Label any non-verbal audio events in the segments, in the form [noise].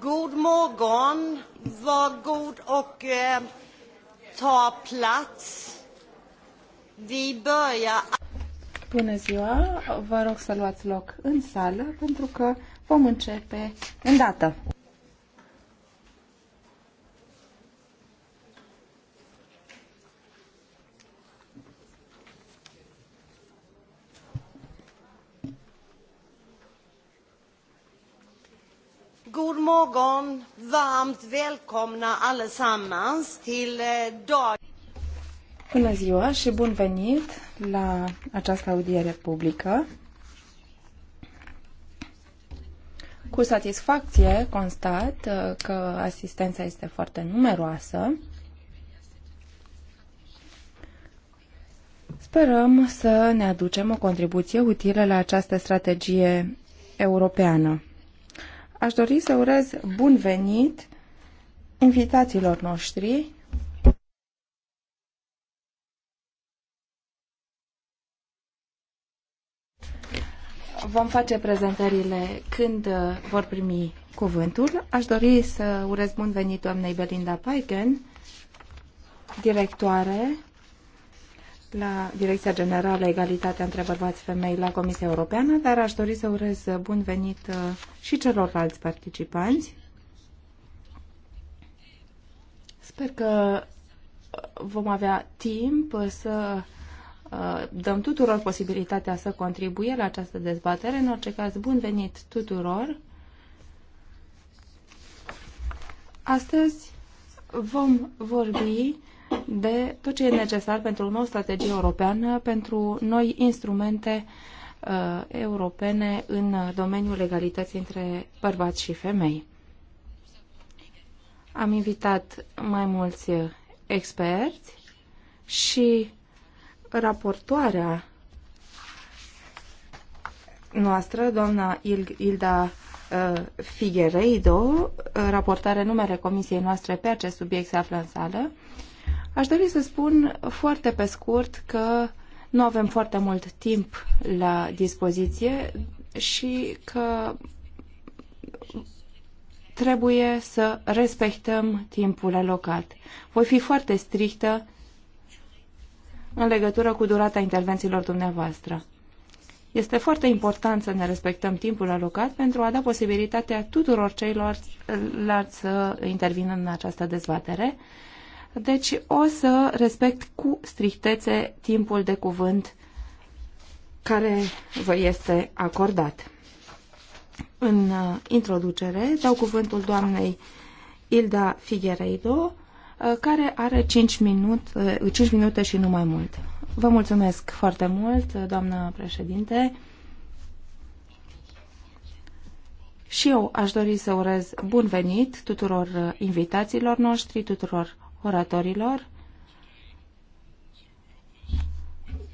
God morgon. Var god och eh, ta plats. Vi börjar... Bună ziua! Vă rog să luați loc în sală pentru că vom începe în îndată. varmt välkomna allesammans till eh, dag... Bună ziua și bun venit la această audiere publică. Cu satisfacție constat eh, că asistența este foarte numeroasă. Sperăm să ne aducem o contribuție utilă la această strategie europeană. Aș dori să urez bun venit invitațiilor noștri. Vom face prezentările când uh, vor primi cuvântul. Aș dori să urez bun venit doamnei Belinda Paigen, directoare la Direcția Generală Egalitatea între Bărbați și Femei la Comisia Europeană, dar aș dori să urez bun venit uh, și celorlalți participanți. Sper că uh, vom avea timp să uh, dăm tuturor posibilitatea să contribuie la această dezbatere. În orice caz, bun venit tuturor! Astăzi vom vorbi de tot ce e necesar pentru o nouă strategie europeană, pentru noi instrumente uh, europene în domeniul legalității între bărbați și femei. Am invitat mai mulți experți și raportoarea noastră, doamna Ilda uh, Figueiredo, uh, raportare numele comisiei noastre pe acest subiect se află în sală Aș dori să spun foarte pe scurt că nu avem foarte mult timp la dispoziție și că trebuie să respectăm timpul alocat. Voi fi foarte strictă în legătură cu durata intervențiilor dumneavoastră. Este foarte important să ne respectăm timpul alocat pentru a da posibilitatea tuturor ceilalți uh, să intervină în această dezbatere deci o să respect cu strictețe timpul de cuvânt care vă este acordat. În uh, introducere dau cuvântul doamnei Ilda Figueiredo, uh, care are 5 minute, 5 minute și nu mai mult. Vă mulțumesc foarte mult, uh, doamnă președinte. Și eu aș dori să urez bun venit tuturor invitațiilor noștri, tuturor oratorilor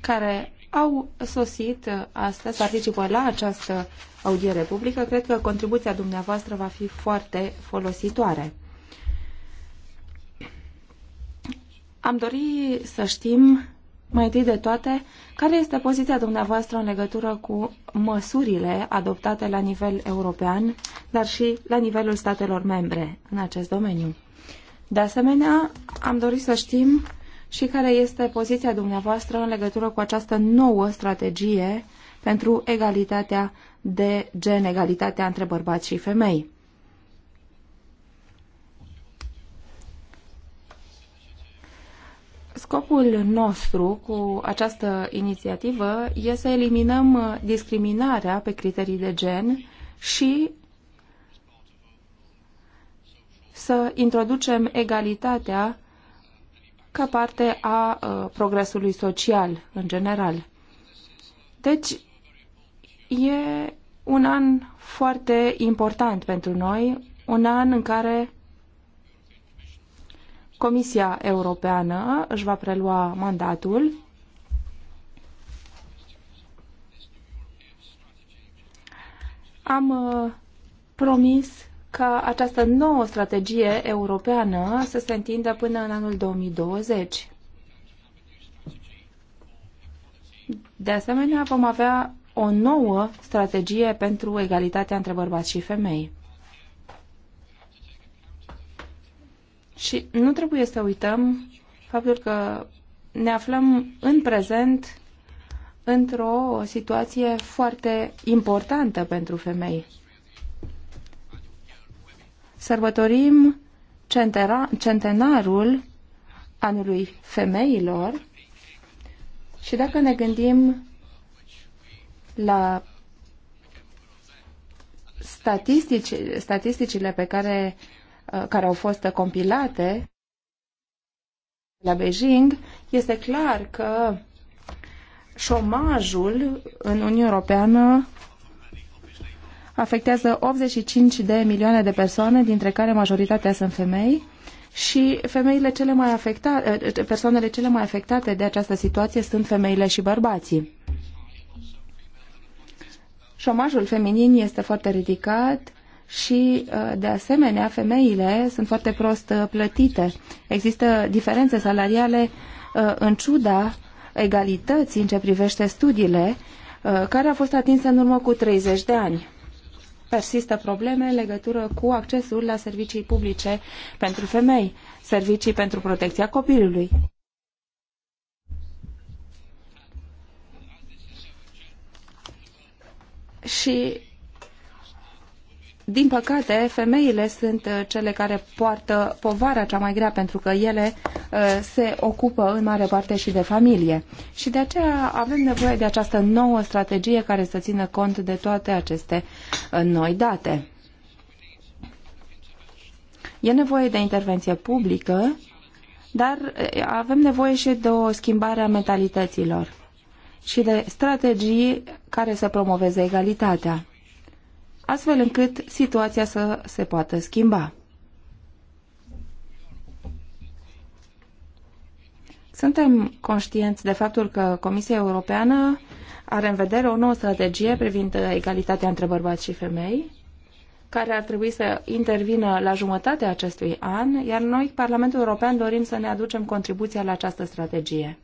care au sosit astăzi, participă la această audiere publică. Cred că contribuția dumneavoastră va fi foarte folositoare. Am dori să știm mai întâi de toate, care este poziția dumneavoastră în legătură cu măsurile adoptate la nivel european, dar și la nivelul statelor membre în acest domeniu? De asemenea, am dorit să știm și care este poziția dumneavoastră în legătură cu această nouă strategie pentru egalitatea de gen, egalitatea între bărbați și femei. Scopul nostru cu această inițiativă este să eliminăm discriminarea pe criterii de gen și să introducem egalitatea ca parte a uh, progresului social în general. Deci, e un an foarte important pentru noi, un an în care Comisia Europeană își va prelua mandatul Am uh, promis ca această nouă strategie europeană să se întindă până în anul 2020. De asemenea, vom avea o nouă strategie pentru egalitatea între bărbați și femei. Și nu trebuie să uităm faptul că ne aflăm în prezent într-o situație foarte importantă pentru femei sărbătorim centera, centenarul anului femeilor și dacă ne gândim la statistici, statisticile pe care, uh, care au fost compilate la Beijing, este clar că șomajul în Uniunea Europeană afectează 85 de milioane de persoane, dintre care majoritatea sunt femei și femeile cele mai afectate, eh, persoanele cele mai afectate de această situație sunt femeile și bărbații. Șomajul feminin este foarte ridicat și, eh, de asemenea, femeile sunt foarte prost eh, plătite. Există diferențe salariale în ciuda egalității în ce privește studiile, care a fost atinsă în urmă cu 30 de ani persistă probleme în legătură cu accesul la servicii publice pentru femei, servicii pentru protecția copilului. Și din păcate, femeile sunt uh, cele care poartă povara cea mai grea pentru că ele uh, se ocupă în mare parte și de familie. Și de aceea avem nevoie de această nouă strategie care să țină cont de toate aceste uh, noi date. E nevoie de intervenție publică, dar avem nevoie și de o schimbare a mentalităților și de strategii care să promoveze egalitatea astfel încât situația să se poată schimba. Suntem conștienți de faptul că Comisia Europeană are în vedere o nouă strategie privind egalitatea între bărbați și femei, care ar trebui să intervină la jumătatea acestui an, iar noi, Parlamentul European, dorim să ne aducem contribuția la această strategie.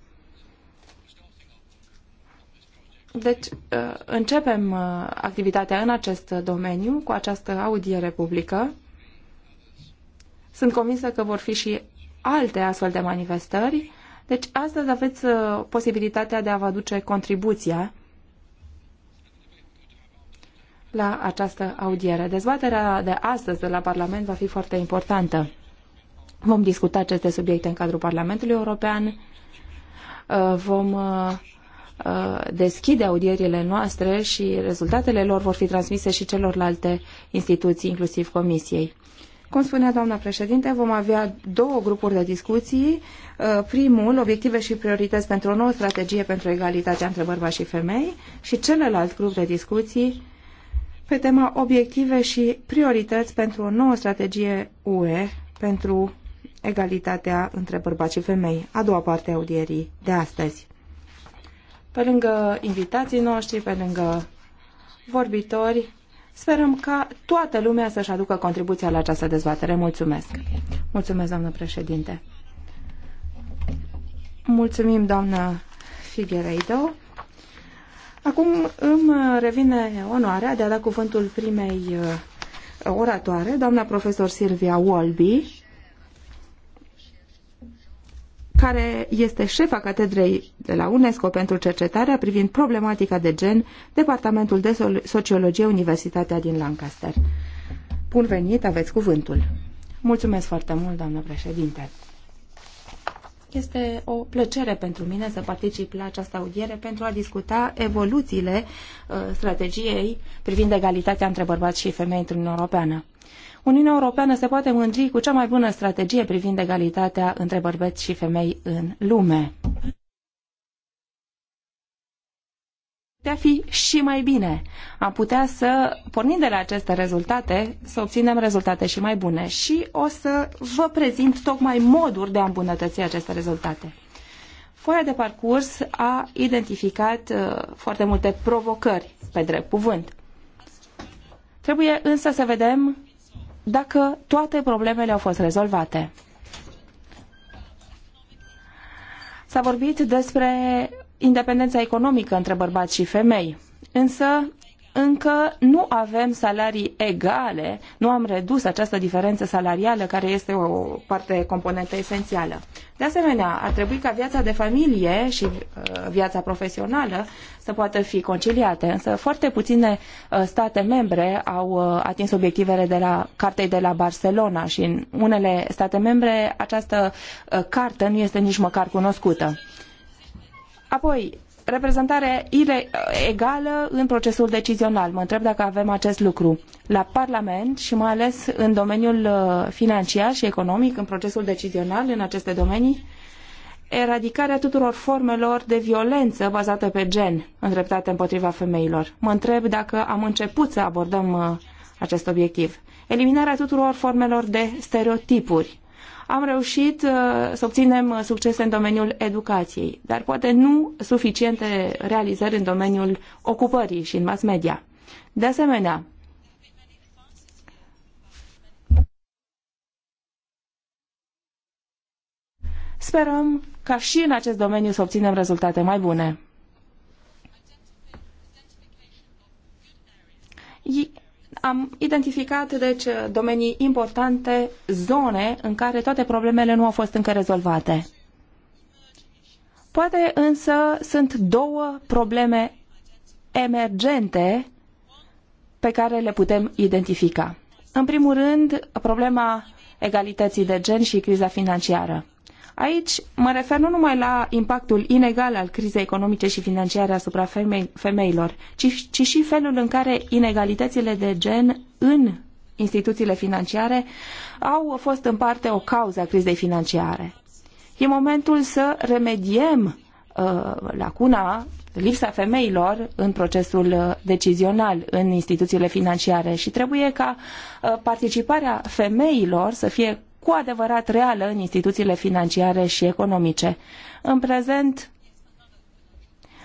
Deci, uh, începem uh, activitatea în acest domeniu cu această audiere publică. Sunt convinsă că vor fi și alte astfel de manifestări. Deci, astăzi aveți uh, posibilitatea de a vă aduce contribuția la această audiere. Dezbaterea de astăzi de la Parlament va fi foarte importantă. Vom discuta aceste subiecte în cadrul Parlamentului European. Vom Uh, deschide audierile noastre și rezultatele lor vor fi transmise și celorlalte instituții, inclusiv Comisiei. Cum spunea doamna președinte, vom avea două grupuri de discuții. Uh, primul, obiective și priorități pentru o nouă strategie pentru egalitatea între bărbați și femei și celălalt grup de discuții pe tema obiective și priorități pentru o nouă strategie UE pentru egalitatea între bărbați și femei, a doua parte a audierii de astăzi pe lângă invitații noștri, pe lângă vorbitori. Sperăm ca toată lumea să-și aducă contribuția la această dezbatere. Mulțumesc! Mulțumesc, doamnă președinte! Mulțumim, doamnă Figueiredo. Acum îmi revine onoarea de a da cuvântul primei uh, oratoare, doamna profesor Silvia Wolby, care este șefa Catedrei de la UNESCO pentru cercetarea privind problematica de gen, Departamentul de Sociologie, Universitatea din Lancaster. Bun venit, aveți cuvântul. Mulțumesc foarte mult, doamnă președinte. Este o plăcere pentru mine să particip la această audiere pentru a discuta evoluțiile uh, strategiei privind egalitatea între bărbați și femei într-Uniunea Europeană. Uniunea Europeană se poate mândri cu cea mai bună strategie privind egalitatea între bărbeți și femei în lume. putea fi și mai bine. Am putea să, pornind de la aceste rezultate, să obținem rezultate și mai bune. Și o să vă prezint tocmai moduri de a îmbunătăți aceste rezultate. Foaia de parcurs a identificat uh, foarte multe provocări, pe drept cuvânt. Trebuie însă să vedem dacă toate problemele au fost rezolvate. S-a vorbit despre independența economică între bărbați și femei, însă încă nu avem salarii egale, nu am redus această diferență salarială care este o parte componentă esențială. De asemenea, ar trebui ca viața de familie și uh, viața profesională să poată fi conciliate, însă foarte puține uh, state membre au uh, atins obiectivele de la cartei de la Barcelona și în unele state membre această carte nu este nici măcar cunoscută. Apoi, reprezentare egală în procesul decizional. Mă întreb dacă avem acest lucru la Parlament și mai ales în domeniul uh, financiar și economic, în procesul decizional în aceste domenii, eradicarea tuturor formelor de violență bazată pe gen îndreptate împotriva femeilor. Mă întreb dacă am început să abordăm uh, acest obiectiv. Eliminarea tuturor formelor de stereotipuri am reușit uh, să obținem uh, succese în domeniul educației, dar poate nu suficiente realizări în domeniul ocupării și în mass media. De asemenea, Sperăm ca și în acest domeniu să obținem rezultate mai bune am identificat deci domenii importante, zone în care toate problemele nu au fost încă rezolvate. Poate însă sunt două probleme emergente pe care le putem identifica. În primul rând, problema egalității de gen și criza financiară. Aici mă refer nu numai la impactul inegal al crizei economice și financiare asupra femeilor, ci, ci și felul în care inegalitățile de gen în instituțiile financiare au fost în parte o cauză a crizei financiare. E momentul să remediem uh, lacuna, lipsa femeilor în procesul uh, decizional în instituțiile financiare și trebuie ca uh, participarea femeilor să fie cu adevărat reală în instituțiile financiare și economice. În prezent,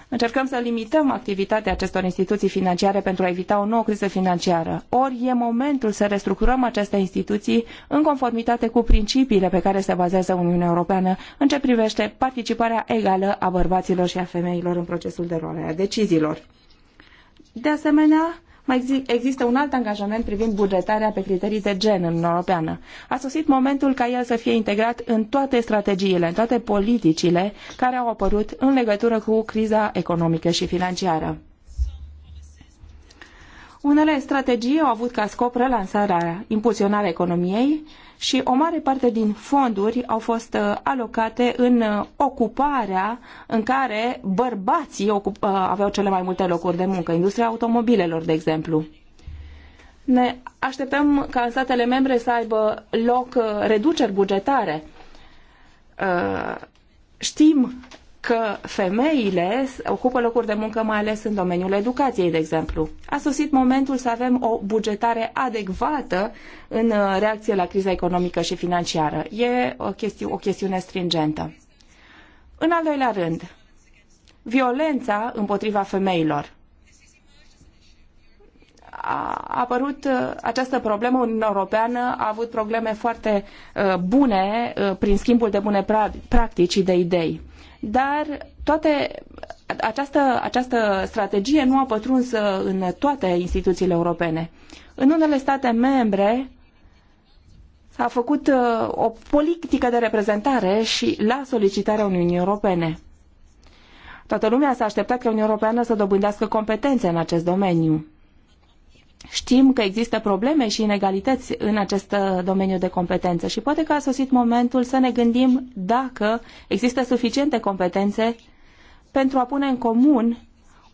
Încercăm să limităm activitatea acestor instituții financiare pentru a evita o nouă criză financiară. Ori e momentul să restructurăm aceste instituții în conformitate cu principiile pe care se bazează Uniunea Europeană în ce privește participarea egală a bărbaților și a femeilor în procesul de luare a deciziilor. De asemenea, mai există un alt angajament privind bugetarea pe criterii de gen în Europeană. A sosit momentul ca el să fie integrat în toate strategiile, în toate politicile care au apărut în legătură cu criza economică și financiară. Unele strategii au avut ca scop relansarea, impulsionarea economiei, și o mare parte din fonduri au fost uh, alocate în uh, ocuparea în care bărbații uh, aveau cele mai multe locuri de muncă, industria automobilelor, de exemplu. Ne așteptăm ca în statele membre să aibă loc reduceri bugetare. Știm că femeile ocupă locuri de muncă mai ales în domeniul educației, de exemplu. A sosit momentul să avem o bugetare adecvată în uh, reacție la criza economică și financiară. E o, chesti- o chestiune stringentă. În al doilea rând, violența împotriva femeilor a apărut uh, această problemă, Uniunea Europeană a avut probleme foarte uh, bune prin schimbul de bune practici și de idei dar toate, această, această strategie nu a pătruns uh, în toate instituțiile europene. În unele state membre s-a făcut uh, o politică de reprezentare și la solicitarea Uniunii Europene. Toată lumea s-a așteptat că Uniunea Europeană să dobândească competențe în acest domeniu. Știm că există probleme și inegalități în acest uh, domeniu de competență și poate că a sosit momentul să ne gândim dacă există suficiente competențe pentru a pune în comun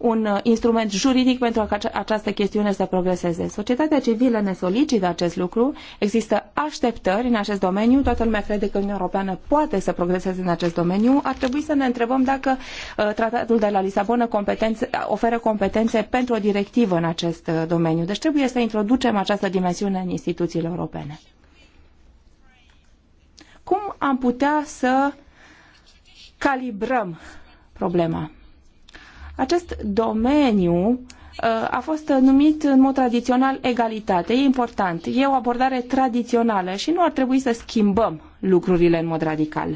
un uh, instrument juridic pentru ca această chestiune să progreseze. Societatea civilă ne solicită acest lucru, există așteptări în acest domeniu, toată lumea crede că Uniunea Europeană poate să progreseze în acest domeniu. Ar trebui să ne întrebăm dacă uh, tratatul de la Lisabona competențe, oferă competențe pentru o directivă în acest uh, domeniu. Deci trebuie să introducem această dimensiune în instituțiile europene. Cum am putea să calibrăm problema? Acest domeniu uh, a fost numit în mod tradițional egalitate. E important. E o abordare tradițională și nu ar trebui să schimbăm lucrurile în mod radical.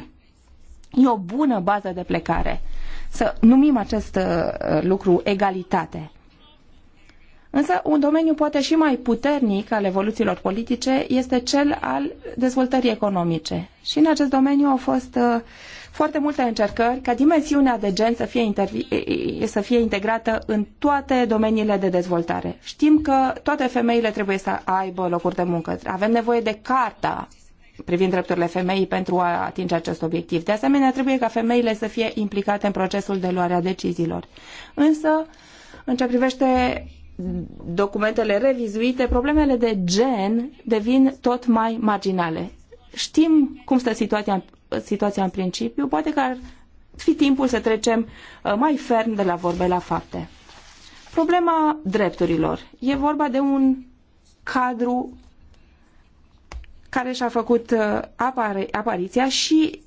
E o bună bază de plecare. Să numim acest uh, lucru egalitate. Însă un domeniu poate și mai puternic al evoluțiilor politice este cel al dezvoltării economice. Și în acest domeniu au fost uh, foarte multe încercări ca dimensiunea de gen să fie, să fie integrată în toate domeniile de dezvoltare. Știm că toate femeile trebuie să aibă locuri de muncă. Avem nevoie de carta privind drepturile femeii pentru a atinge acest obiectiv. De asemenea, trebuie ca femeile să fie implicate în procesul de luare a deciziilor. Însă, în ce privește documentele revizuite, problemele de gen devin tot mai marginale. Știm cum stă situația situația în principiu, poate că ar fi timpul să trecem uh, mai ferm de la vorbe la fapte. Problema drepturilor. E vorba de un cadru care și-a făcut uh, apari apariția și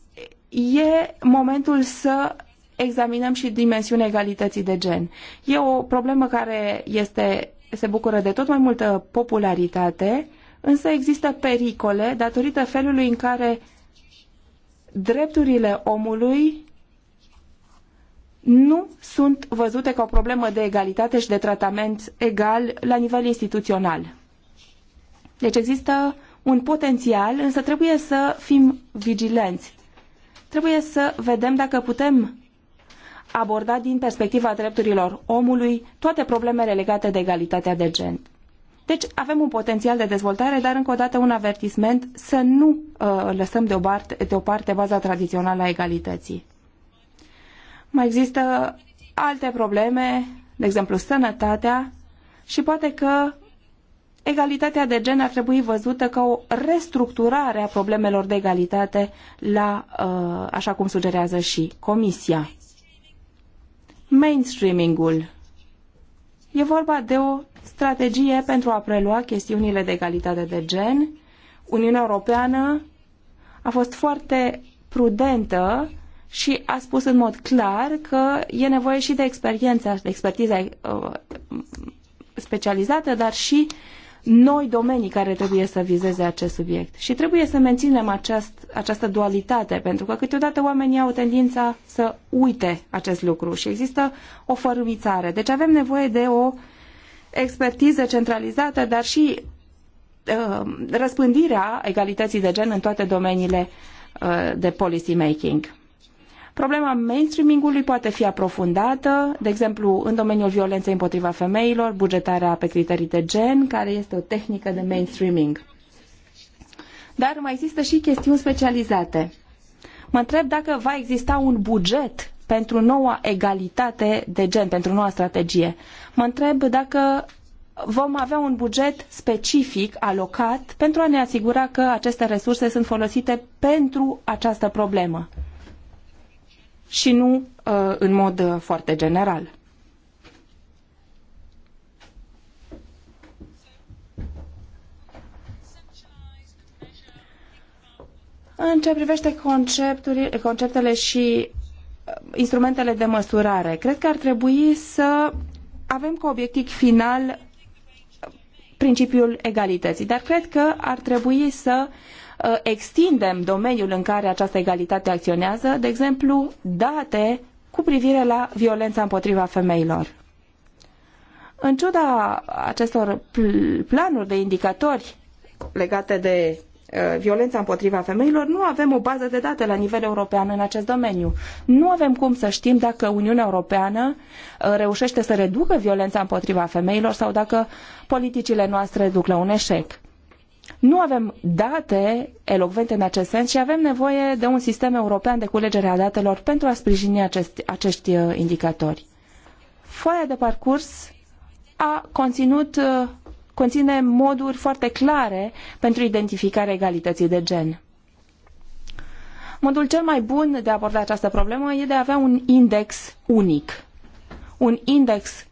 e momentul să examinăm și dimensiunea egalității de gen. E o problemă care este, se bucură de tot mai multă popularitate, însă există pericole datorită felului în care drepturile omului nu sunt văzute ca o problemă de egalitate și de tratament egal la nivel instituțional. Deci există un potențial, însă trebuie să fim vigilenți. Trebuie să vedem dacă putem aborda din perspectiva drepturilor omului toate problemele legate de egalitatea de gen. Deci avem un potențial de dezvoltare, dar încă o dată un avertisment să nu uh, lăsăm deoparte, deoparte baza tradițională a egalității. Mai există alte probleme, de exemplu sănătatea și poate că egalitatea de gen ar trebui văzută ca o restructurare a problemelor de egalitate la, uh, așa cum sugerează și Comisia. Mainstreamingul. E vorba de o strategie pentru a prelua chestiunile de egalitate de gen. Uniunea Europeană a fost foarte prudentă și a spus în mod clar că e nevoie și de experiența, de expertiza uh, specializată, dar și noi domenii care trebuie să vizeze acest subiect. Și trebuie să menținem aceast, această dualitate, pentru că câteodată oamenii au tendința să uite acest lucru și există o fărâmițare. Deci avem nevoie de o uh, expertiză centralizată, dar și uh, răspândirea egalității de gen în toate domeniile uh, de policy making. Problema mainstreamingului poate fi aprofundată, de exemplu, în domeniul violenței împotriva femeilor, bugetarea pe criterii de gen, care este o tehnică de mainstreaming. Dar mai există și chestiuni specializate. Mă întreb dacă va exista un buget pentru noua egalitate de gen, pentru noua strategie. Mă întreb dacă vom avea un buget specific alocat pentru a ne asigura că aceste resurse sunt folosite pentru această problemă și nu uh, în mod uh, foarte general. În ce privește conceptele și instrumentele de măsurare. Cred că ar trebui să avem ca obiectiv final principiul egalității, dar cred că ar trebui să uh, extindem domeniul în care această egalitate acționează, de exemplu, date cu privire la violența împotriva femeilor. În ciuda acestor planuri de indicatori legate de Uh, violența împotriva femeilor, nu avem o bază de date la nivel european în acest domeniu. Nu avem cum să știm dacă Uniunea Europeană uh, reușește să reducă violența împotriva femeilor sau dacă politicile noastre duc la un eșec. Nu avem date elocvente în acest sens și avem nevoie de un sistem european de culegere a datelor pentru a sprijini acest, acești uh, indicatori. Foaia de parcurs a conținut conține moduri foarte clare pentru identificarea egalității de gen. Modul cel mai bun de a aborda această problemă e de a avea un index unic, un index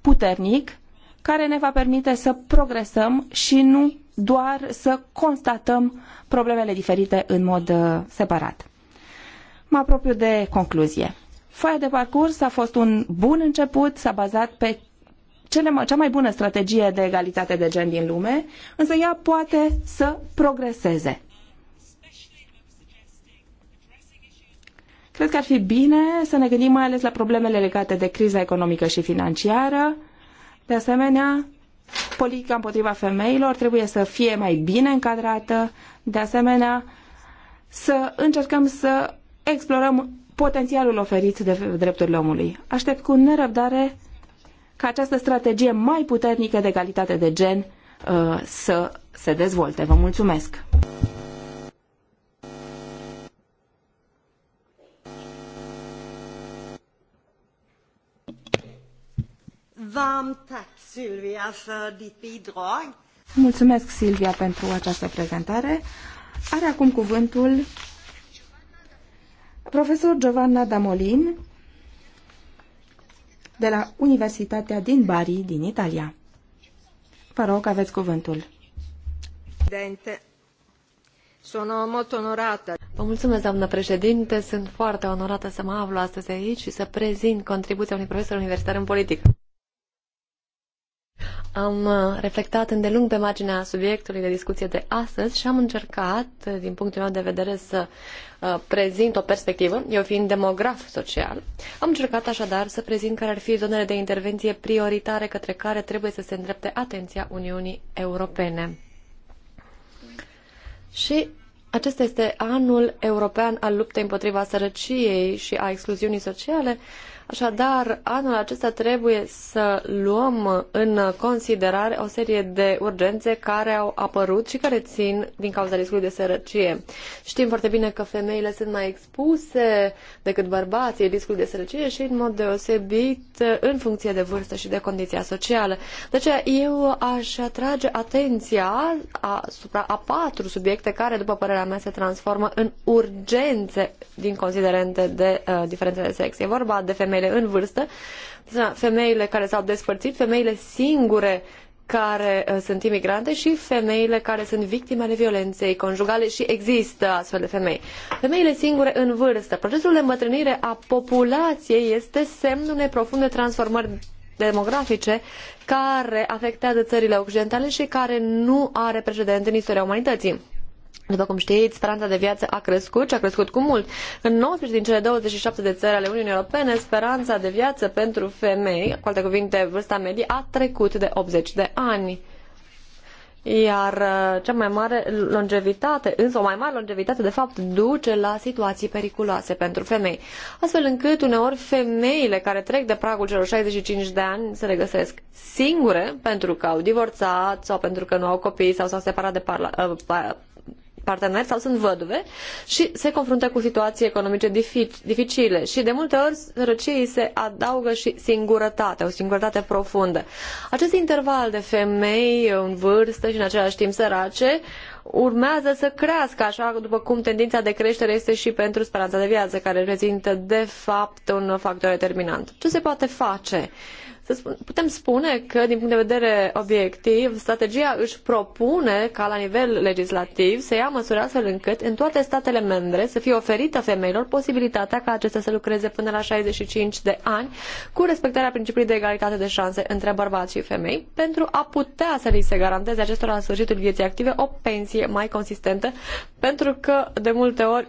puternic care ne va permite să progresăm și nu doar să constatăm problemele diferite în mod uh, separat. Mă apropiu de concluzie. Foaia de parcurs a fost un bun început, s-a bazat pe cele cea mai bună strategie de egalitate de gen din lume, însă ea poate să progreseze. Cred că ar fi bine să ne gândim mai ales la problemele legate de criza economică și financiară. De asemenea, politica împotriva femeilor trebuie să fie mai bine încadrată. De asemenea, să încercăm să explorăm potențialul oferit de drepturile omului. Aștept cu nerăbdare ca această strategie mai puternică de egalitate de gen uh, să se dezvolte. Vă mulțumesc! Mulțumesc, Silvia, pentru această prezentare. Are acum cuvântul profesor Giovanna Damolin, de la Universitatea din Bari, din Italia. Vă rog, aveți cuvântul. Presidente, sono molto onorată. Vă mulțumesc, doamnă președinte. Sunt foarte onorată să mă aflu astăzi aici și să prezint contribuția unui profesor universitar în politică. Am uh, reflectat îndelung pe marginea subiectului de discuție de astăzi și am încercat, uh, din punctul meu de vedere, să uh, prezint o perspectivă, eu fiind demograf social. Am încercat așadar să prezint care ar fi zonele de intervenție prioritare către care trebuie să se îndrepte atenția Uniunii Europene. Și acesta este anul european al luptei împotriva sărăciei și a excluziunii sociale, Așadar, anul acesta trebuie să luăm în considerare o serie de urgențe care au apărut și care țin din cauza riscului de sărăcie. Știm foarte bine că femeile sunt mai expuse decât bărbații riscul de sărăcie și în mod deosebit în funcție de vârstă și de condiția socială. De aceea eu aș atrage atenția asupra a patru subiecte care, după părerea mea, se transformă în urgențe din considerente de uh, diferențe de sex. E vorba de femei femeile în vârstă, femeile care s-au despărțit, femeile singure care uh, sunt imigrante și femeile care sunt victime ale violenței conjugale și există astfel de femei. Femeile singure în vârstă. Procesul de îmbătrânire a populației este semnul unei profunde transformări demografice care afectează țările occidentale și care nu are precedent în istoria umanității. După cum știți, speranța de viață a crescut și a crescut cu mult. În 19 din cele 27 de țări ale Uniunii Europene, speranța de viață pentru femei, cu alte cuvinte, vârsta medie, a trecut de 80 de ani. Iar uh, cea mai mare longevitate, însă o mai mare longevitate, de fapt, duce la situații periculoase pentru femei. Astfel încât, uneori, femeile care trec de pragul celor 65 de ani se regăsesc singure pentru că au divorțat sau pentru că nu au copii sau s-au separat de uh, parteneri sau sunt văduve și se confruntă cu situații economice dificile și de multe ori sărăciei se adaugă și singurătate, o singurătate profundă. Acest interval de femei în vârstă și în același timp sărace urmează să crească, așa după cum tendința de creștere este și pentru speranța de viață, care reprezintă de fapt un factor determinant. Ce se poate face? putem spune că, din punct de vedere obiectiv, strategia își propune ca la nivel legislativ să ia măsuri astfel încât în toate statele membre să fie oferită femeilor posibilitatea ca acestea să lucreze până la 65 de ani cu respectarea principiului de egalitate de șanse între bărbați și femei pentru a putea să li se garanteze acestora la sfârșitul vieții active o pensie mai consistentă pentru că de multe ori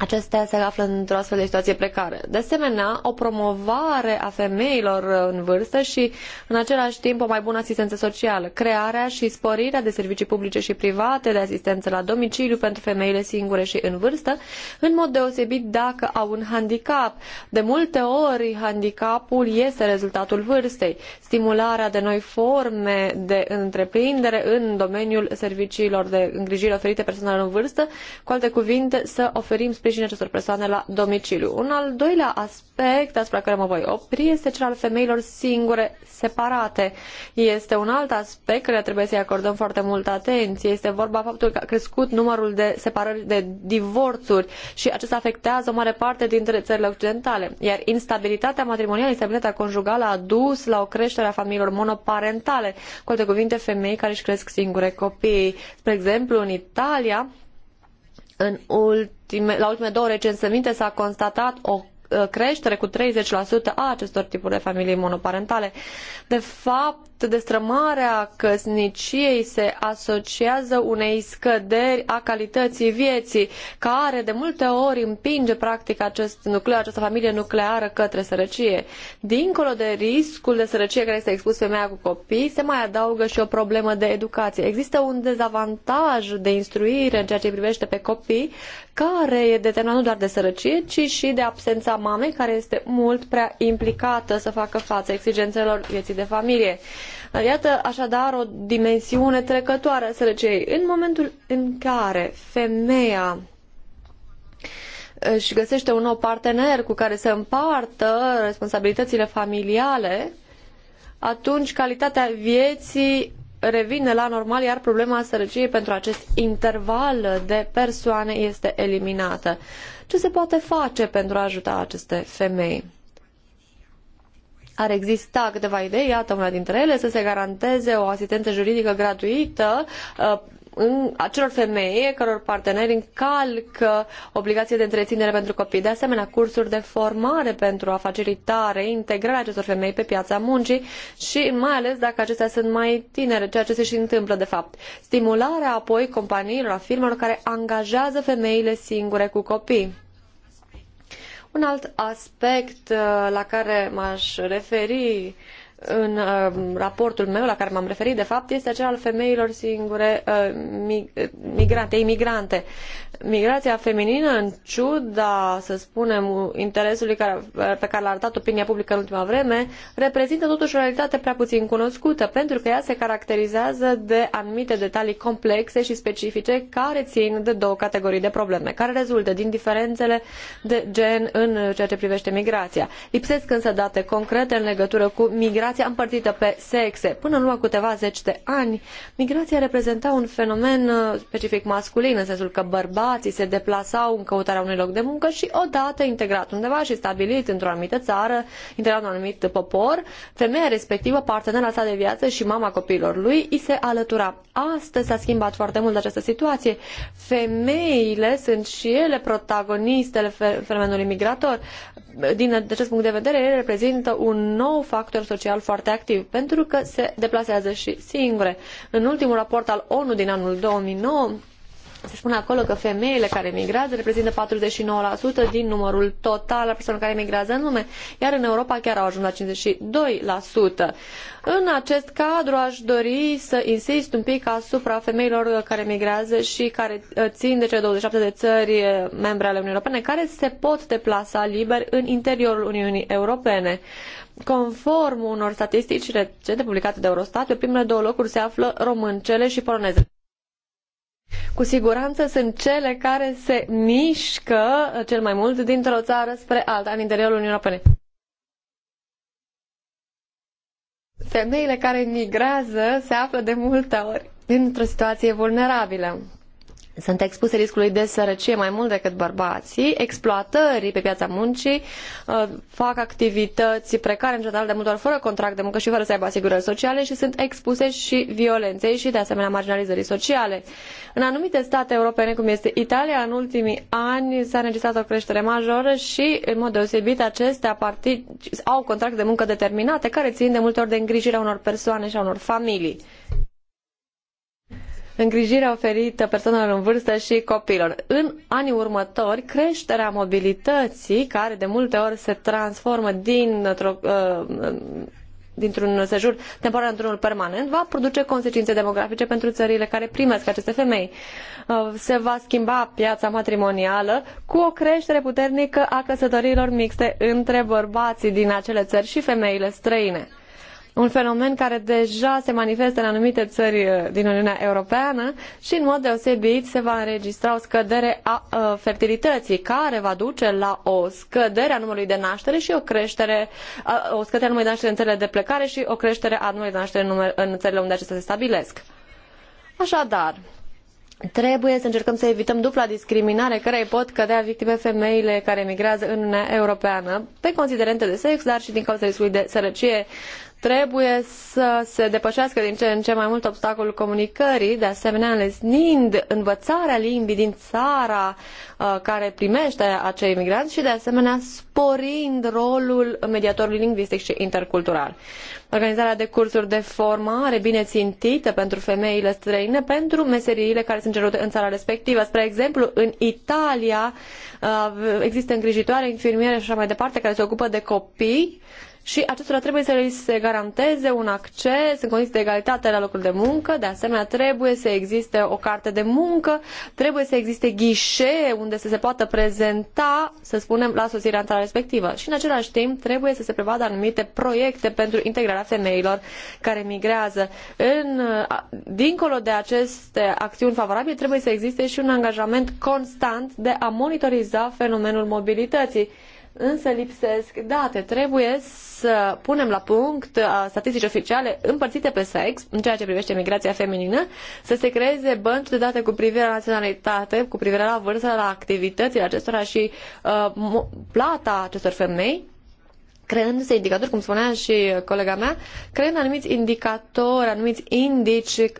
acestea se află într-o astfel de situație precară. De asemenea, o promovare a femeilor în vârstă și, în același timp, o mai bună asistență socială, crearea și sporirea de servicii publice și private de asistență la domiciliu pentru femeile singure și în vârstă, în mod deosebit dacă au un handicap. De multe ori, handicapul este rezultatul vârstei. Stimularea de noi forme de întreprindere în domeniul serviciilor de îngrijire oferite persoanelor în vârstă, cu alte cuvinte, să oferim sprijin sprijin acestor persoane la domiciliu. Un al doilea aspect asupra care mă voi opri este cel al femeilor singure, separate. Este un alt aspect care trebuie să-i acordăm foarte multă atenție. Este vorba faptul că a crescut numărul de separări, de divorțuri și acesta afectează o mare parte dintre țările occidentale. Iar instabilitatea matrimonială, instabilitatea conjugală a dus la o creștere a familiilor monoparentale. Cu alte cuvinte, femei care își cresc singure copiii. Spre exemplu, în Italia, în ultime, la ultimele două recensăminte s-a constatat o uh, creștere cu 30% a acestor tipuri de familii monoparentale. De fapt, destrămarea căsniciei se asociază unei scăderi a calității vieții, care de multe ori împinge practic acest nucleu, această familie nucleară către sărăcie. Dincolo de riscul de sărăcie care este expus femeia cu copii, se mai adaugă și o problemă de educație. Există un dezavantaj de instruire în ceea ce privește pe copii, care e determinat nu doar de sărăcie, ci și de absența mamei, care este mult prea implicată să facă față exigențelor vieții de familie. Iată așadar o dimensiune trecătoare a sărăciei. În momentul în care femeia își găsește un nou partener cu care să împartă responsabilitățile familiale, atunci calitatea vieții revine la normal, iar problema sărăciei pentru acest interval de persoane este eliminată. Ce se poate face pentru a ajuta aceste femei? ar exista câteva idei, iată una dintre ele, să se garanteze o asistență juridică gratuită uh, în acelor femei căror parteneri încalcă obligația de întreținere pentru copii. De asemenea, cursuri de formare pentru a facilita reintegrarea acestor femei pe piața muncii și mai ales dacă acestea sunt mai tinere, ceea ce se și întâmplă de fapt. Stimularea apoi companiilor, a firmelor care angajează femeile singure cu copii. Un alt aspect uh, la care m-aș referi în uh, raportul meu la care m-am referit, de fapt, este acela al femeilor singure uh, migrante, imigrante migrația feminină, în ciuda, să spunem, interesului care, pe care l-a arătat opinia publică în ultima vreme, reprezintă totuși o realitate prea puțin cunoscută, pentru că ea se caracterizează de anumite detalii complexe și specifice care țin de două categorii de probleme, care rezultă din diferențele de gen în ceea ce privește migrația. Lipsesc însă date concrete în legătură cu migrația împărțită pe sexe. Până în urmă câteva zeci de ani, migrația reprezenta un fenomen uh, specific masculin, în sensul că bărbați soldații se deplasau în căutarea unui loc de muncă și odată integrat undeva și stabilit într-o anumită țară, integrat în un anumit popor, femeia respectivă, partenera sa de viață și mama copiilor lui îi se alătura. Astăzi s-a schimbat foarte mult această situație. Femeile sunt și ele protagonistele fenomenului migrator. Din acest punct de vedere, ele reprezintă un nou factor social foarte activ, pentru că se deplasează și singure. În ultimul raport al ONU din anul 2009, se spune acolo că femeile care emigrează reprezintă 49% din numărul total al persoanelor care emigrează în lume, iar în Europa chiar au ajuns la 52%. În acest cadru aș dori să insist un pic asupra femeilor care migrează și care uh, țin de cele 27 de țări uh, membre ale Uniunii Europene, care se pot deplasa liber în interiorul Uniunii Europene. Conform unor statistici recente publicate de Eurostat, pe primele două locuri se află româncele și polonezele cu siguranță sunt cele care se mișcă uh, cel mai mult dintr-o țară spre alta în interiorul Uniunii Europene. Femeile care migrează se află de multe ori într-o situație vulnerabilă sunt expuse riscului de sărăcie mai mult decât bărbații, exploatării pe piața muncii, uh, fac activități precare în general de multe ori fără contract de muncă și fără să aibă asigurări sociale și sunt expuse și violenței și de asemenea marginalizării sociale. În anumite state europene, cum este Italia, în ultimii ani s-a înregistrat o creștere majoră și, în mod deosebit, acestea partic- au contracte de muncă determinate care țin de multe ori de îngrijirea unor persoane și a unor familii îngrijirea oferită persoanelor în vârstă și copiilor. În anii următori, creșterea mobilității, care de multe ori se transformă dintr uh, dintr-un sejur temporar într-unul permanent, va produce consecințe demografice pentru țările care primesc aceste femei. Uh, se va schimba piața matrimonială cu o creștere puternică a căsătorilor mixte între bărbații din acele țări și femeile străine un fenomen care deja se manifestă în anumite țări uh, din Uniunea Europeană și în mod deosebit se va înregistra o scădere a uh, fertilității care va duce la o scădere a numărului de naștere și o creștere o scădere a numărului de naștere în țările de plecare și o creștere a numărului de naștere în țările unde acestea se stabilesc. Așadar, Trebuie să încercăm să evităm dupla discriminare care îi pot cădea victime femeile care emigrează în Uniunea Europeană, pe considerente de sex, dar și din cauza riscului de sărăcie, Trebuie să se depășească din ce în ce mai mult obstacolul comunicării, de asemenea înlesnind învățarea limbii din țara uh, care primește acei imigranți și de asemenea sporind rolul mediatorului lingvistic și intercultural. Organizarea de cursuri de formare bine țintită pentru femeile străine pentru meseriile care sunt cerute în țara respectivă. Spre exemplu, în Italia uh, există îngrijitoare, infirmiere și așa mai departe care se ocupă de copii și acestora trebuie să li se garanteze un acces în condiții de egalitate la locul de muncă, de asemenea trebuie să existe o carte de muncă, trebuie să existe ghișee unde să se poată prezenta, să spunem, la sosirea în respectivă. Și în același timp trebuie să se prevadă anumite proiecte pentru integrarea femeilor care migrează. În, dincolo de aceste acțiuni favorabile, trebuie să existe și un angajament constant de a monitoriza fenomenul mobilității însă lipsesc date. Trebuie să punem la punct uh, statistici oficiale împărțite pe sex, în ceea ce privește migrația feminină, să se creeze bănci de date cu privire la naționalitate, cu privire la vârstă, la activitățile acestora și uh, plata acestor femei, creându-se indicatori, cum spunea și colega mea, creând anumiți indicatori, anumiți indici, uh,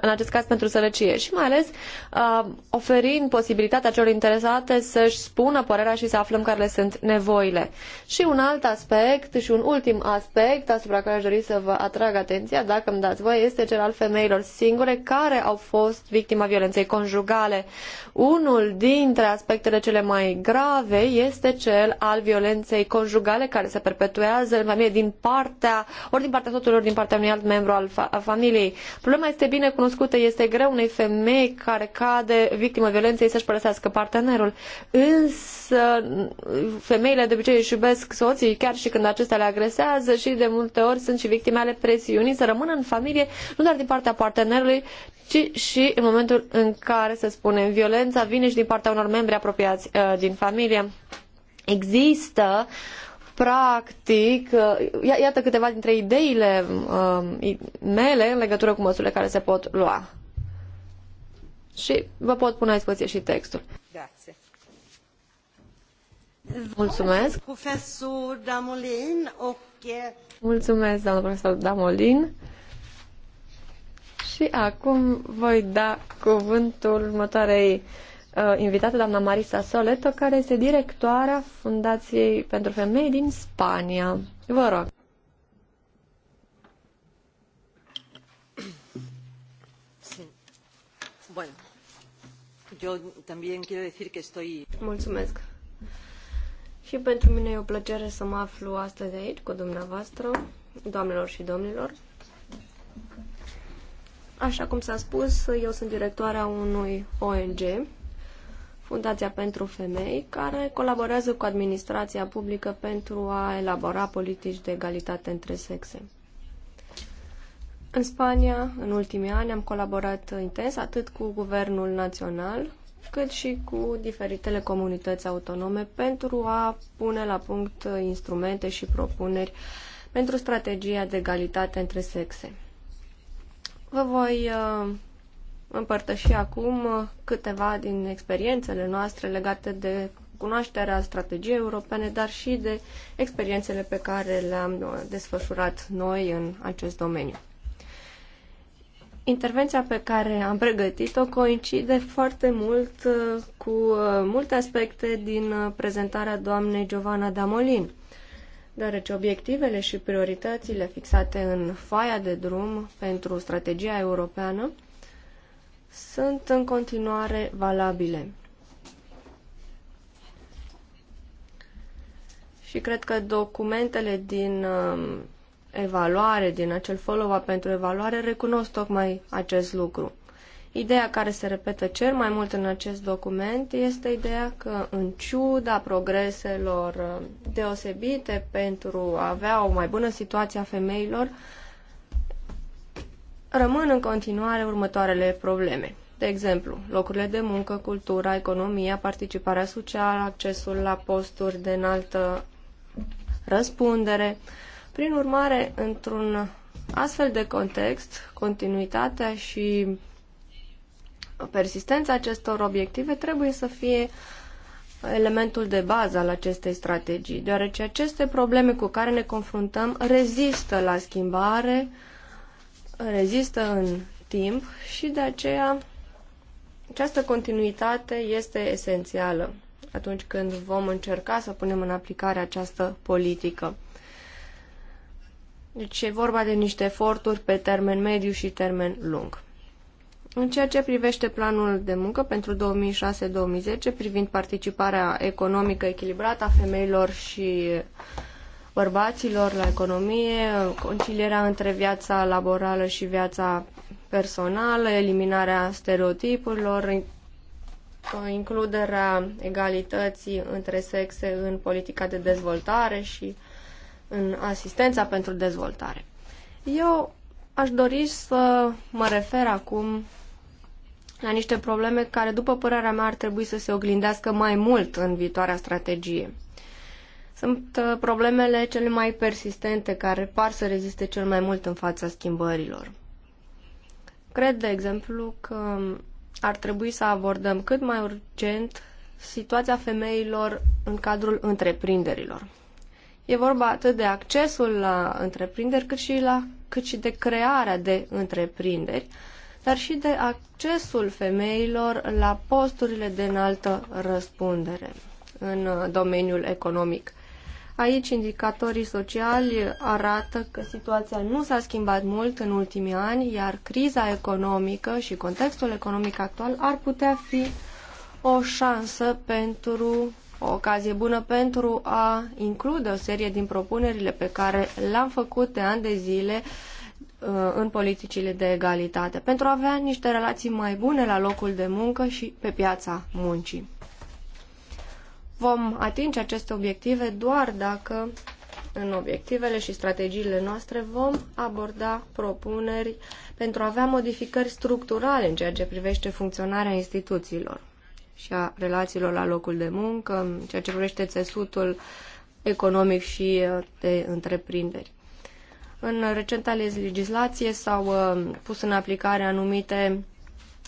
în acest caz pentru sărăcie și mai ales uh, oferind posibilitatea celor interesate să-și spună părerea și să aflăm care le sunt nevoile. Și un alt aspect și un ultim aspect asupra care aș dori să vă atrag atenția, dacă îmi dați voie, este cel al femeilor singure care au fost victima violenței conjugale. Unul dintre aspectele cele mai grave este cel al violenței conjugale care care se perpetuează în familie din partea, ori din partea soțului, ori din partea unui alt membru al fa- familiei. Problema este bine cunoscută, este greu unei femei care cade victimă violenței să-și părăsească partenerul. Însă femeile de obicei își iubesc soții chiar și când acestea le agresează și de multe ori sunt și victime ale presiunii să rămână în familie, nu doar din partea partenerului, ci și în momentul în care, să spunem, violența vine și din partea unor membri apropiați uh, din familie. Există uh, Practic, uh, iată câteva dintre ideile um, mele în legătură cu măsurile care se pot lua. Și vă pot pune la dispoziție și textul. Grazie. Mulțumesc. Profesor Damolin och... Eh, Mulțumesc, doamnă profesor Damolin. Și acum voi da cuvântul următoarei Uh, invitată doamna Marisa Soleto, care este directoarea Fundației pentru Femei din Spania. Vă rog. Mulțumesc. Și pentru mine e o plăcere să mă aflu astăzi aici cu dumneavoastră, doamnelor și domnilor. Așa cum s-a spus, eu sunt directoarea unui ONG Fundația pentru Femei, care colaborează cu administrația publică pentru a elabora politici de egalitate între sexe. În Spania, în ultimii ani, am colaborat intens atât cu Guvernul Național, cât și cu diferitele comunități autonome pentru a pune la punct instrumente și propuneri pentru strategia de egalitate între sexe. Vă voi uh, împărtăși acum câteva din experiențele noastre legate de cunoașterea strategiei europene, dar și de experiențele pe care le-am desfășurat noi în acest domeniu. Intervenția pe care am pregătit-o coincide foarte mult uh, cu uh, multe aspecte din uh, prezentarea doamnei Giovanna Damolin, deoarece obiectivele și prioritățile fixate în foaia de drum pentru strategia europeană sunt în continuare valabile. Și cred că documentele din um, evaluare, din acel follow-up pentru evaluare, recunosc tocmai acest lucru. Ideea care se repetă cel mai mult în acest document este ideea că, în ciuda progreselor um, deosebite pentru a avea o mai bună situație a femeilor, rămân în continuare următoarele probleme. De exemplu, locurile de muncă, cultura, economia, participarea socială, accesul la posturi de înaltă răspundere. Prin urmare, într-un astfel de context, continuitatea și persistența acestor obiective trebuie să fie elementul de bază al acestei strategii, deoarece aceste probleme cu care ne confruntăm rezistă la schimbare, uh, rezistă în timp și de aceea această continuitate este esențială atunci când vom încerca să punem în aplicare această politică. Deci e vorba de niște eforturi pe termen mediu și termen lung. În ceea ce privește planul de muncă pentru 2006-2010 privind participarea economică echilibrată a femeilor și bărbaților la economie, concilierea între viața laborală și viața personală, eliminarea stereotipurilor, includerea egalității între sexe în politica de dezvoltare și în asistența pentru dezvoltare. Eu aș dori să mă refer acum la niște probleme care, după părerea mea, ar trebui să se oglindească mai mult în viitoarea strategie sunt uh, problemele cele mai persistente care par să reziste cel mai mult în fața schimbărilor. Cred, de exemplu, că ar trebui să abordăm cât mai urgent situația femeilor în cadrul întreprinderilor. E vorba atât de accesul la întreprinderi, cât și, la, cât și de crearea de întreprinderi, dar și de accesul femeilor la posturile de înaltă răspundere în uh, domeniul economic. Aici indicatorii sociali arată că situația nu s-a schimbat mult în ultimii ani, iar criza economică și contextul economic actual ar putea fi o șansă pentru o ocazie bună pentru a include o serie din propunerile pe care le-am făcut de ani de zile uh, în politicile de egalitate, pentru a avea niște relații mai bune la locul de muncă și pe piața muncii. Vom atinge aceste obiective doar dacă în obiectivele și strategiile noastre vom aborda propuneri pentru a avea modificări structurale în ceea ce privește funcționarea instituțiilor și a relațiilor la locul de muncă, în ceea ce privește țesutul economic și uh, de întreprinderi. În recenta legislație s-au uh, pus în aplicare anumite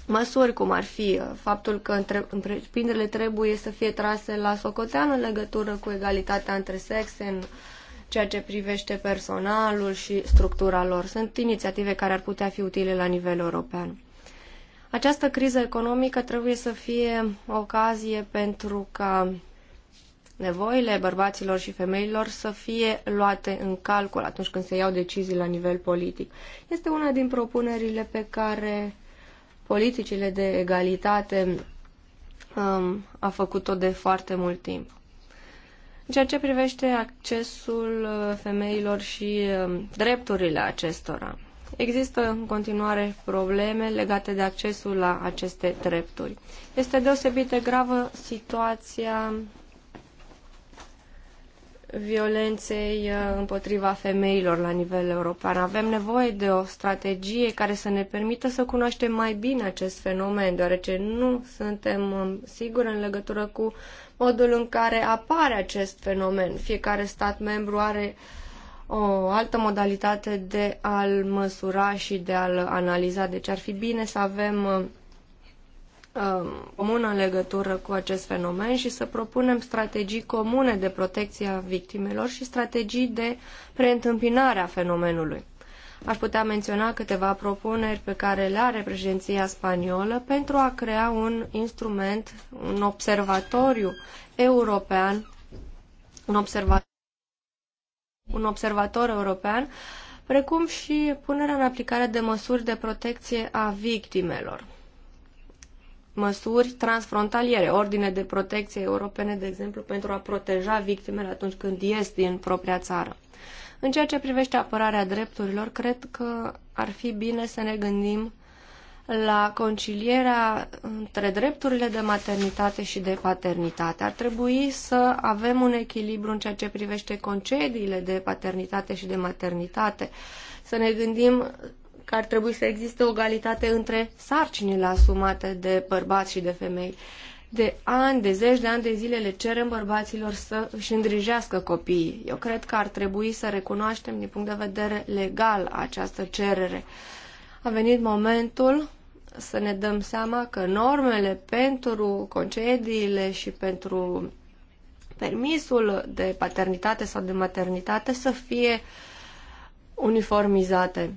măsuri, cum ar fi uh, faptul că întreprinderile trebuie să fie trase la socoteană în legătură cu egalitatea între sexe, în ceea ce privește personalul și structura lor. Sunt inițiative care ar putea fi utile la nivel european. Această criză economică trebuie să fie o ocazie pentru ca nevoile bărbaților și femeilor să fie luate în calcul atunci când se iau decizii la nivel politic. Este una din propunerile pe care politicile de egalitate um, a făcut-o de foarte mult timp. În ceea ce privește accesul uh, femeilor și um, drepturile acestora, există în continuare probleme legate de accesul la aceste drepturi. Este deosebit de gravă situația violenței uh, împotriva femeilor la nivel european. Avem nevoie de o strategie care să ne permită să cunoaștem mai bine acest fenomen, deoarece nu suntem um, siguri în legătură cu modul în care apare acest fenomen. Fiecare stat membru are o altă modalitate de a-l măsura și de a-l analiza. Deci ar fi bine să avem um, Um, comună în legătură cu acest fenomen și să propunem strategii comune de protecție a victimelor și strategii de preîntâmpinare a fenomenului. Aș putea menționa câteva propuneri pe care le are președinția spaniolă pentru a crea un instrument, un observatoriu european, un observator, un observator european, precum și punerea în aplicare de măsuri de protecție a victimelor măsuri transfrontaliere, ordine de protecție europene, de exemplu, pentru a proteja victimele atunci când ies din propria țară. În ceea ce privește apărarea drepturilor, cred că ar fi bine să ne gândim la concilierea între drepturile de maternitate și de paternitate. Ar trebui să avem un echilibru în ceea ce privește concediile de paternitate și de maternitate, să ne gândim că ar trebui să existe o egalitate între sarcinile asumate de bărbați și de femei. De ani, de zeci de ani de zile le cerem bărbaților să își îngrijească copiii. Eu cred că ar trebui să recunoaștem din punct de vedere legal această cerere. A venit momentul să ne dăm seama că normele pentru concediile și pentru permisul de paternitate sau de maternitate să fie uniformizate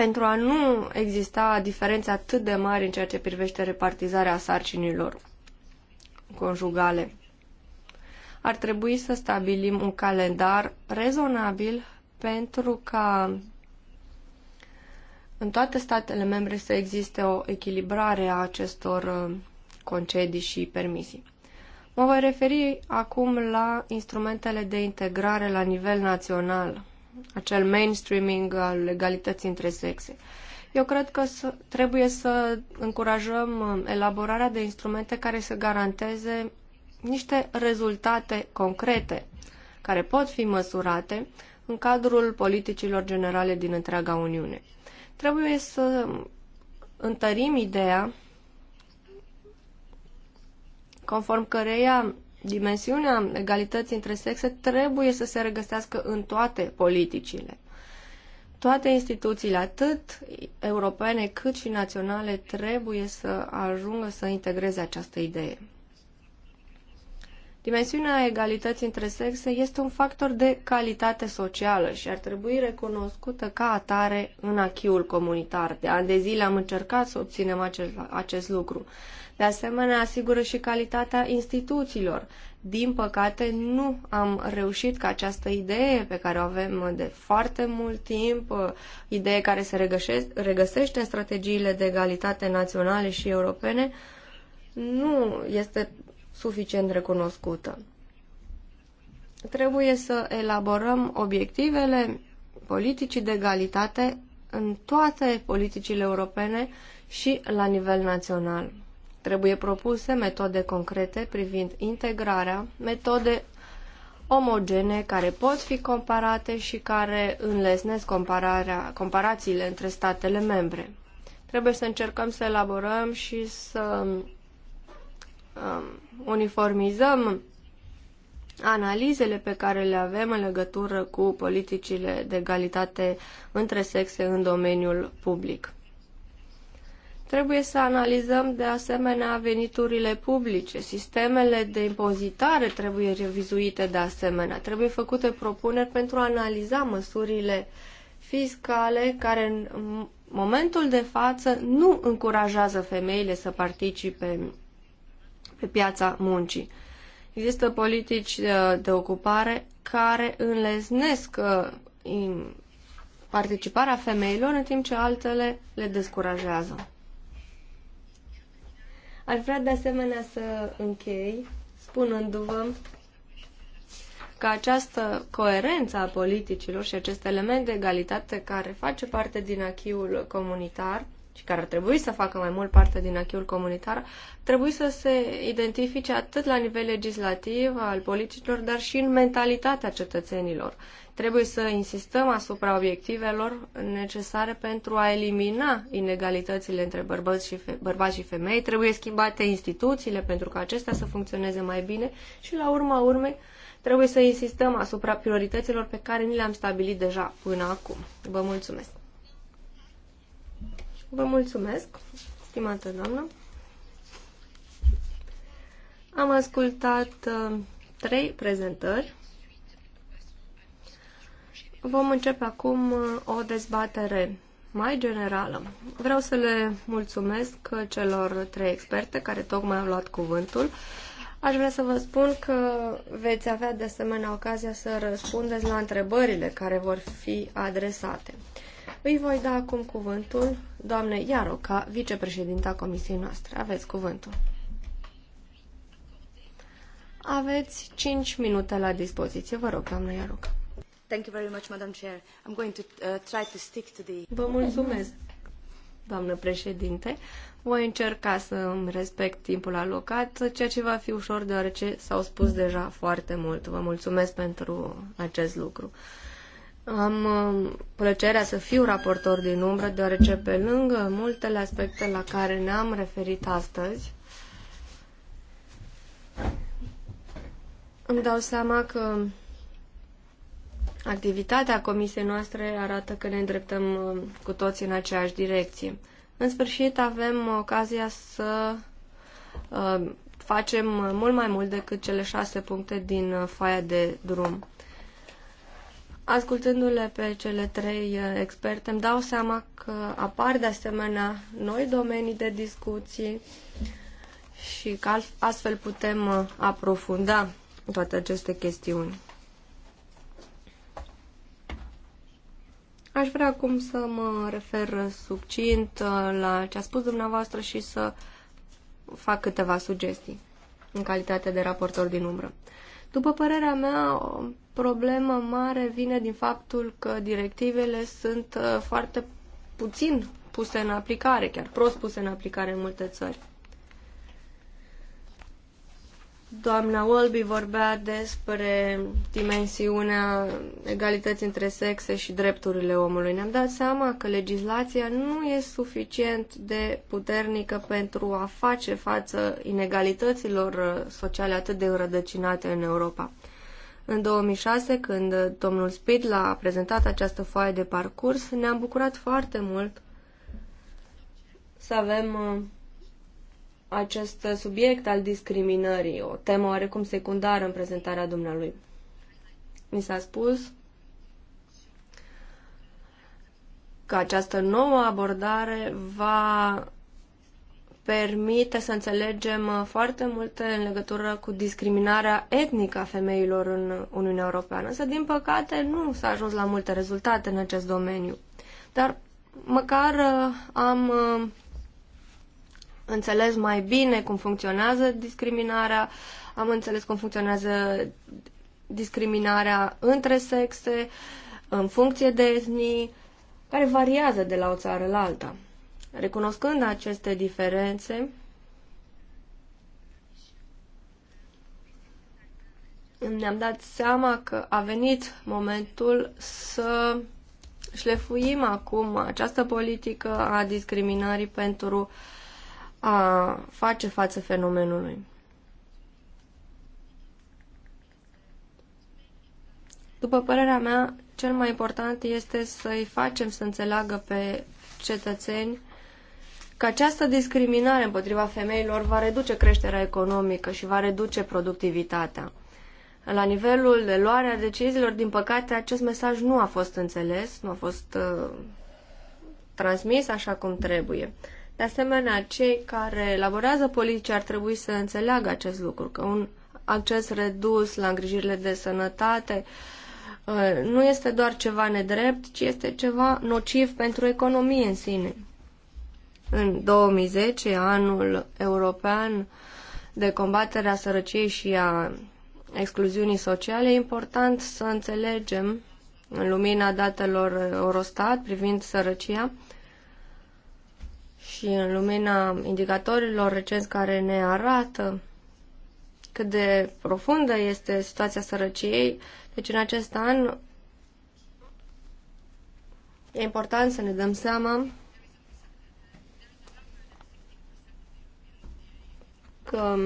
pentru a nu exista diferențe atât de mari în ceea ce privește repartizarea sarcinilor conjugale. Ar trebui să stabilim un calendar rezonabil pentru ca în toate statele membre să existe o echilibrare a acestor uh, concedii și permisii. Mă voi referi acum la instrumentele de integrare la nivel național acel mainstreaming al egalității între sexe. Eu cred că să, trebuie să încurajăm uh, elaborarea de instrumente care să garanteze niște rezultate concrete care pot fi măsurate în cadrul politicilor generale din întreaga Uniune. Trebuie să întărim ideea conform căreia dimensiunea egalității între sexe trebuie să se regăsească în toate politicile. Toate instituțiile, atât europene cât și naționale, trebuie să ajungă să integreze această idee. Dimensiunea egalității între sexe este un factor de calitate socială și ar trebui recunoscută ca atare în achiul comunitar. De ani de zile am încercat să obținem acest, acest lucru. De asemenea, asigură și calitatea instituțiilor. Din păcate, nu am reușit ca această idee pe care o avem de foarte mult timp, uh, idee care se regăsește în strategiile de egalitate naționale și europene, nu este suficient recunoscută. Trebuie să elaborăm obiectivele politicii de egalitate în toate politicile europene și la nivel național. Trebuie propuse metode concrete privind integrarea, metode omogene care pot fi comparate și care înlesnesc compararea, comparațiile între statele membre. Trebuie să încercăm să elaborăm și să um, uniformizăm analizele pe care le avem în legătură cu politicile de egalitate între sexe în domeniul public. Trebuie să analizăm de asemenea veniturile publice, sistemele de impozitare trebuie revizuite de asemenea, trebuie făcute propuneri pentru a analiza măsurile fiscale care în momentul de față nu încurajează femeile să participe pe piața muncii. Există politici uh, de ocupare care înlesnesc uh, participarea femeilor, în timp ce altele le descurajează. Aș vrea de asemenea să închei spunându-vă că această coerență a politicilor și acest element de egalitate care face parte din achiul comunitar și care ar trebui să facă mai mult parte din achiul comunitar, trebuie să se identifice atât la nivel legislativ al politicilor, dar și în mentalitatea cetățenilor. Trebuie să insistăm asupra obiectivelor necesare pentru a elimina inegalitățile între bărbați și, fe- bărbați și femei, trebuie schimbate instituțiile pentru ca acestea să funcționeze mai bine și, la urma urmei, trebuie să insistăm asupra priorităților pe care ni le-am stabilit deja până acum. Vă mulțumesc! Vă mulțumesc, stimată doamnă. Am ascultat uh, trei prezentări. Vom începe acum uh, o dezbatere mai generală. Vreau să le mulțumesc uh, celor trei experte care tocmai au luat cuvântul. Aș vrea să vă spun că veți avea de asemenea ocazia să răspundeți la întrebările care vor fi adresate. Îi voi da acum cuvântul Doamne Iaroca, vicepreședinta comisiei noastre. Aveți cuvântul. Aveți 5 minute la dispoziție. Vă rog, doamna Iaroca. Thank you very much, Madam Chair. I'm going to uh, try to stick to the... Vă mulțumesc, doamnă președinte. Voi încerca să îmi respect timpul alocat, ceea ce va fi ușor deoarece s-au spus deja foarte mult. Vă mulțumesc pentru acest lucru. Uh, am uh, plăcerea să fiu raportor din umbră, deoarece pe lângă multele aspecte la care ne-am referit astăzi, îmi dau seama că activitatea comisiei noastre arată că ne îndreptăm uh, cu toții în aceeași direcție. În sfârșit, avem ocazia să uh, facem mult mai mult decât cele șase puncte din foaia de drum. Ascultându-le pe cele trei uh, experte, îmi dau seama că apar de asemenea noi domenii de discuții și că astfel putem uh, aprofunda toate aceste chestiuni. Aș vrea acum să mă refer uh, succint la ce a spus dumneavoastră și să fac câteva sugestii în calitate de raportor din umbră. După părerea mea, problemă mare vine din faptul că directivele sunt uh, foarte puțin puse în aplicare, chiar prost puse în aplicare în multe țări. Doamna Wolby vorbea despre dimensiunea egalității între sexe și drepturile omului. Ne-am dat seama că legislația nu e suficient de puternică pentru a face față inegalităților uh, sociale atât de înrădăcinate în Europa. În 2006, când domnul Speed a prezentat această foaie de parcurs, ne-am bucurat foarte mult să avem uh, acest subiect al discriminării, o temă oarecum secundară în prezentarea dumnealui. Mi s-a spus că această nouă abordare va permite să înțelegem uh, foarte multe în legătură cu discriminarea etnică a femeilor în Uniunea Europeană. Însă, din păcate, nu s-a ajuns la multe rezultate în acest domeniu. Dar măcar uh, am uh, înțeles mai bine cum funcționează discriminarea, am înțeles cum funcționează discriminarea între sexe, în funcție de etnii, care variază de la o țară la alta. Recunoscând aceste diferențe, ne-am dat seama că a venit momentul să șlefuim acum această politică a discriminării pentru a face față fenomenului. După părerea mea, cel mai important este să-i facem să înțeleagă pe cetățeni că această discriminare împotriva femeilor va reduce creșterea economică și va reduce productivitatea. La nivelul de luare a deciziilor, din păcate, acest mesaj nu a fost înțeles, nu a fost uh, transmis așa cum trebuie. De asemenea, cei care elaborează politici ar trebui să înțeleagă acest lucru, că un acces redus la îngrijirile de sănătate uh, nu este doar ceva nedrept, ci este ceva nociv pentru economie în sine în 2010, anul european de combatere a sărăciei și a excluziunii sociale, e important să înțelegem, în lumina datelor Eurostat privind sărăcia și în lumina indicatorilor recenți care ne arată cât de profundă este situația sărăciei, deci în acest an e important să ne dăm seama că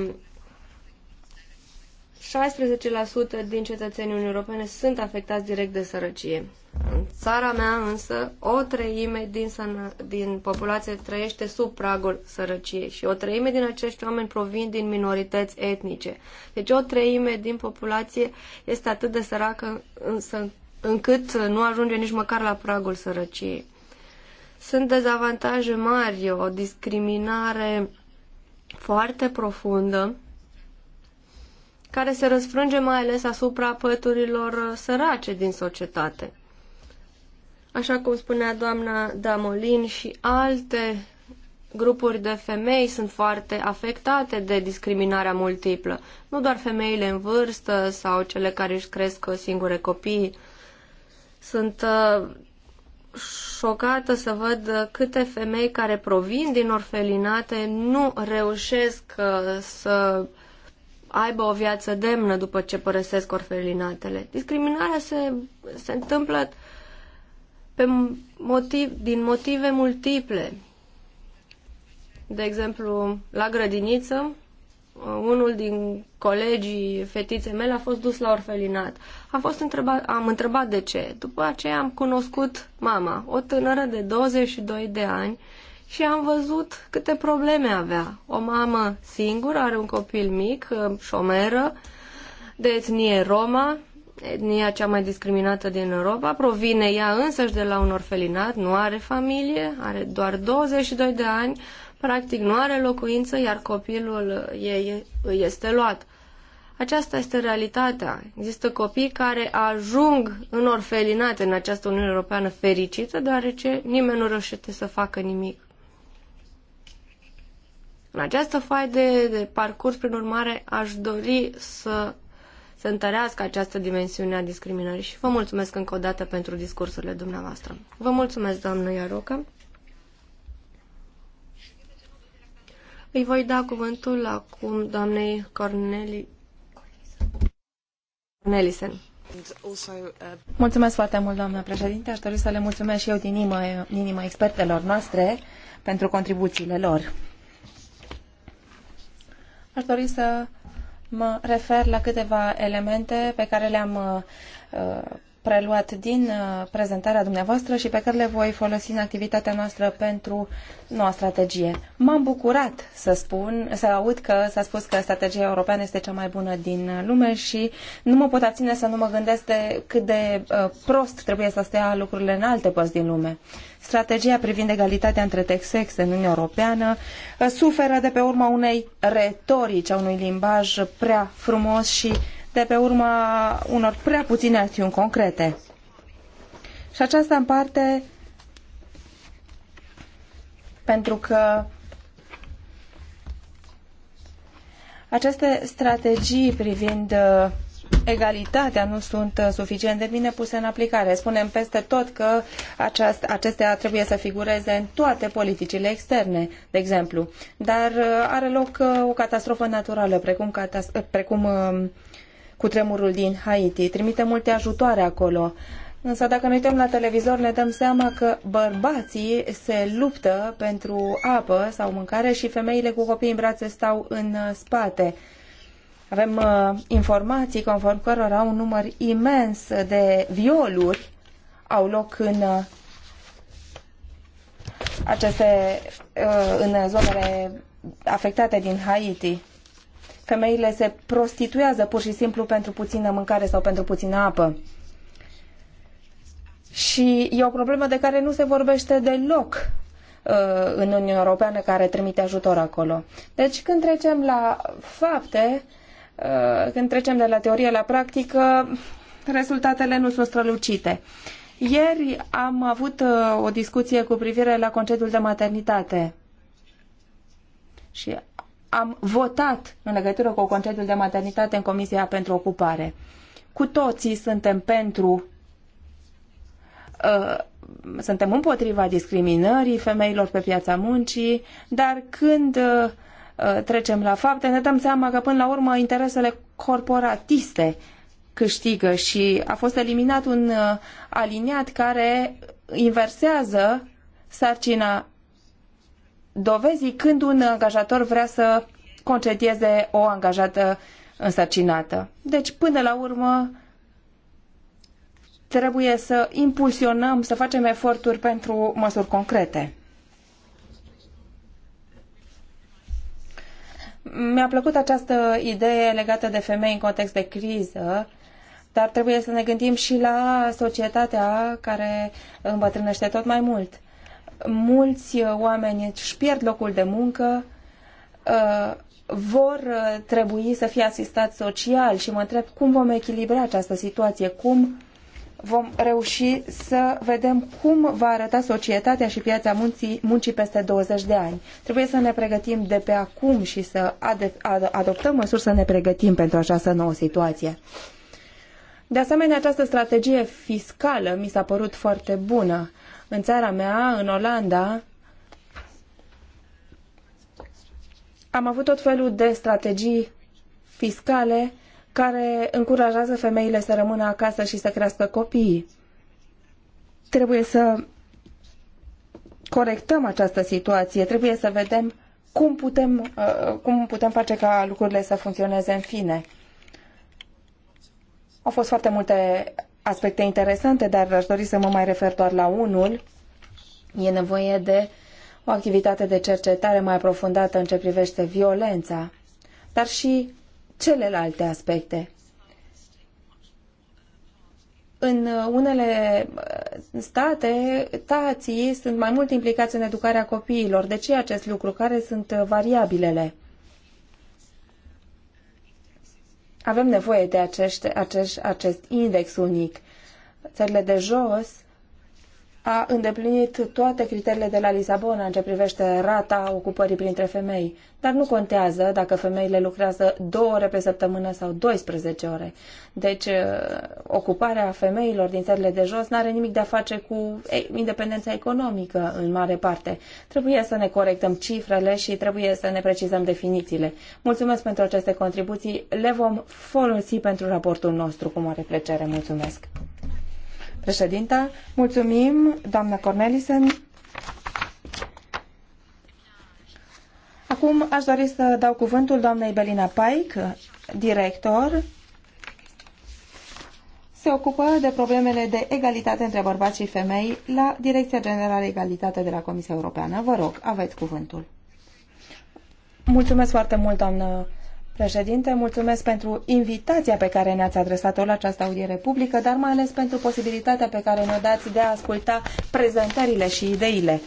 16% din cetățenii Uniunii Europene sunt afectați direct de sărăcie. În țara mea însă o treime din, sănă- din populație trăiește sub pragul sărăciei și o treime din acești oameni provin din minorități etnice. Deci o treime din populație este atât de săracă însă, încât nu ajunge nici măcar la pragul sărăciei. Sunt dezavantaje mari, o discriminare foarte profundă care se răsfrânge mai ales asupra păturilor sărace din societate. Așa cum spunea doamna Damolin și alte grupuri de femei sunt foarte afectate de discriminarea multiplă. Nu doar femeile în vârstă sau cele care își cresc singure copii. Sunt uh, șocată să văd câte femei care provin din orfelinate nu reușesc uh, să aibă o viață demnă după ce părăsesc orfelinatele. Discriminarea se, se întâmplă pe motiv, din motive multiple. De exemplu, la grădiniță, uh, unul din colegii fetiței mele a fost dus la orfelinat. Am, fost întrebat, am întrebat de ce. După aceea am cunoscut mama, o tânără de 22 de ani, și am văzut câte probleme avea. O mamă singură, are un copil mic, uh, șomeră, de etnie Roma, etnia cea mai discriminată din Europa, provine ea însăși de la un orfelinat, nu are familie, are doar 22 de ani, practic nu are locuință, iar copilul ei este luat. Aceasta este realitatea. Există copii care ajung în orfelinate în această Uniune Europeană fericită, deoarece nimeni nu reușește să facă nimic. În această foaie de, de parcurs, prin urmare, aș dori să să întărească această dimensiune a discriminării și vă mulțumesc încă o dată pentru discursurile dumneavoastră. Vă mulțumesc, doamnă Iarocă. Îi voi da cuvântul acum doamnei Corneli Nelisen. Mulțumesc foarte mult, doamnă președinte. Aș dori să le mulțumesc și eu din inimă, din inimă expertelor noastre pentru contribuțiile lor. Aș dori să mă refer la câteva elemente pe care le-am uh, preluat din uh, prezentarea dumneavoastră și pe care le voi folosi în activitatea noastră pentru noua strategie. M-am bucurat să spun, să aud că s-a spus că strategia europeană este cea mai bună din lume și nu mă pot abține să nu mă gândesc de cât de uh, prost trebuie să stea lucrurile în alte părți din lume. Strategia privind egalitatea între sexe în Uniunea Europeană uh, suferă de pe urma unei retorici, a unui limbaj prea frumos și de pe urma unor prea puține acțiuni concrete. Și aceasta în parte pentru că aceste strategii privind uh, egalitatea nu sunt uh, suficient de bine puse în aplicare. Spunem peste tot că aceast, acestea trebuie să figureze în toate politicile externe, de exemplu. Dar uh, are loc o catastrofă naturală, precum, catas- precum um, cu tremurul din Haiti. Trimite multe ajutoare acolo. Însă dacă ne uităm la televizor ne dăm seama că bărbații se luptă pentru apă sau mâncare și femeile cu copii în brațe stau în uh, spate. Avem uh, informații conform cărora un număr imens de violuri au loc în uh, aceste uh, în zonele afectate din Haiti femeile se prostituează pur și simplu pentru puțină mâncare sau pentru puțină apă. Și e o problemă de care nu se vorbește deloc uh, în Uniunea Europeană care trimite ajutor acolo. Deci când trecem la fapte, uh, când trecem de la teorie la practică, rezultatele nu sunt strălucite. Ieri am avut uh, o discuție cu privire la concediul de maternitate. Și am votat în legătură cu concediul de maternitate în Comisia pentru Ocupare. Cu toții suntem pentru uh, suntem împotriva discriminării femeilor pe piața muncii, dar când uh, uh, trecem la fapte, ne dăm seama că până la urmă interesele corporatiste câștigă și a fost eliminat un aliniat care inversează sarcina dovezii când un angajator vrea să concedieze o angajată însărcinată. Deci, până la urmă, trebuie să impulsionăm, să facem eforturi pentru măsuri concrete. Mi-a plăcut această idee legată de femei în context de criză, dar trebuie să ne gândim și la societatea care îmbătrânește tot mai mult mulți oameni își pierd locul de muncă, uh, vor uh, trebui să fie asistat social și mă întreb cum vom echilibra această situație, cum vom reuși să vedem cum va arăta societatea și piața muncii, muncii peste 20 de ani. Trebuie să ne pregătim de pe acum și să adoptăm măsuri să ne pregătim pentru această nouă situație. De asemenea, această strategie fiscală mi s-a părut foarte bună. În țara mea, în Olanda, am avut tot felul de strategii fiscale care încurajează femeile să rămână acasă și să crească copiii. Trebuie să corectăm această situație, trebuie să vedem cum putem, uh, cum putem face ca lucrurile să funcționeze în fine. Au fost foarte multe aspecte interesante, dar aș dori să mă mai refer doar la unul. E nevoie de o activitate de cercetare mai aprofundată în ce privește violența, dar și celelalte aspecte. În unele state, tații sunt mai mult implicați în educarea copiilor. De ce acest lucru? Care sunt variabilele? Avem nevoie de acești, acești, acest index unic. Țările de jos a îndeplinit toate criteriile de la Lisabona în ce privește rata ocupării printre femei, dar nu contează dacă femeile lucrează două ore pe săptămână sau 12 ore. Deci, uh, ocuparea femeilor din țările de jos nu are nimic de a face cu ei, independența economică în mare parte. Trebuie să ne corectăm cifrele și trebuie să ne precizăm definițiile. Mulțumesc pentru aceste contribuții. Le vom folosi pentru raportul nostru cu mare plăcere. Mulțumesc! Președintă, mulțumim, doamna Cornelisen. Acum aș dori să dau cuvântul doamnei Belina Paic, director. Se ocupă de problemele de egalitate între bărbați și femei la Direcția Generală Egalitate de la Comisia Europeană. Vă rog, aveți cuvântul. Mulțumesc foarte mult, doamnă Președinte, mulțumesc pentru invitația pe care ne-ați adresat-o la această audiere publică, dar mai ales pentru posibilitatea pe care ne-o dați de a asculta prezentările și ideile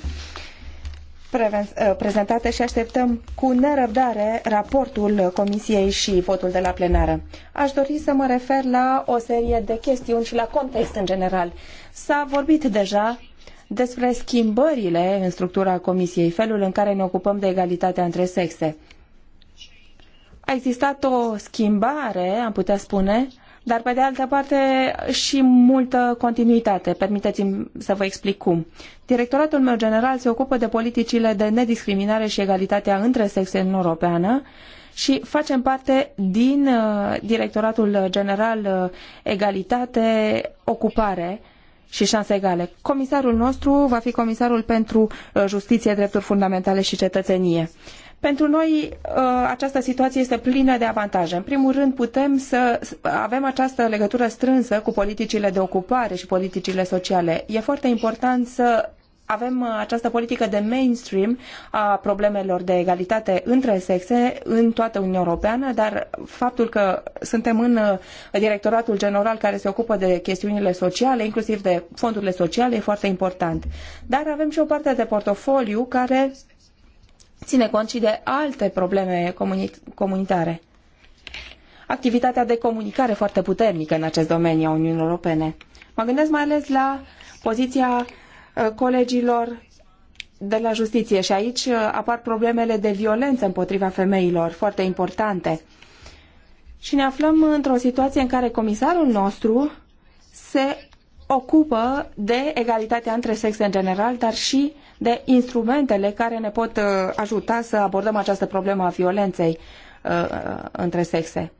ă, prezentate și așteptăm cu nerăbdare raportul Comisiei și votul de la plenară. Aș dori să mă refer la o serie de chestiuni și la context în general. S-a vorbit deja despre schimbările în structura Comisiei, felul în care ne ocupăm de egalitatea între sexe. A existat o schimbare, am putea spune, dar pe de altă parte și multă continuitate. Permiteți-mi să vă explic cum. Directoratul meu general se ocupă de politicile de nediscriminare și egalitatea între sexe în Europeană și facem parte din uh, Directoratul General uh, Egalitate, Ocupare și șanse egale. Comisarul nostru va fi comisarul pentru uh, justiție, drepturi fundamentale și cetățenie. Uh, pentru noi uh, această situație este plină de avantaje. În primul rând putem să avem această legătură strânsă cu politicile de ocupare și politicile sociale. E foarte important să avem uh, această politică de mainstream a problemelor de egalitate între sexe în toată Uniunea Europeană, dar faptul că suntem în uh, directoratul general care se ocupă de chestiunile sociale, inclusiv de fondurile sociale, e foarte important. Dar avem și o parte de portofoliu care ține cont și de alte probleme comuni- comunitare. Activitatea de comunicare foarte puternică în acest domeniu a Uniunii Europene. Mă gândesc mai ales la poziția uh, colegilor de la justiție și aici uh, apar problemele de violență împotriva femeilor, foarte importante. Și ne aflăm într-o situație în care comisarul nostru se ocupă de egalitatea între sexe în general, dar și de instrumentele care ne pot uh, ajuta să abordăm această problemă a violenței uh, uh, între sexe.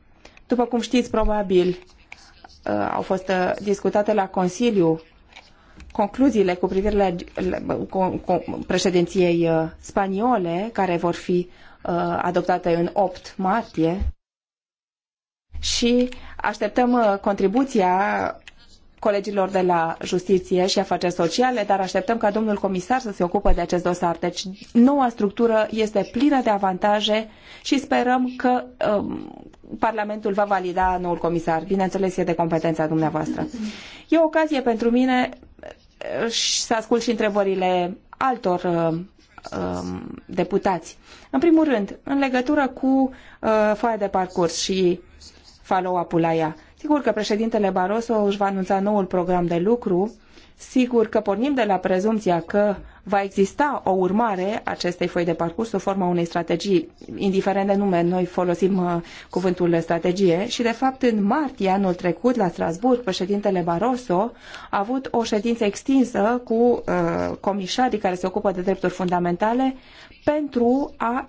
După cum știți, probabil au fost discutate la Consiliu concluziile cu privire la, la președinției spaniole, care vor fi adoptate în 8 martie. Și așteptăm contribuția colegilor de la Justiție și Afaceri Sociale, dar așteptăm ca domnul comisar să se ocupe de acest dosar. Deci, noua structură este plină de avantaje și sperăm că um, Parlamentul va valida noul comisar. Bineînțeles, e de competența dumneavoastră. E o ocazie pentru mine uh, și să ascult și întrebările altor uh, um, deputați. În primul rând, în legătură cu uh, foaia de parcurs și follow-up-ul aia. Uh, Sigur că președintele Barroso își va anunța noul program de lucru. Sigur că pornim de la prezumția că va exista o urmare acestei foi de parcurs sub forma unei strategii, indiferent de nume, noi folosim uh, cuvântul strategie și de fapt în martie anul trecut la Strasburg, președintele Barroso a avut o ședință extinsă cu uh, comisarii care se ocupă de drepturi fundamentale pentru a,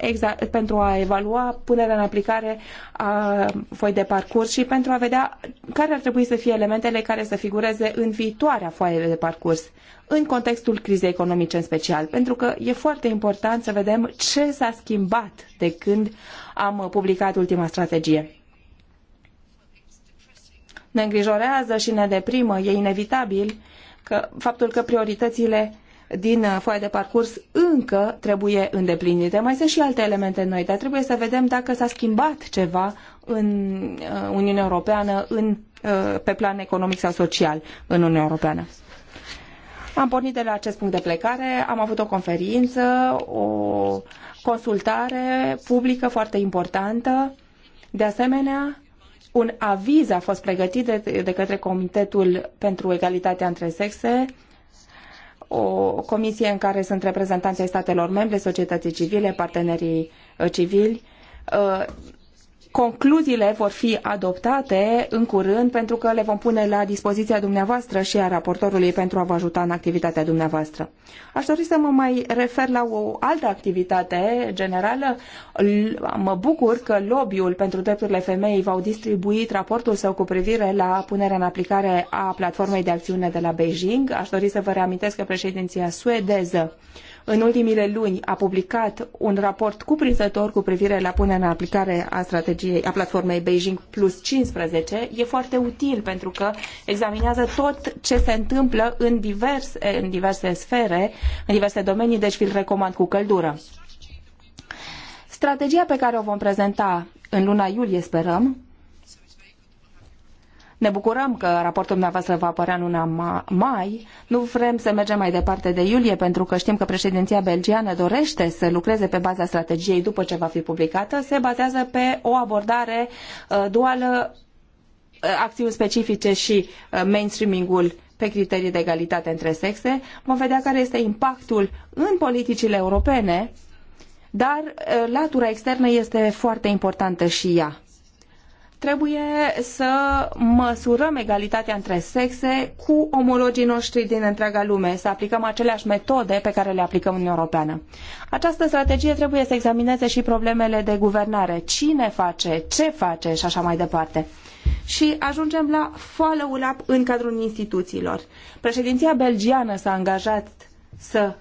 pentru a evalua punerea în aplicare a foi de parcurs și pentru a vedea care ar trebui să fie elementele care să figureze în viitoarea foaie de parcurs în contextul crizei economice în special, pentru că e foarte important să vedem ce s-a schimbat de când am publicat ultima strategie ne îngrijorează și ne deprimă, e inevitabil că faptul că prioritățile din uh, foaia de parcurs încă trebuie îndeplinite. Mai sunt și alte elemente noi, dar trebuie să vedem dacă s-a schimbat ceva în uh, Uniunea Europeană în, uh, pe plan economic sau social în Uniunea Europeană. Am pornit de la acest punct de plecare, am avut o conferință, o consultare publică foarte importantă. De asemenea, un aviz a fost pregătit de, de către Comitetul pentru Egalitatea între Sexe o comisie în care sunt reprezentanții statelor membre, societății civile, partenerii uh, civili uh, Concluziile vor fi adoptate în curând pentru că le vom pune la dispoziția dumneavoastră și a raportorului pentru a vă ajuta în activitatea dumneavoastră. Aș dori să mă mai refer la o altă activitate generală. Mă bucur că lobby-ul pentru drepturile femeii v-au distribuit raportul său cu privire la punerea în aplicare a platformei de acțiune de la Beijing. Aș dori să vă reamintesc că președinția suedeză uh, în ultimile luni a publicat un raport cuprinzător cu privire la punerea în aplicare a strategiei a platformei Beijing plus 15. E foarte util pentru că examinează tot ce se întâmplă în diverse, în diverse sfere, în diverse domenii, deci vi-l recomand cu căldură. Strategia pe care o vom prezenta în luna iulie, sperăm, ne bucurăm că raportul dumneavoastră va apărea în luna mai. Nu vrem să mergem mai departe de iulie pentru că știm că președinția belgiană dorește să lucreze pe baza strategiei după ce va fi publicată. Se bazează pe o abordare uh, duală uh, acțiuni specifice și uh, mainstreaming-ul pe criterii de egalitate între sexe, vom vedea care este impactul în politicile europene, dar latura externă este foarte importantă și ea. Trebuie să măsurăm egalitatea între sexe cu omologii noștri din întreaga lume, să aplicăm aceleași metode pe care le aplicăm în Europeană. Această strategie trebuie să examineze și problemele de guvernare. Cine face, ce face și așa mai departe și ajungem la follow-up în cadrul instituțiilor. Președinția belgiană s-a angajat să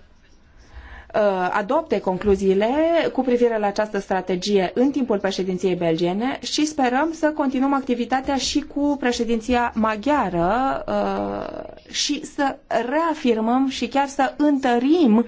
Uh, adopte concluziile cu privire la această strategie în timpul președinției belgiene și sperăm să continuăm activitatea și cu președinția maghiară uh, și să reafirmăm și chiar să întărim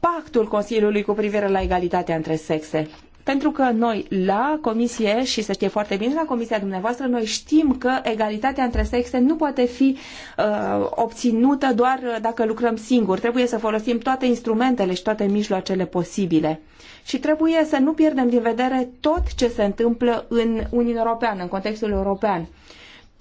pactul Consiliului cu privire la egalitatea între sexe. Pentru că noi la comisie, și se știe foarte bine la comisia dumneavoastră, noi știm că egalitatea între sexe nu poate fi uh, obținută doar uh, dacă lucrăm singuri. Trebuie să folosim toate instrumentele și toate mijloacele posibile. Și trebuie să nu pierdem din vedere tot ce se întâmplă în Uniunea Europeană, în contextul european. Uh,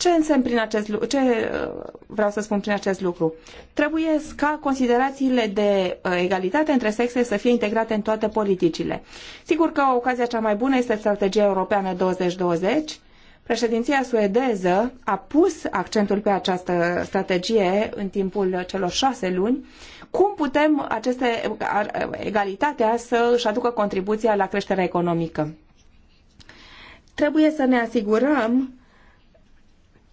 ce însemn prin acest lucru? Ce uh, vreau să spun prin acest lucru? Trebuie ca considerațiile de uh, egalitate între sexe să fie integrate în toate politicile. Sigur că ocazia cea mai bună este strategia europeană 2020. Președinția suedeză a pus accentul pe această strategie în timpul celor șase luni. Cum putem aceste, egalitatea să își aducă contribuția la creșterea economică? Trebuie să ne asigurăm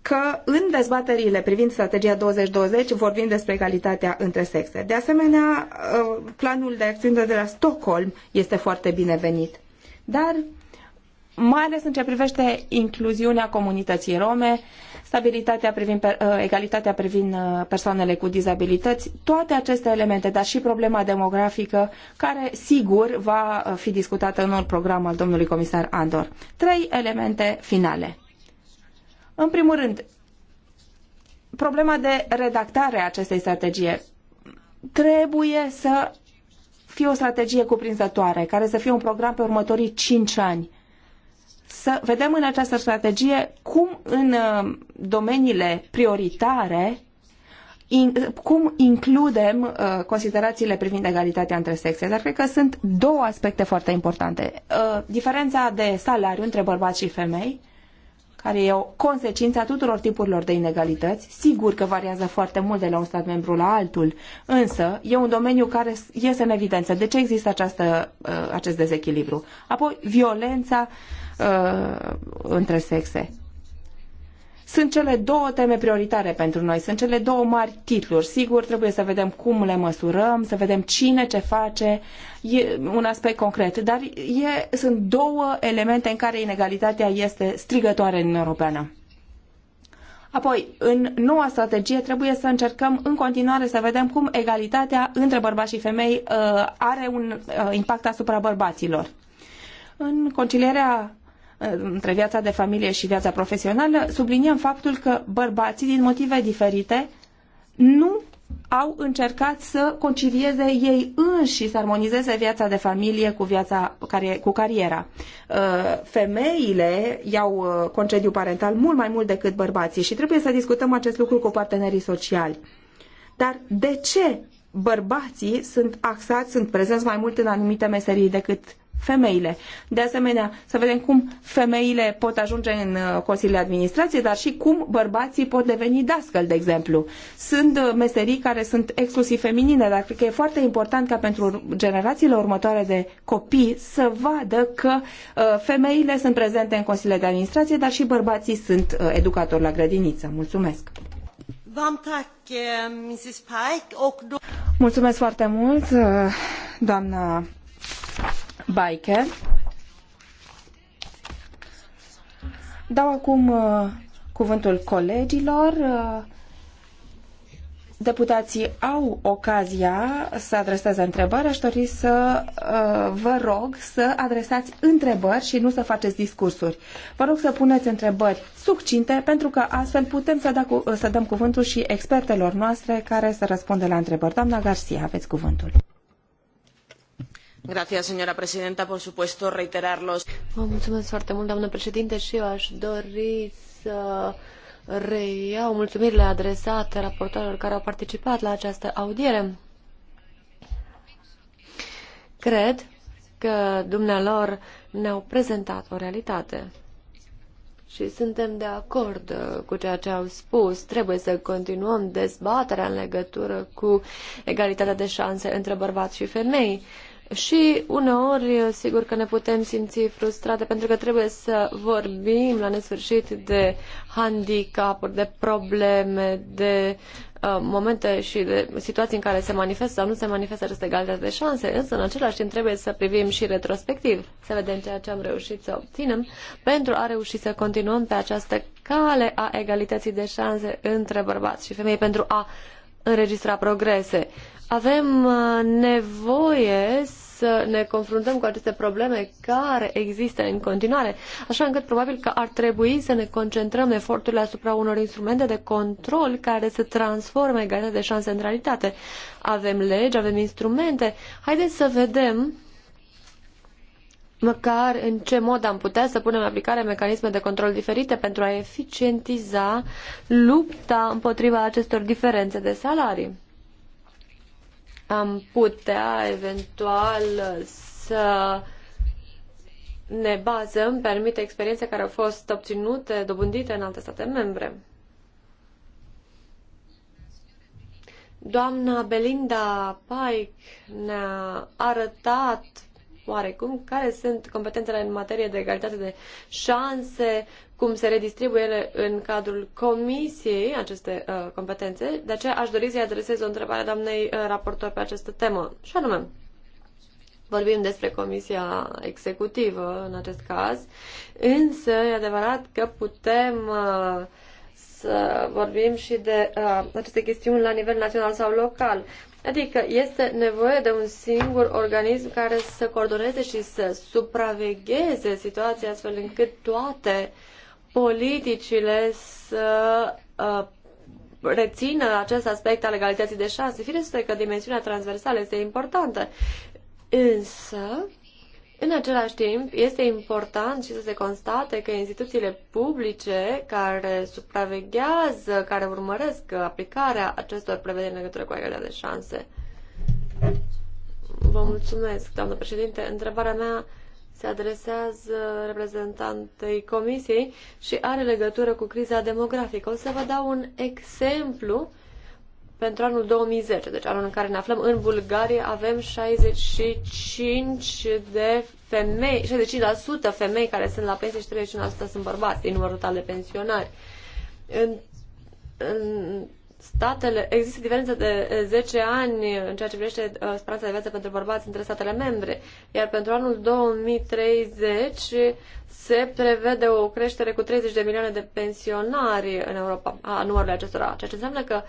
că în dezbaterile privind strategia 2020 vorbim despre egalitatea între sexe. De asemenea, uh, planul de acțiune de la Stockholm este foarte binevenit. Dar, mai ales în ce privește incluziunea comunității rome, stabilitatea privind, uh, egalitatea privind uh, persoanele cu dizabilități, toate aceste elemente, dar și problema demografică, care sigur va fi discutată în un program al domnului comisar Andor. Trei elemente finale în primul rând, problema de redactare a acestei strategie. Trebuie să fie o strategie cuprinzătoare, care să fie un program pe următorii cinci ani. Să vedem în această strategie cum în uh, domeniile prioritare in, cum includem uh, considerațiile privind egalitatea între sexe. Dar cred că sunt două aspecte foarte importante. Uh, diferența de salariu între bărbați și femei care e o consecință a tuturor tipurilor de inegalități. Sigur că variază foarte mult de la un stat membru la altul, însă e un domeniu care iese în evidență. De ce există această, uh, acest dezechilibru? Apoi, violența uh, între sexe. Sunt cele două teme prioritare pentru noi, sunt cele două mari titluri. Sigur, trebuie să vedem cum le măsurăm, să vedem cine ce face, e un aspect concret, dar e, sunt două elemente în care inegalitatea este strigătoare în Europeană. Apoi, în noua strategie trebuie să încercăm în continuare să vedem cum egalitatea între bărbați și femei uh, are un uh, impact asupra bărbaților. În concilierea între viața de familie și viața profesională, subliniem faptul că bărbații, din motive diferite, nu au încercat să concilieze ei înși, să armonizeze viața de familie cu, viața, cu cariera. Uh, femeile iau uh, concediu parental mult mai mult decât bărbații și trebuie să discutăm acest lucru cu partenerii sociali. Dar de ce bărbații sunt axați, sunt prezenți mai mult în anumite meserii decât femeile. De asemenea, să vedem cum femeile pot ajunge în uh, consiliile administrației, dar și cum bărbații pot deveni dascăl, de exemplu. Sunt uh, meserii care sunt exclusiv feminine, dar cred că e foarte important ca pentru generațiile următoare de copii să vadă că uh, femeile sunt prezente în consiliile de administrație, dar și bărbații sunt educatori la grădiniță. Mulțumesc! Eh, Mulțumesc foarte mult, eh, doamna Baiche. Dau acum uh, cuvântul colegilor. Uh, deputații au ocazia să adreseze întrebări. Aș dori să uh, vă rog să adresați întrebări și nu să faceți discursuri. Vă rog să puneți întrebări succinte, pentru că astfel putem să, da cu, să dăm cuvântul și expertelor noastre care să răspundă la întrebări. Doamna Garcia, aveți cuvântul señora presidenta. Por supuesto, reiterar mulțumesc foarte mult, doamnă președinte, și eu aș dori să reiau mulțumirile adresate raportorilor care au participat la această audiere. Cred că dumnealor ne-au prezentat o realitate. Și suntem de acord cu ceea ce au spus. Trebuie să continuăm dezbaterea în legătură cu egalitatea de șanse între bărbați și femei și uneori, sigur că ne putem simți frustrate pentru că trebuie să vorbim la nesfârșit de handicapuri, de probleme, de uh, momente și de situații în care se manifestă sau nu se manifestă aceste egalitate de șanse, însă în același timp trebuie să privim și retrospectiv, să vedem ceea ce am reușit să obținem pentru a reuși să continuăm pe această cale a egalității de șanse între bărbați și femei pentru a înregistra progrese avem uh, nevoie să ne confruntăm cu aceste probleme care există în continuare, așa încât probabil că ar trebui să ne concentrăm eforturile asupra unor instrumente de control care să transforme egalitatea de șanse în realitate. Avem legi, avem instrumente. Haideți să vedem măcar în ce mod am putea să punem în aplicare mecanisme de control diferite pentru a eficientiza lupta împotriva acestor diferențe de salarii am putea eventual să ne bazăm pe anumite experiențe care au fost obținute, dobândite în alte state membre. Doamna Belinda Pike ne-a arătat oarecum care sunt competențele în materie de egalitate de șanse, cum se redistribuie ele în cadrul comisiei, aceste uh, competențe. De aceea aș dori să-i adresez o întrebare doamnei uh, raportor pe această temă. Și anume, vorbim despre comisia executivă în acest caz, însă e adevărat că putem uh, să vorbim și de uh, aceste chestiuni la nivel național sau local. Adică este nevoie de un singur organism care să coordoneze și să supravegheze situația astfel încât toate uh, politicile să uh, rețină acest aspect al egalității de șanse. Firește că dimensiunea transversală este importantă, însă, în același timp, este important și să se constate că instituțiile publice care supraveghează, care urmăresc aplicarea acestor prevederi în legătură cu egalitatea de șanse. Vă mulțumesc, doamnă președinte. Întrebarea mea se adresează reprezentantei Comisiei și are legătură cu criza demografică. O să vă dau un exemplu pentru anul 2010, deci anul în care ne aflăm. În Bulgaria avem 65 de femei, 65% femei care sunt la pensie și 31% sunt bărbați din numărul total de pensionari. În, în statele, există diferență de 10 eh, ani în ceea ce privește eh, speranța de viață pentru bărbați între statele membre, iar pentru anul 2030 se prevede o creștere cu 30 de milioane de pensionari în Europa, a numărului acestora, ceea ce înseamnă că uh,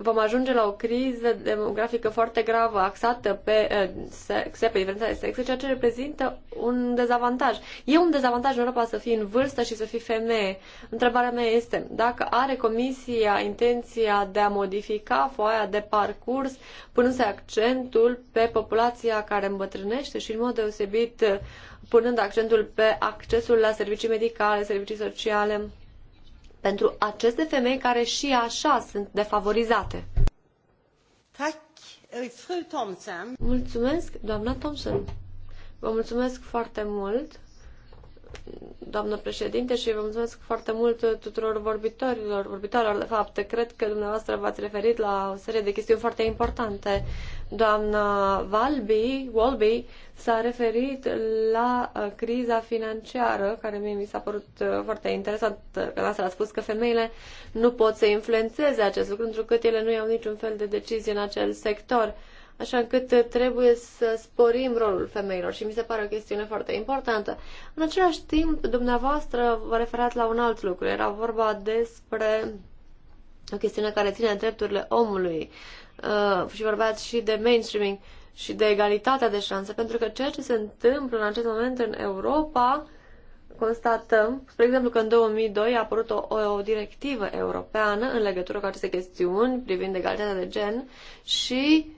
vom ajunge la o criză demografică foarte gravă, axată pe eh, sexe, pe diferența de sexe, ceea ce reprezintă un dezavantaj. E un dezavantaj în Europa să fii în vârstă și să fii femeie. Întrebarea mea este dacă are Comisia intenția de a modifica foaia de parcurs, punându-se accentul pe populația care îmbătrânește și în mod deosebit eh, punând accentul pe accesul la servicii medicale, servicii sociale pentru aceste femei care și așa sunt defavorizate. Eh, mulțumesc, doamna Thompson. Vă mulțumesc foarte mult, doamnă președinte, și vă mulțumesc foarte mult tuturor vorbitorilor, vorbitorilor, de fapt. Cred că dumneavoastră v-ați referit la o serie de chestiuni foarte importante. Doamna Valby, Walby s-a referit la uh, criza financiară, care mie mi s-a părut uh, foarte interesant, uh, că asta a spus că femeile nu pot să influențeze acest lucru, pentru că ele nu iau niciun fel de decizie în acel sector. Așa încât trebuie să sporim rolul femeilor și mi se pare o chestiune foarte importantă. În același timp, dumneavoastră vă referați la un alt lucru. Era vorba despre o chestiune care ține drepturile omului uh, și vorbeați și de mainstreaming și de egalitatea de șanse, pentru că ceea ce se întâmplă în acest moment în Europa, constatăm, spre exemplu, că în 2002 a apărut o, o directivă europeană în legătură cu aceste chestiuni privind egalitatea de gen și,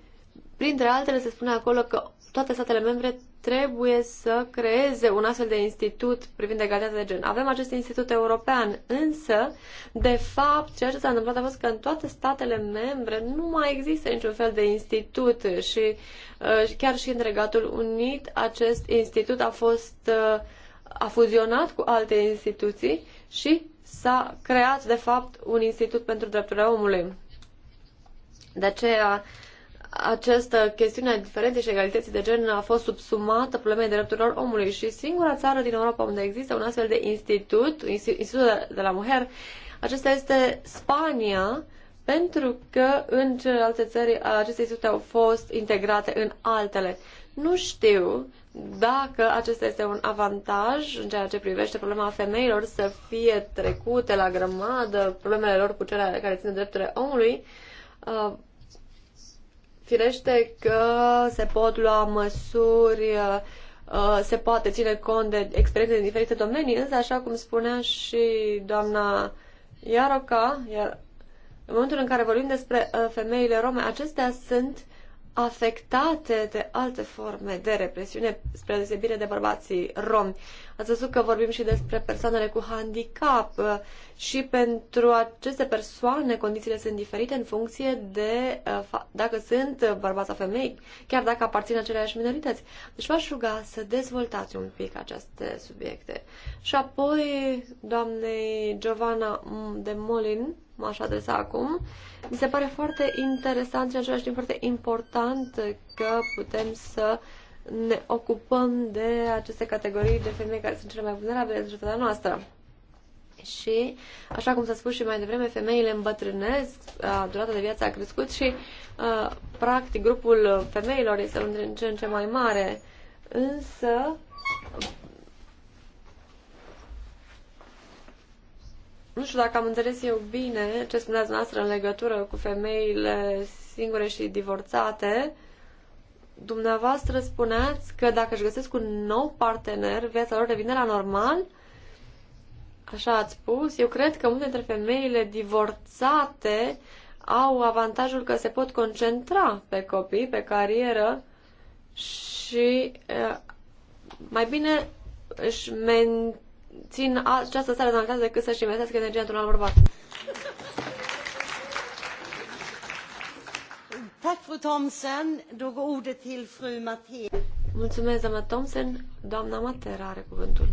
printre altele, se spune acolo că toate statele membre trebuie să creeze un astfel de institut privind egalitatea de gen. Avem acest institut european, însă, de fapt, ceea ce s-a întâmplat a fost că în toate statele membre nu mai există niciun fel de institut și uh, chiar și în Regatul Unit acest institut a fost uh, a fuzionat cu alte instituții și s-a creat, de fapt, un institut pentru drepturile omului. De aceea, uh, această chestiune a diferenței și egalității de gen a fost subsumată problemei drepturilor omului și singura țară din Europa unde există un astfel de institut, Institutul de la Mujer, acesta este Spania, pentru că în celelalte țări aceste institute au fost integrate în altele. Nu știu dacă acesta este un avantaj în ceea ce privește problema femeilor să fie trecute la grămadă, problemele lor cu cele care țin drepturile omului, uh, Firește că se pot lua măsuri, uh, se poate ține cont de experiențe din diferite domenii, însă, așa cum spunea și doamna Iaroca, iar în momentul în care vorbim despre uh, femeile rome, acestea sunt uh, afectate de alte forme de represiune, spre deosebire de bărbații romi. Ați văzut că vorbim și despre persoanele cu handicap uh, și pentru aceste persoane condițiile sunt diferite în funcție de uh, dacă sunt bărbați sau femei, chiar dacă aparțin aceleași minorități. Deci v-aș ruga să dezvoltați un pic aceste subiecte. Și apoi, doamnei Giovanna de Molin, m-aș adresa acum, uh, mi se pare foarte interesant și în același timp foarte important că putem să ne ocupăm de aceste categorii de femei care sunt cele mai vulnerabile în societatea noastră. Și, așa cum s-a spus și mai devreme, femeile îmbătrânesc, durata de viață a crescut și, practic, grupul femeilor este un ce în ce mai mare. Însă, nu știu dacă am înțeles eu bine ce spuneați noastră în legătură cu femeile singure și divorțate. Dumneavoastră spuneați că dacă își găsesc un nou partener, viața lor revine la normal? Așa ați spus. Eu cred că multe dintre femeile divorțate au avantajul că se pot concentra pe copii, pe carieră și eh, mai bine își mențin țin această seară în altate decât să-și investească energia într-un alt bărbat. Mulțumesc, doamna Thompson. Doamna Matera are cuvântul.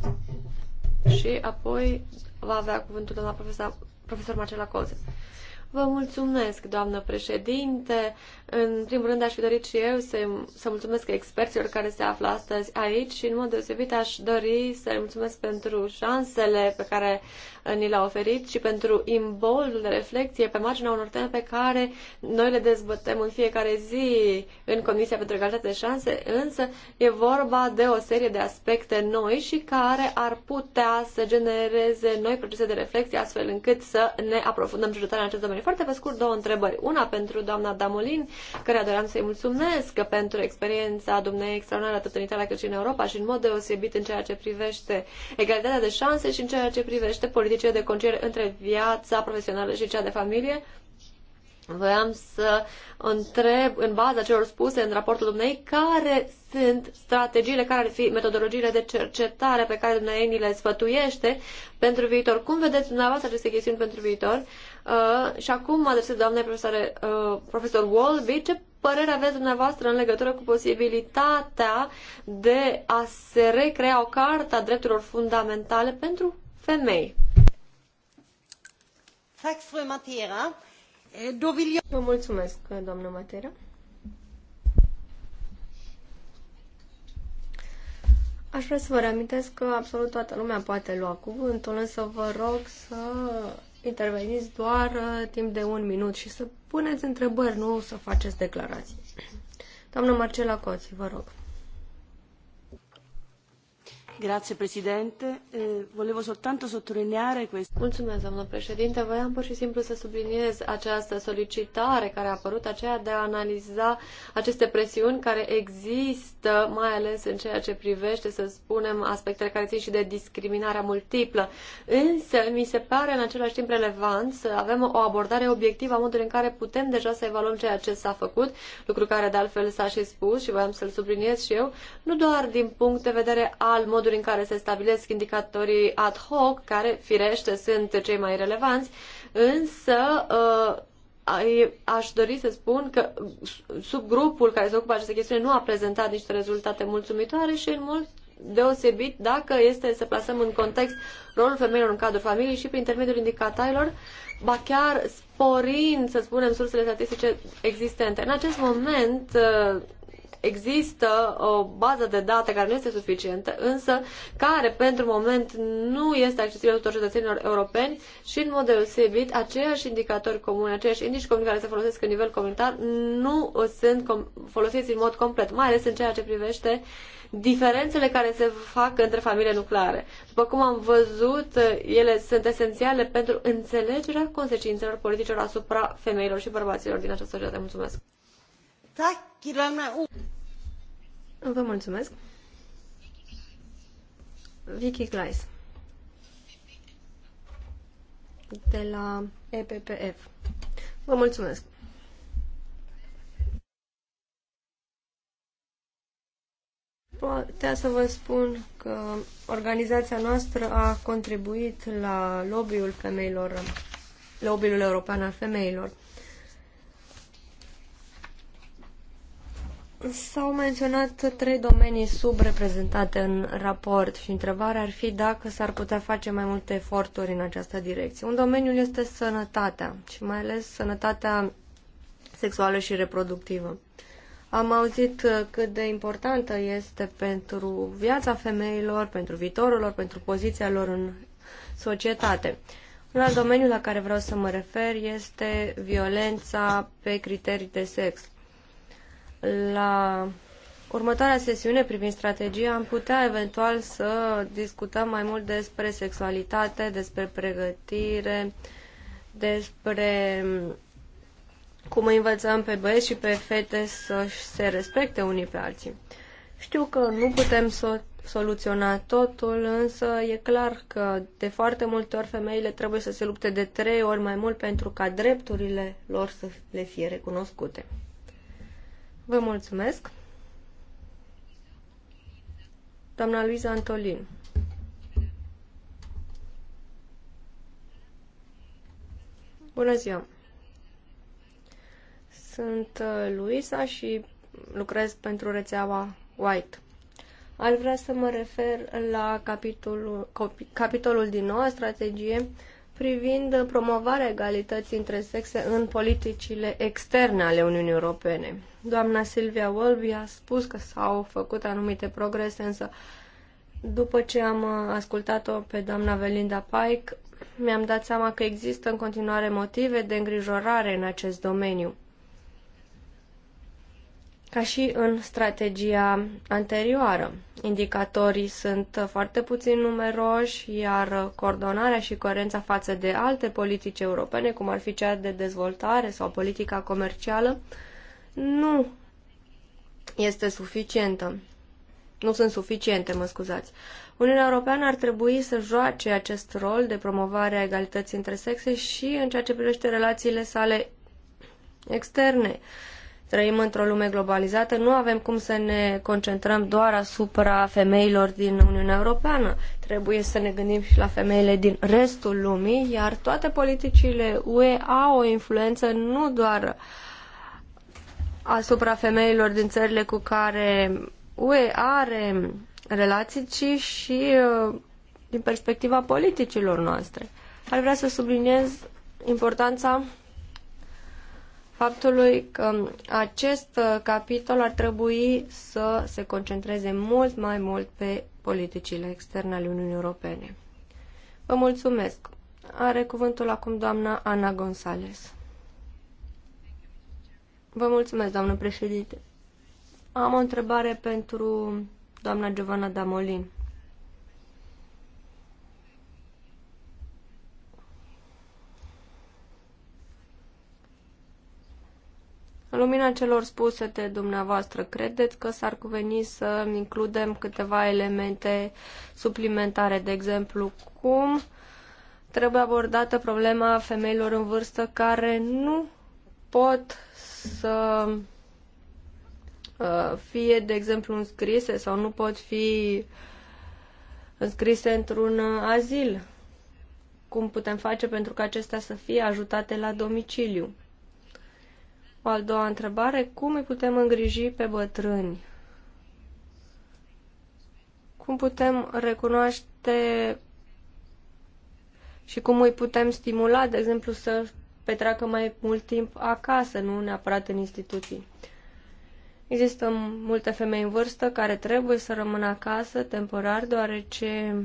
Și apoi va avea cuvântul doamna profesor, profesor Marcela Coze. Vă mulțumesc, doamnă președinte. În primul rând, aș fi dorit și eu să, să mulțumesc experților care se află astăzi aici și, în mod deosebit, aș dori să mulțumesc pentru șansele pe care ni l-a oferit și pentru imboldul de reflexie pe marginea unor teme pe care noi le dezbătem în fiecare zi în Comisia pentru Egalitate de Șanse, însă e vorba de o serie de aspecte noi și care ar putea să genereze noi procese de reflexie astfel încât să ne aprofundăm cercetarea în acest domeniu. Foarte pe scurt, două întrebări. Una pentru doamna Damolin, care doream să-i mulțumesc pentru experiența dumnei extraordinară atât în Italia cât și în Europa și în mod deosebit în ceea ce privește egalitatea de șanse și în ceea ce privește politica serviciile de conciliere între viața profesională și cea de familie. Voiam să întreb, în baza celor spuse în raportul dumnei, care sunt strategiile, care ar fi metodologiile de cercetare pe care dumnei ni le sfătuiește pentru viitor. Cum vedeți dumneavoastră aceste chestiuni pentru viitor? Uh, și acum mă adresez doamnei profesoare, uh, profesor Wolby, ce părere aveți dumneavoastră în legătură cu posibilitatea de a se recrea o carta drepturilor fundamentale pentru femei? Eh, vă mulțumesc, doamnă Matera. Aș vrea să vă reamintesc că absolut toată lumea poate lua cuvântul, însă vă rog să interveniți doar uh, timp de un minut și să puneți întrebări, nu să faceți declarații. Doamna Marcela Coți, vă rog. Eh, doamnă președinte. Voiam pur și simplu să subliniez această solicitare care a apărut, aceea de a analiza aceste presiuni care există, mai ales în ceea ce privește, să spunem, aspectele care țin și de discriminarea multiplă. Însă, mi se pare în același timp relevant să avem o abordare obiectivă a modului în care putem deja să evaluăm ceea ce s-a făcut, lucru care de altfel s-a și spus și voiam să-l subliniez și eu, nu doar din punct de vedere al modului moduri în care se stabilesc indicatorii ad hoc, care, firește, sunt cei mai relevanți, însă uh, aș dori să spun că subgrupul care se ocupă aceste chestiuni nu a prezentat niște rezultate mulțumitoare și în mult deosebit dacă este să plasăm în context rolul femeilor în cadrul familiei și prin intermediul indicatorilor, ba chiar sporind, să spunem, sursele statistice existente. În acest moment, uh, Există o bază de date care nu este suficientă, însă care pentru moment nu este accesibilă tuturor cetățenilor europeni și în mod deosebit aceiași indicatori comuni, aceiași indici comuni care se folosesc în nivel comunitar nu sunt folosiți în mod complet, mai ales în ceea ce privește diferențele care se fac între familiile nucleare. După cum am văzut, ele sunt esențiale pentru înțelegerea consecințelor politicilor asupra femeilor și bărbaților din această societate. Mulțumesc! Vă mulțumesc. Vicky Gleis de la EPPF. Vă mulțumesc. Poate să vă spun că organizația noastră a contribuit la lobby-ul femeilor, lobby-ul european al femeilor. S-au menționat trei domenii subreprezentate în raport și întrebarea ar fi dacă s-ar putea face mai multe eforturi în această direcție. Un domeniu este sănătatea și mai ales sănătatea sexuală și reproductivă. Am auzit uh, cât de importantă este pentru viața femeilor, pentru viitorul lor, pentru poziția lor în societate. Un alt domeniu la care vreau să mă refer este violența pe criterii de sex la următoarea sesiune privind strategia am putea eventual să discutăm mai mult despre sexualitate, despre pregătire, despre cum învățăm pe băieți și pe fete să se respecte unii pe alții. Știu că nu putem să soluționa totul, însă e clar că de foarte multe ori femeile trebuie să se lupte de trei ori mai mult pentru ca drepturile lor să le fie recunoscute. Vă mulțumesc. Doamna Luiza Antolin. Bună ziua! Sunt uh, Luisa și lucrez pentru rețeaua White. Ar vrea să mă refer la capitolul, capitolul din noua strategie privind promovarea egalității între sexe în politicile externe ale Uniunii Europene. Doamna Silvia Wolby a spus că s-au făcut anumite progrese, însă după ce am ascultat-o pe doamna Velinda Pike, mi-am dat seama că există în continuare motive de îngrijorare în acest domeniu. Ca și în strategia anterioară, indicatorii sunt foarte puțin numeroși, iar coordonarea și coerența față de alte politici europene, cum ar fi cea de dezvoltare sau politica comercială, nu este suficientă. Nu sunt suficiente, mă scuzați. Uniunea Europeană ar trebui să joace acest rol de promovare a egalității între sexe și în ceea ce privește relațiile sale externe. Uh, trăim într-o lume globalizată, nu avem cum să ne concentrăm doar asupra femeilor din Uniunea Europeană. Trebuie să ne gândim și la femeile din restul lumii, iar toate politicile UE au o influență nu doar asupra femeilor din țările cu care UE are relații, ci și uh, din perspectiva politicilor noastre. Ar vrea să subliniez importanța faptului că acest uh, capitol ar trebui să se concentreze mult mai mult pe politicile externe ale Uniunii Europene. Vă mulțumesc. Are cuvântul acum doamna Ana González. Vă mulțumesc, doamnă președinte. Am o întrebare pentru doamna Giovanna Damolin. În lumina celor spuse de dumneavoastră, credeți că s-ar cuveni să includem câteva elemente suplimentare, de exemplu, cum trebuie abordată problema femeilor în vârstă care nu pot să uh, fie, de exemplu, înscrise sau nu pot fi înscrise într-un uh, azil. Cum putem face pentru ca acestea să fie ajutate la domiciliu? O al doua întrebare, cum îi putem îngriji pe bătrâni? Cum putem recunoaște și cum îi putem stimula, de exemplu, să petreacă mai mult timp acasă, nu neapărat în instituții? Există multe femei în vârstă care trebuie să rămână acasă temporar, deoarece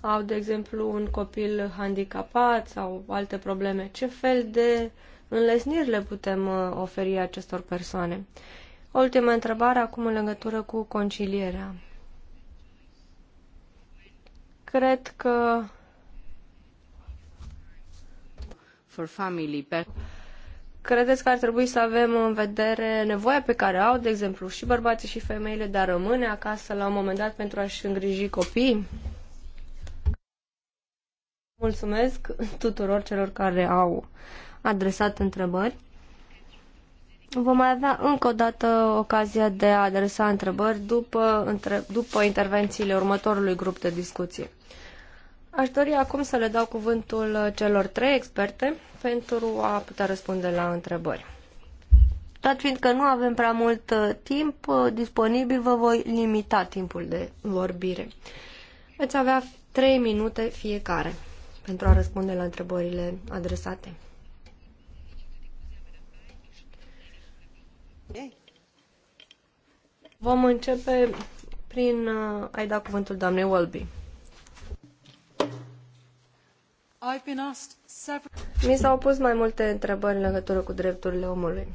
au, de exemplu, un copil handicapat sau alte probleme. Ce fel de uh, înlesniri le putem uh, oferi acestor persoane. Ultima întrebare acum în legătură cu concilierea. Cred că for family Credeți că ar trebui să avem în vedere nevoia pe care au, de exemplu, și bărbații și femeile de a rămâne acasă la un moment dat pentru a-și îngriji copiii? Mulțumesc tuturor celor care au adresat întrebări. Vom mai avea încă o dată ocazia de a adresa întrebări după, între, după intervențiile următorului grup de discuție. Aș dori acum să le dau cuvântul celor trei experte pentru a putea răspunde la întrebări. Dat fiindcă nu avem prea mult uh, timp uh, disponibil, vă voi limita timpul de vorbire. Veți avea trei minute fiecare pentru a răspunde la întrebările adresate. Vom începe prin uh, a-i da cuvântul doamnei Wolby. Mi s-au pus mai multe întrebări în legătură cu drepturile omului.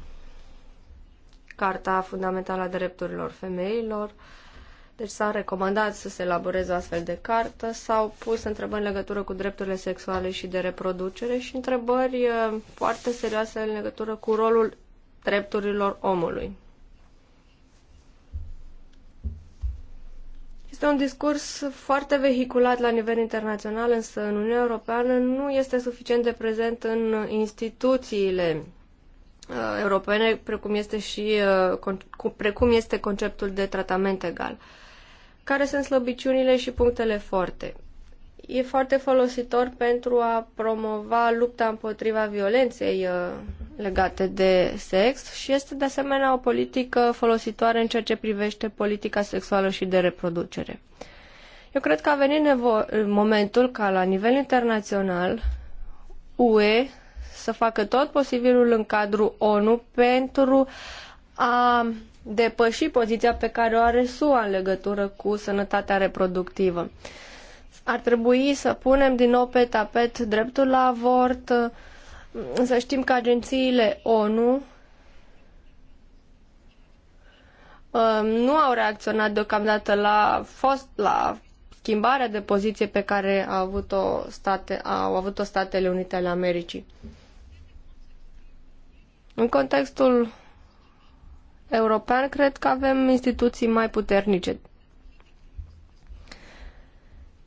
Carta fundamentală a drepturilor femeilor, deci s-a recomandat să se elaboreze astfel de cartă, s-au pus întrebări în legătură cu drepturile sexuale și de reproducere și întrebări uh, foarte serioase în legătură cu rolul drepturilor omului. Este un discurs foarte vehiculat la nivel internațional, însă în Uniunea Europeană nu este suficient de prezent în instituțiile uh, europene, precum este și uh, precum este conceptul de tratament egal. Care sunt slăbiciunile și punctele forte? e foarte folositor pentru a promova lupta împotriva violenței uh, legate de sex și este de asemenea o politică folositoare în ceea ce privește politica sexuală și de reproducere. Eu cred că a venit momentul ca la nivel internațional UE să facă tot posibilul în cadrul ONU pentru a depăși poziția pe care o are SUA în legătură cu sănătatea reproductivă ar trebui să punem din nou pe tapet dreptul la avort, să știm că agențiile ONU um, nu au reacționat deocamdată la fost la schimbarea de poziție pe care a avut-o state, au avut-o Statele Unite ale Americii. În contextul european, cred că avem instituții mai puternice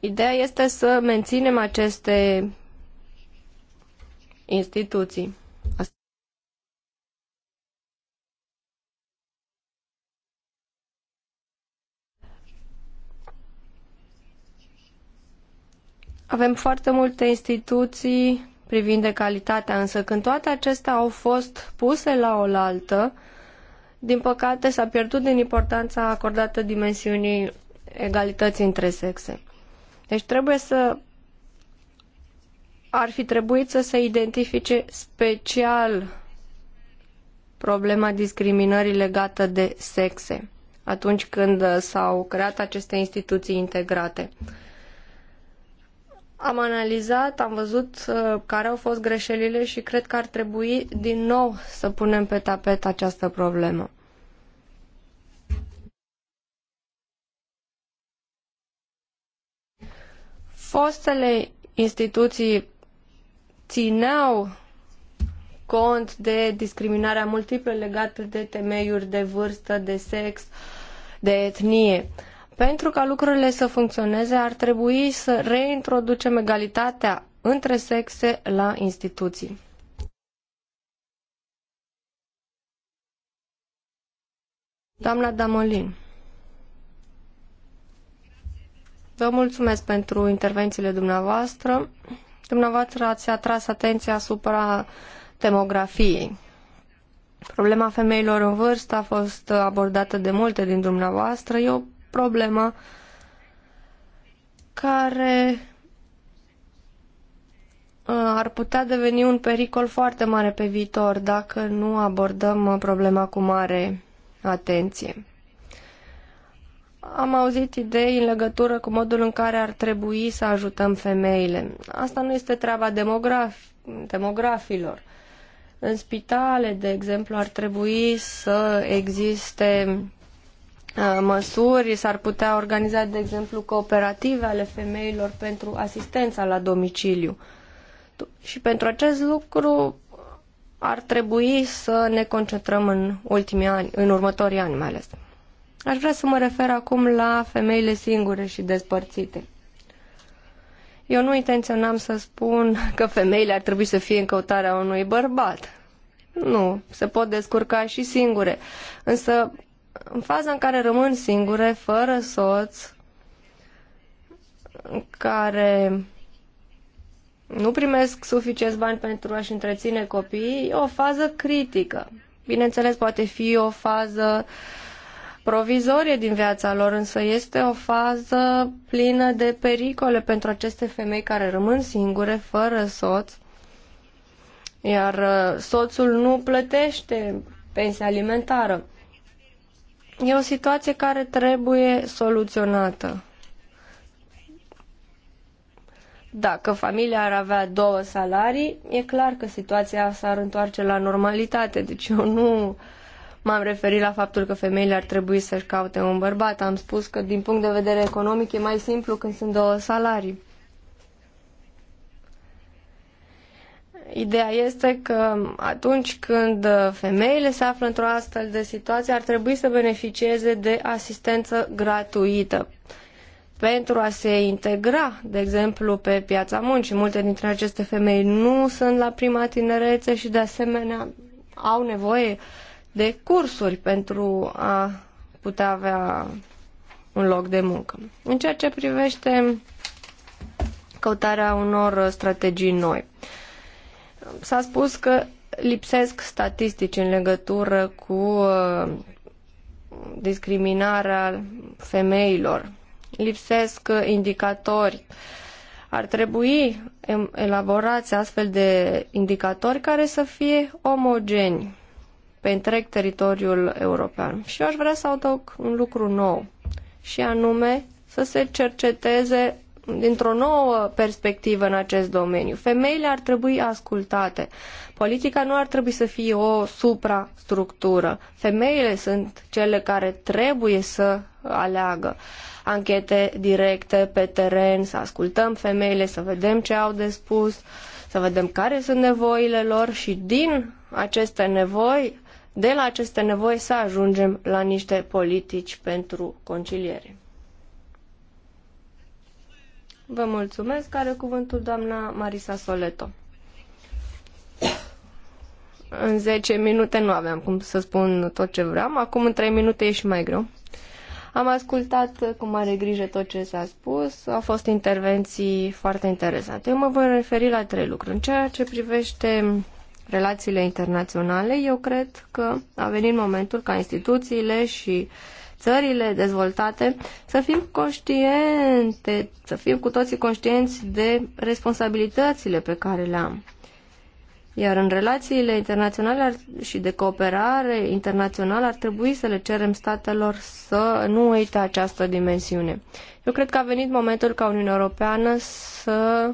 Ideea este să menținem aceste instituții. Avem foarte multe instituții privind de calitatea, însă când toate acestea au fost puse la oaltă, din păcate s-a pierdut din importanța acordată dimensiunii egalității între sexe. Deci trebuie să ar fi trebuit să se identifice special problema discriminării legată de sexe atunci când uh, s-au creat aceste instituții integrate. Am analizat, am văzut uh, care au fost greșelile și cred că ar trebui din nou să punem pe tapet această problemă. fostele instituții țineau cont de discriminarea multiplă legată de temeiuri de vârstă, de sex, de etnie. Pentru ca lucrurile să funcționeze, ar trebui să reintroducem egalitatea între sexe la instituții. Doamna Damolin. Vă mulțumesc pentru intervențiile dumneavoastră. Dumneavoastră ați atras atenția asupra demografiei. Problema femeilor în vârstă a fost abordată de multe din dumneavoastră. E o problemă care uh, ar putea deveni un pericol foarte mare pe viitor dacă nu abordăm problema cu mare atenție. Am auzit idei în legătură cu modul în care ar trebui să ajutăm femeile. Asta nu este treaba demograf- demografilor. În spitale, de exemplu, ar trebui să existe măsuri, s-ar putea organiza, de exemplu, cooperative ale femeilor pentru asistența la domiciliu. Și pentru acest lucru ar trebui să ne concentrăm în ultimii ani, în următorii ani mai ales. Aș vrea să mă refer acum la femeile singure și despărțite. Eu nu intenționam să spun că femeile ar trebui să fie în căutarea unui bărbat. Nu, se pot descurca și singure. Însă, în faza în care rămân singure, fără soț, care nu primesc suficient bani pentru a-și întreține copiii, e o fază critică. Bineînțeles, poate fi o fază uh, provizorie din viața lor, însă este o fază plină de pericole pentru aceste femei care rămân singure, fără soț, iar uh, soțul nu plătește pensia alimentară. E o situație care trebuie soluționată. Dacă familia ar avea două salarii, e clar că situația s-ar întoarce la normalitate, deci eu nu M-am referit la faptul că femeile ar trebui să-și caute un bărbat. Am spus că din punct de vedere economic e mai simplu când sunt două salarii. Ideea este că atunci când femeile se află într-o astfel de situație, ar trebui să beneficieze de asistență gratuită pentru a se integra, de exemplu, pe piața muncii. Multe dintre aceste femei nu sunt la prima tinerețe și, de asemenea, au nevoie de cursuri pentru a putea avea un loc de muncă. În ceea ce privește căutarea unor strategii noi, s-a spus că lipsesc statistici în legătură cu uh, discriminarea femeilor, lipsesc indicatori. Ar trebui elaborați astfel de indicatori care să fie omogeni pe întreg teritoriul european. Și eu aș vrea să adaug un lucru nou, și anume să se cerceteze dintr-o nouă perspectivă în acest domeniu. Femeile ar trebui ascultate. Politica nu ar trebui să fie o suprastructură. Femeile sunt cele care trebuie să aleagă anchete directe pe teren, să ascultăm femeile, să vedem ce au de spus, să vedem care sunt nevoile lor și din aceste nevoi de la aceste nevoi să ajungem la niște politici pentru conciliere. Vă mulțumesc. care cuvântul doamna Marisa Soleto. În 10 minute nu aveam cum să spun tot ce vreau. Acum în 3 minute e și mai greu. Am ascultat cu mare grijă tot ce s-a spus. Au fost intervenții foarte interesante. Eu mă voi referi la trei lucruri. În ceea ce privește relațiile internaționale, eu cred că a venit momentul ca instituțiile și țările dezvoltate să fim conștiente, să fim cu toții conștienți de responsabilitățile pe care le am. Iar în relațiile internaționale și de cooperare internațională ar trebui să le cerem statelor să nu uite această dimensiune. Eu cred că a venit momentul ca Uniunea Europeană să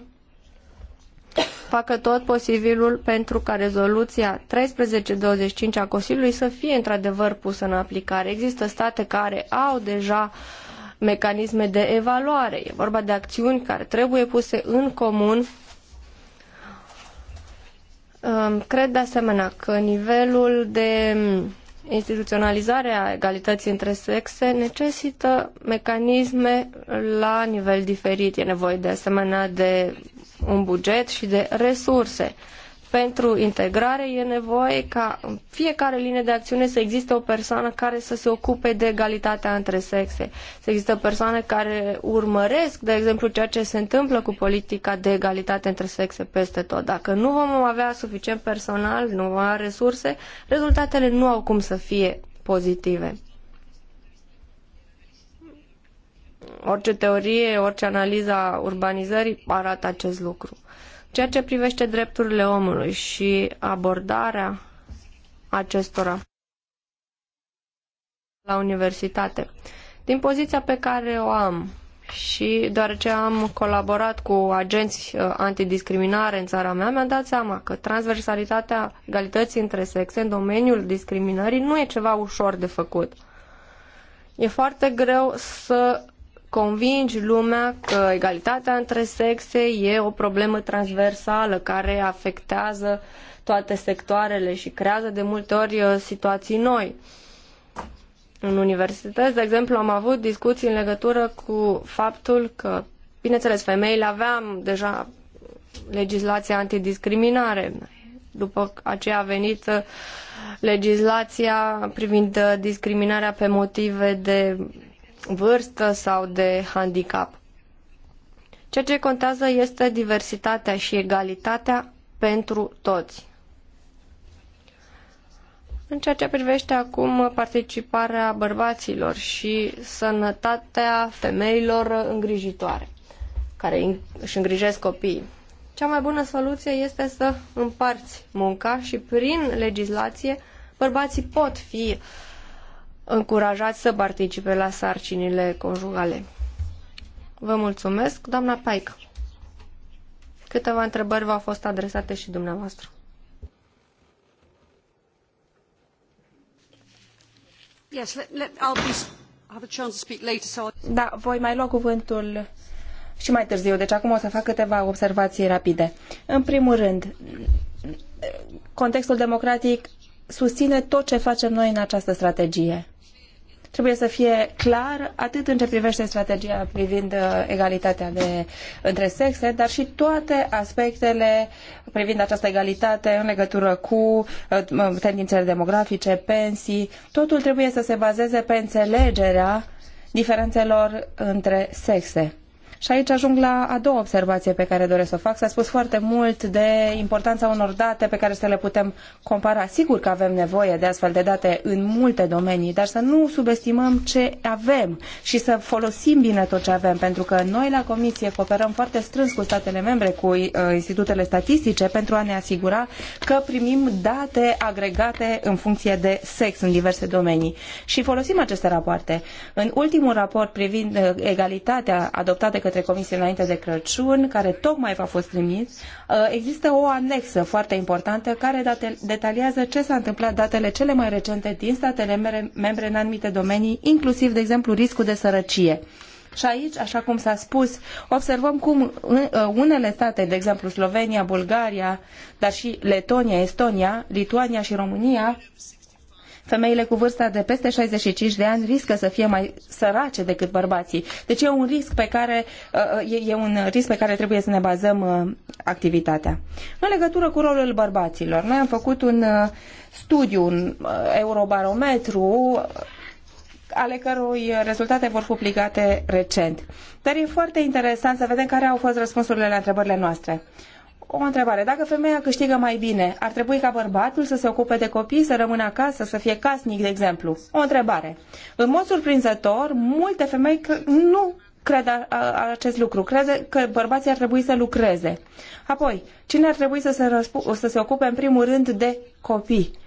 facă tot posibilul pentru ca rezoluția 1325 a Consiliului să fie într-adevăr pusă în aplicare. Există state care au deja mecanisme de evaluare. E vorba de acțiuni care trebuie puse în comun. Cred de asemenea că nivelul de a egalității între sexe necesită mecanisme la nivel diferit. E nevoie de asemenea de un buget și de resurse. Pentru integrare e nevoie ca în fiecare linie de acțiune să existe o persoană care să se ocupe de egalitatea între sexe. Să există persoane care urmăresc, de exemplu, ceea ce se întâmplă cu politica de egalitate între sexe peste tot. Dacă nu vom avea suficient personal, nu vom avea resurse, rezultatele nu au cum să fie pozitive. orice teorie, orice analiză a urbanizării arată acest lucru. Ceea ce privește drepturile omului și abordarea acestora la universitate. Din poziția pe care o am și deoarece am colaborat cu agenți uh, antidiscriminare în țara mea, mi-am dat seama că transversalitatea egalității între sexe în domeniul discriminării nu e ceva ușor de făcut. E foarte greu să convingi lumea că egalitatea între sexe e o problemă transversală care afectează toate sectoarele și creează de multe ori uh, situații noi. În universități, de exemplu, am avut discuții în legătură cu faptul că, bineînțeles, femeile aveam deja legislația antidiscriminare. După aceea a venit uh, legislația privind uh, discriminarea pe motive de vârstă sau de handicap. Ceea ce contează este diversitatea și egalitatea pentru toți. În ceea ce privește acum participarea bărbaților și sănătatea femeilor îngrijitoare, care își îngrijesc copiii. Cea mai bună soluție este să împarți munca și prin legislație bărbații pot fi uh, încurajați să participe la sarcinile conjugale. Vă mulțumesc, doamna Paică. Câteva întrebări v-au fost adresate și dumneavoastră. Yes, let, let, I'll be, have a chance to speak later, so I'll... Da, voi mai lua cuvântul și mai târziu, deci acum o să fac câteva observații rapide. În primul rând, contextul democratic susține tot ce facem noi în această strategie trebuie să fie clar atât în ce privește strategia privind uh, egalitatea de, între sexe, dar și toate aspectele privind această egalitate în legătură cu uh, tendințele demografice, pensii. Totul trebuie să se bazeze pe înțelegerea diferențelor între sexe. Și aici ajung la a doua observație pe care doresc să o fac. S-a spus foarte mult de importanța unor date pe care să le putem compara. Sigur că avem nevoie de astfel de date în multe domenii, dar să nu subestimăm ce avem și să folosim bine tot ce avem, pentru că noi la Comisie cooperăm foarte strâns cu statele membre, cu uh, institutele statistice, pentru a ne asigura că primim date agregate în funcție de sex în diverse domenii. Și folosim aceste rapoarte. În ultimul raport privind uh, egalitatea adoptată către Comisie înainte de Crăciun, care tocmai v-a fost trimis, uh, există o anexă foarte importantă care detaliază ce s-a întâmplat datele cele mai recente din statele membre în anumite domenii, inclusiv, de exemplu, riscul de sărăcie. Și aici, așa cum s-a spus, observăm cum uh, unele state, de exemplu Slovenia, Bulgaria, dar și Letonia, Estonia, Lituania și România, Femeile cu vârsta de peste 65 de ani riscă să fie mai sărace decât bărbații. Deci e un risc pe care, uh, e un risc pe care trebuie să ne bazăm uh, activitatea. În legătură cu rolul bărbaților, noi am făcut un uh, studiu, un eurobarometru ale cărui rezultate vor fi publicate recent. Dar e foarte interesant să vedem care au fost răspunsurile la întrebările noastre o întrebare. Dacă femeia câștigă mai bine, ar trebui ca bărbatul să se ocupe de copii, să rămână acasă, să fie casnic, de exemplu? O întrebare. În mod surprinzător, multe femei nu cred a, a, acest lucru. Crede că bărbații ar trebui să lucreze. Apoi, cine ar trebui să se, să se ocupe în primul rând de copii?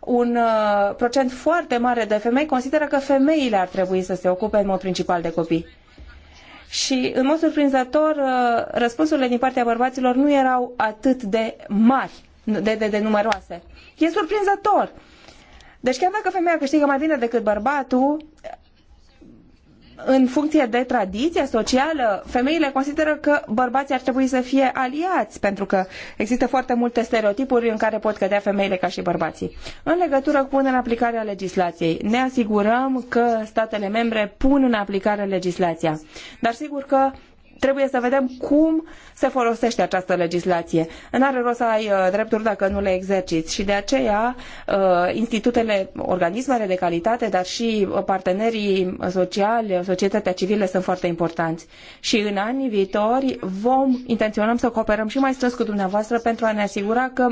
Un uh, procent foarte mare de femei consideră că femeile ar trebui să se ocupe în mod principal de copii. Și, în mod surprinzător, uh, răspunsurile din partea bărbaților nu erau atât de mari, de, de, de numeroase. E surprinzător! Deci chiar dacă femeia câștigă mai bine decât bărbatul, în funcție de tradiția socială, femeile consideră că bărbații ar trebui să fie aliați, pentru că există foarte multe stereotipuri în care pot cădea femeile ca și bărbații. În legătură cu punerea în aplicare a legislației, ne asigurăm că statele membre pun în aplicare legislația. Dar sigur că trebuie să vedem cum se folosește această legislație. N-are rost să ai uh, drepturi dacă nu le exerciți și de aceea uh, institutele, organismele de calitate, dar și uh, partenerii sociali, societatea civilă sunt foarte importanți. Și în anii viitori vom, intenționăm să cooperăm și mai strâns cu dumneavoastră pentru a ne asigura că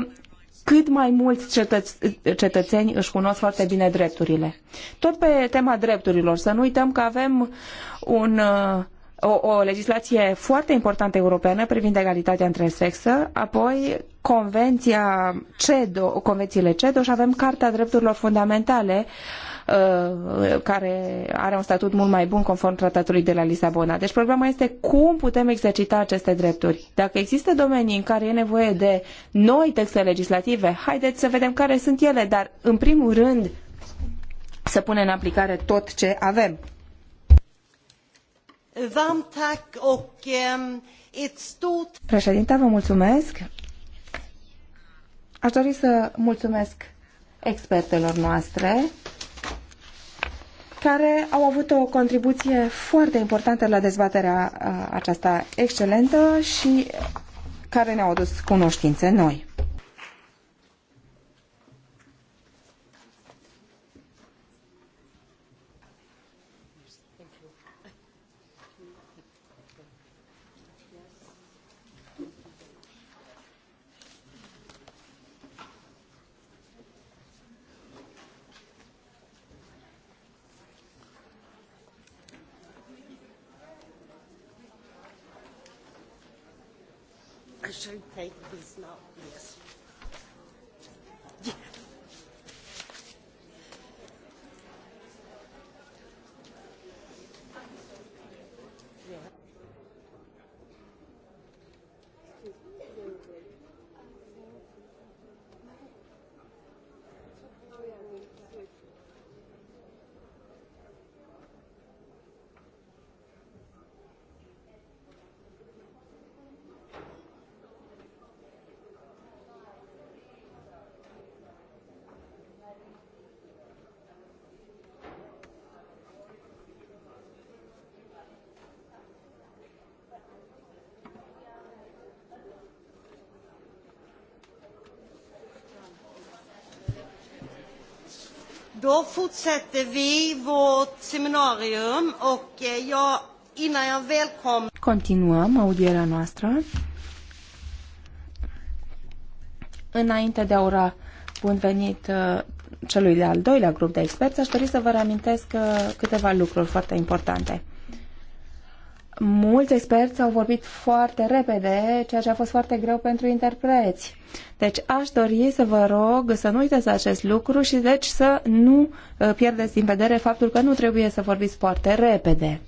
cât mai mulți cetăț cetățeni își cunosc foarte bine drepturile. Tot pe tema drepturilor, să nu uităm că avem un uh, o, o legislație foarte importantă europeană privind egalitatea între sexe, apoi convenția CEDO, convențiile CEDO și avem Carta Drepturilor Fundamentale uh, care are un statut mult mai bun conform tratatului de la Lisabona. Deci problema este cum putem exercita aceste drepturi. Dacă există domenii în care e nevoie de noi texte legislative, haideți să vedem care sunt ele, dar în primul rând să punem în aplicare tot ce avem. Varmt ehm, Președinte, vă mulțumesc. Aș dori să mulțumesc expertelor noastre care au avut o contribuție foarte importantă la dezbaterea uh, aceasta excelentă și care ne-au adus cunoștințe noi. fortsätter vi vårt seminarium och eh, jag, innan jag välkomnar... Continuăm audierea noastră. Înainte de a ura bun venit eh, celui de-al doilea grup de experți, aș dori să vă reamintesc eh, câteva lucruri foarte importante. Mulți experți au vorbit foarte repede, ceea ce a fost foarte greu pentru interpreți. Deci aș dori să vă rog să nu uitați acest lucru și deci să nu uh, pierdeți din vedere faptul că nu trebuie să vorbiți foarte repede.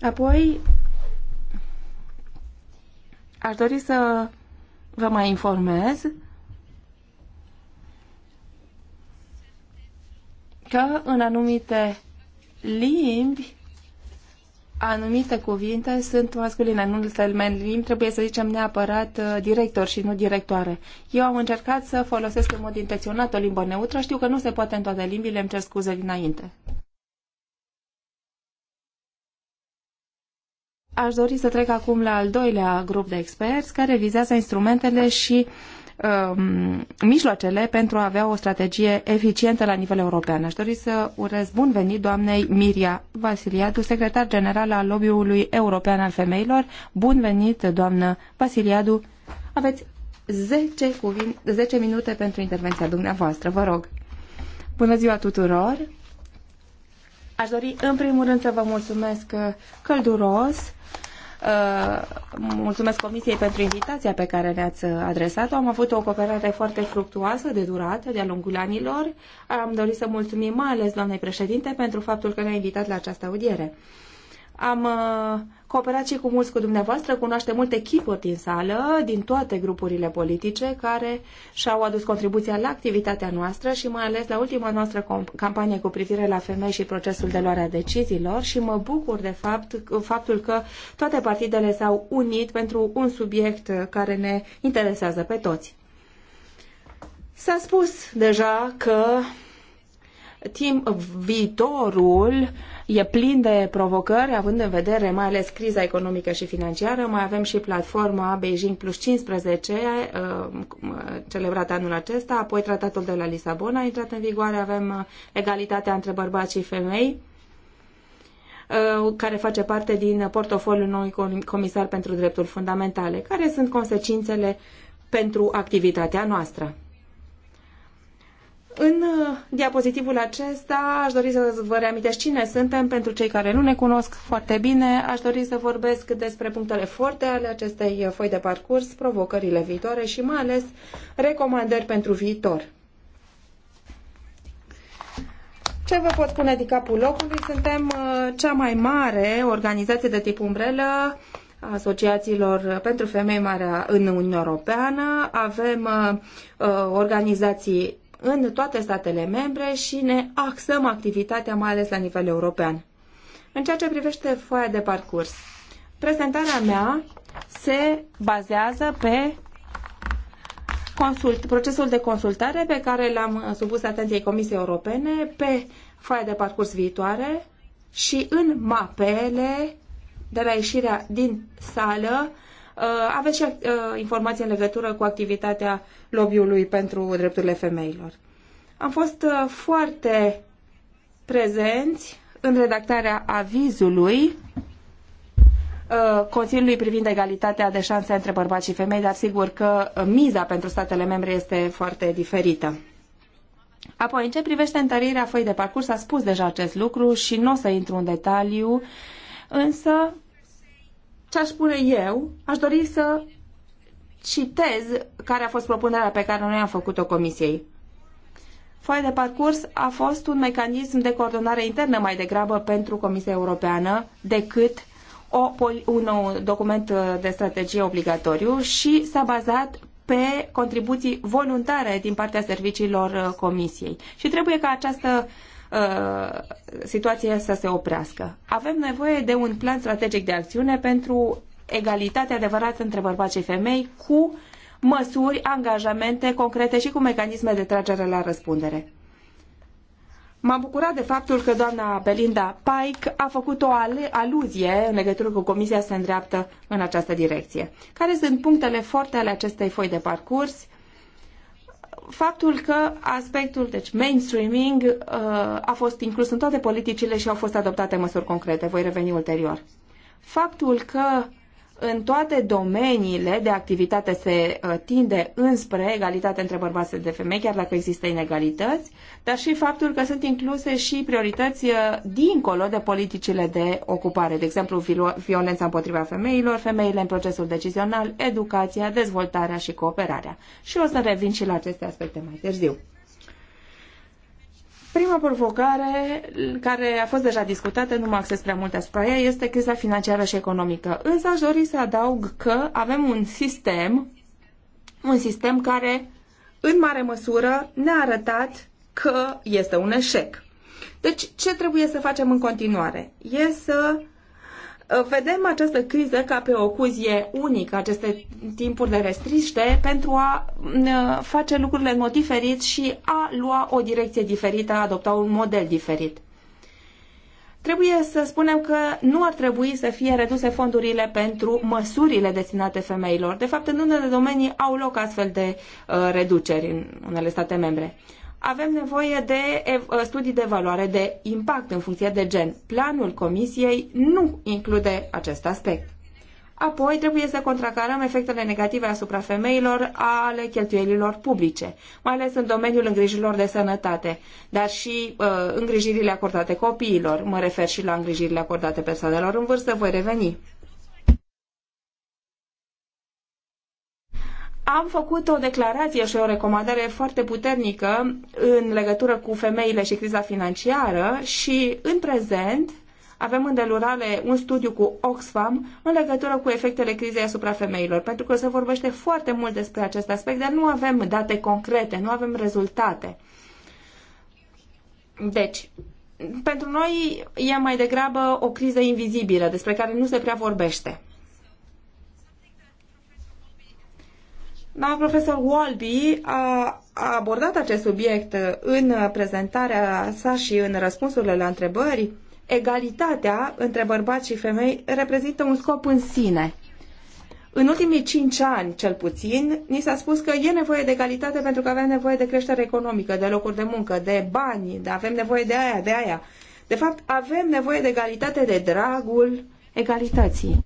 Apoi, aș dori să vă mai informez că în anumite limbi anumite cuvinte sunt masculine, nu în termeni trebuie să zicem neapărat uh, director și nu directoare. Eu am încercat să folosesc în mod intenționat o limbă neutră, știu că nu se poate în toate limbile, îmi cer scuze dinainte. Aș dori să trec acum la al doilea grup de experți care vizează instrumentele și uh, Um, mijloacele pentru a avea o strategie eficientă la nivel european. Aș dori să urez bun venit doamnei Miria Vasiliadu, secretar general al lobby-ului european al femeilor. Bun venit, doamnă Vasiliadu. Aveți 10, cuvin- 10 minute pentru intervenția dumneavoastră, vă rog. Bună ziua tuturor! Aș dori în primul rând să vă mulțumesc călduros Uh, mulțumesc Comisiei pentru invitația pe care ne-ați adresat-o. Am avut o cooperare foarte fructuoasă de durată de-a lungul anilor. Am dorit să mulțumim mai ales doamnei președinte pentru faptul că ne-a invitat la această audiere. Am uh, cooperat și cu mulți cu dumneavoastră, cunoaște multe chipuri din sală, din toate grupurile politice care și-au adus contribuția la activitatea noastră și mai ales la ultima noastră campanie cu privire la femei și procesul de luare a deciziilor și mă bucur de fapt faptul că toate partidele s-au unit pentru un subiect care ne interesează pe toți. S-a spus deja că timp viitorul uh, e plin de provocări, având în vedere mai ales criza economică și financiară. Mai avem și platforma Beijing plus 15, uh, uh, celebrată anul acesta, apoi tratatul de la Lisabona a intrat în vigoare, avem uh, egalitatea între bărbați și femei care face parte din portofoliul noului comisar pentru drepturi fundamentale. Care sunt consecințele pentru activitatea noastră? În uh, diapozitivul acesta aș dori să vă reamintesc cine suntem pentru cei care nu ne cunosc foarte bine. Aș dori să vorbesc despre punctele forte ale acestei uh, foi de parcurs, provocările viitoare și mai ales recomandări pentru viitor. Ce vă pot spune de capul locului? Suntem uh, cea mai mare organizație de tip umbrelă asociațiilor pentru femei mare în Uniunea Europeană. Avem uh, organizații în toate statele membre și ne axăm activitatea mai ales la nivel european. În ceea ce privește foaia de parcurs, prezentarea mea se bazează pe consult, procesul de consultare pe care l-am supus atenției Comisiei Europene, pe foaia de parcurs viitoare și în mapele de la ieșirea din sală Uh, aveți și uh, informații în legătură cu activitatea lobby-ului pentru drepturile femeilor. Am fost uh, foarte prezenți în redactarea avizului Consiliului privind egalitatea de șanse între bărbați și femei, dar sigur că miza pentru statele membre este foarte diferită. Apoi, în ce privește întărirea foi de parcurs, a spus deja acest lucru și nu o să intru în detaliu, însă ce aș spune eu, aș dori să citez care a fost propunerea pe care noi am făcut-o comisiei. Foaia de parcurs a fost un mecanism de coordonare internă mai degrabă pentru Comisia Europeană decât o, un document uh, de strategie obligatoriu și s-a bazat pe contribuții voluntare din partea serviciilor uh, Comisiei. Și trebuie ca această uh, Uh, situația să se oprească. Avem nevoie de un plan strategic de acțiune pentru egalitate adevărată între bărbați și femei cu măsuri, angajamente concrete și cu mecanisme de tragere la răspundere. M-am bucurat de faptul că doamna Belinda Pike a făcut o aluzie în legătură cu comisia se îndreaptă în această direcție. Care sunt punctele forte ale acestei foi de parcurs? faptul că aspectul, deci mainstreaming, uh, a fost inclus în toate politicile și au fost adoptate măsuri concrete. Voi reveni ulterior. Faptul că în toate domeniile de activitate se uh, tinde înspre egalitate între bărbați și femei, chiar dacă există inegalități, dar și faptul că sunt incluse și priorități uh, dincolo de politicile de ocupare, de exemplu violența împotriva femeilor, femeile în procesul decizional, educația, dezvoltarea și cooperarea. Și o să revin și la aceste aspecte mai târziu. Prima provocare care a fost deja discutată, nu mă acces prea mult asupra ea, este criza financiară și economică. Însă aș dori să adaug că avem un sistem, un sistem care în mare măsură ne-a arătat că este un eșec. Deci ce trebuie să facem în continuare? E să Ă, vedem această criză ca pe o cuzie unică, aceste timpuri de restriște, pentru a face lucrurile în mod diferit și a lua o direcție diferită, a adopta un model diferit. Trebuie să spunem că nu ar trebui să fie reduse fondurile pentru măsurile destinate femeilor. De fapt, în unele domenii au loc astfel de uh, reduceri în unele state membre avem nevoie de ă, studii de valoare de impact în funcție de gen. Planul Comisiei nu include acest aspect. Apoi trebuie să contracarăm efectele negative asupra femeilor ale cheltuielilor publice, mai ales în domeniul îngrijirilor de sănătate, dar și uh, îngrijirile acordate copiilor. Mă refer și la îngrijirile acordate persoanelor în vârstă, voi reveni. am făcut o declarație și o recomandare foarte puternică în legătură cu femeile și criza financiară și în prezent avem în delurare un studiu cu Oxfam în legătură cu efectele crizei asupra femeilor, pentru că se vorbește foarte mult despre acest aspect, dar nu avem date concrete, nu avem rezultate. Deci, pentru noi e mai degrabă o criză invizibilă, despre care nu se prea vorbește. Da, profesor Walby a, a abordat acest subiect în prezentarea sa și în răspunsurile la întrebări. Egalitatea între bărbați și femei reprezintă un scop în sine. În ultimii cinci ani, cel puțin, ni s-a spus că e nevoie de egalitate pentru că avem nevoie de creștere economică, de locuri de muncă, de bani, de avem nevoie de aia, de aia. De fapt, avem nevoie de egalitate de dragul egalității.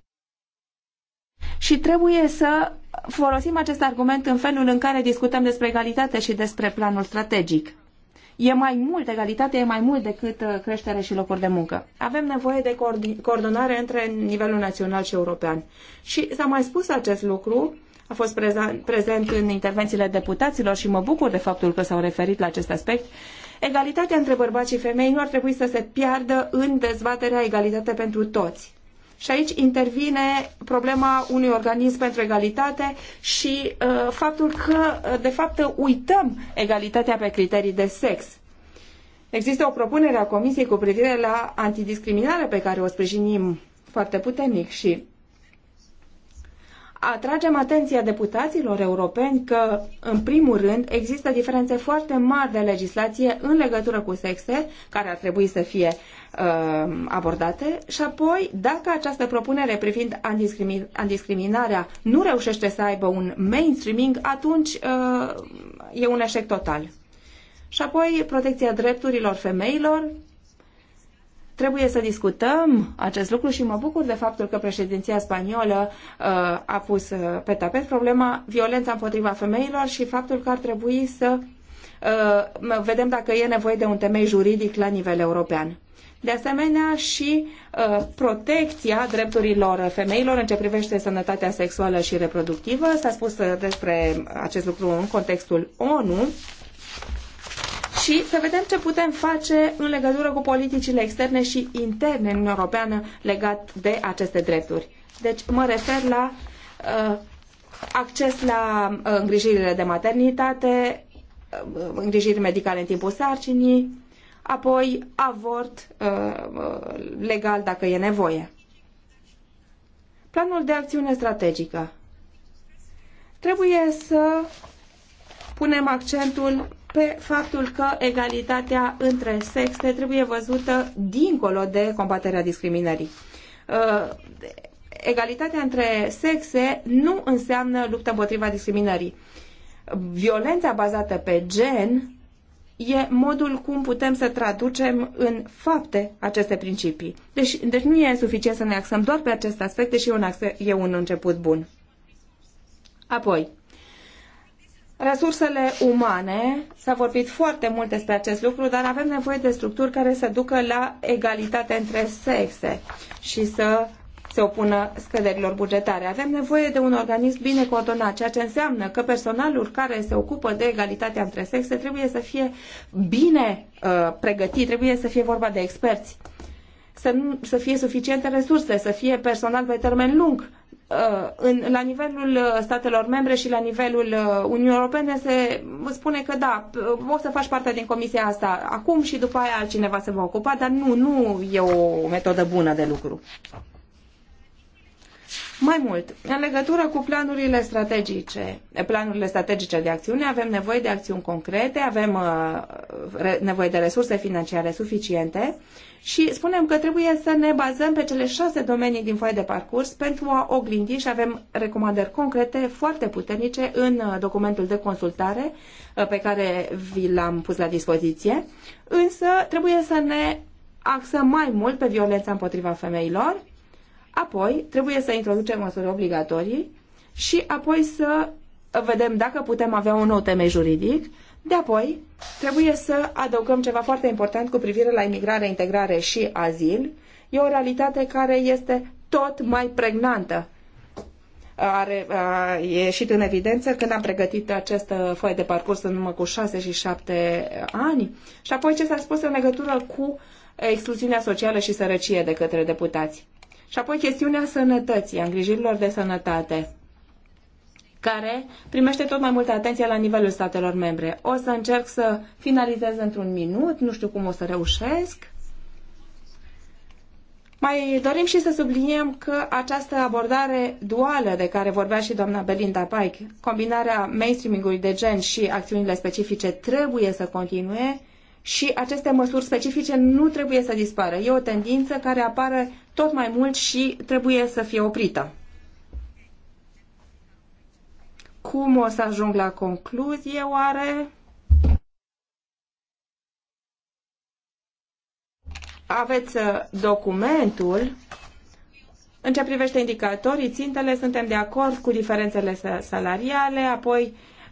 Și trebuie să folosim acest argument în felul în care discutăm despre egalitate și despre planul strategic. E mai mult, egalitate, e mai mult decât uh, creștere și locuri de muncă. Avem nevoie de coordonare între nivelul național și european. Și s-a mai spus acest lucru, a fost prezent în intervențiile deputaților și mă bucur de faptul că s-au referit la acest aspect. Egalitatea între bărbați și femei nu ar trebui să se piardă în dezbaterea egalitate pentru toți și aici intervine problema unui organism pentru egalitate și uh, faptul că, uh, de fapt, uităm egalitatea pe criterii de sex. Există o propunere a Comisiei cu privire la antidiscriminare pe care o sprijinim foarte puternic și atragem atenția deputaților europeni că, în primul rând, există diferențe foarte mari de legislație în legătură cu sexe, care ar trebui să fie uh, abordate, și apoi, dacă această propunere privind antidiscriminarea nu reușește să aibă un mainstreaming, atunci uh, e un eșec total. Și apoi, protecția drepturilor femeilor, Trebuie să discutăm acest lucru și mă bucur de faptul că președinția spaniolă uh, a pus uh, pe tapet problema violența împotriva femeilor și faptul că ar trebui să uh, vedem dacă e nevoie de un temei juridic la nivel european. De asemenea și uh, protecția drepturilor femeilor în ce privește sănătatea sexuală și reproductivă. S-a spus uh, despre acest lucru în contextul ONU și să vedem ce putem face în legătură cu politicile externe și interne în Europeană legat de aceste drepturi. Deci mă refer la uh, acces la uh, îngrijirile de maternitate, uh, îngrijiri medicale în timpul sarcinii, apoi avort uh, uh legal dacă e nevoie. Planul de acțiune strategică. Trebuie să punem accentul pe faptul că egalitatea între sexe trebuie văzută dincolo de combaterea discriminării. Uh, egalitatea între sexe nu înseamnă luptă împotriva discriminării. Violența bazată pe gen e modul cum putem să traducem în fapte aceste principii. Deci, deci nu e suficient să ne axăm doar pe acest aspect, deși e un, e un început bun. Apoi, Resursele umane, s-a vorbit foarte mult despre acest lucru, dar avem nevoie de structuri care să ducă la egalitate între sexe și să se opună scăderilor bugetare. Avem nevoie de un organism bine coordonat, ceea ce înseamnă că personalul care se ocupă de egalitatea între sexe trebuie să fie bine uh, pregătit, trebuie să fie vorba de experți, să, nu, să fie suficiente resurse, să fie personal pe termen lung, Uh, în, la nivelul uh, statelor membre și la nivelul uh, Uniunii Europene se spune că da, o să faci parte din comisia asta acum și după aia altcineva se va ocupa, dar nu, nu e o metodă bună de lucru. Mai mult, în legătură cu planurile strategice, planurile strategice de acțiune, avem nevoie de acțiuni concrete, avem uh, nevoie de resurse financiare suficiente și spunem că trebuie să ne bazăm pe cele șase domenii din foaie de parcurs pentru a oglindi și avem recomandări concrete foarte puternice în uh, documentul de consultare uh, pe care vi l-am pus la dispoziție, însă trebuie să ne axăm mai mult pe violența împotriva femeilor, Apoi, trebuie să introducem măsuri obligatorii și apoi să vedem dacă putem avea un nou temei juridic. De apoi, trebuie să adăugăm ceva foarte important cu privire la imigrare, integrare și azil. E o realitate care este tot mai pregnantă. Are, a ieșit în evidență când am pregătit acest uh, foaie de parcurs în urmă cu 6 și 7 ani. Și apoi ce s-a spus în legătură cu excluziunea socială și sărăcie de către deputați. Și apoi chestiunea sănătății, a îngrijirilor de sănătate care primește tot mai multă atenție la nivelul statelor membre. O să încerc să finalizez într-un minut, nu știu cum o să reușesc. Mai dorim și să subliniem că această abordare duală de care vorbea și doamna Belinda Pike, combinarea mainstreamingului de gen și acțiunile specifice trebuie să continue și aceste măsuri specifice nu trebuie să dispară. E o tendință care apare tot mai mult și trebuie să fie oprită. Cum o să ajung la concluzie oare? Aveți uh, documentul. În ce privește indicatorii, țintele, suntem de acord cu diferențele salariale, apoi uh,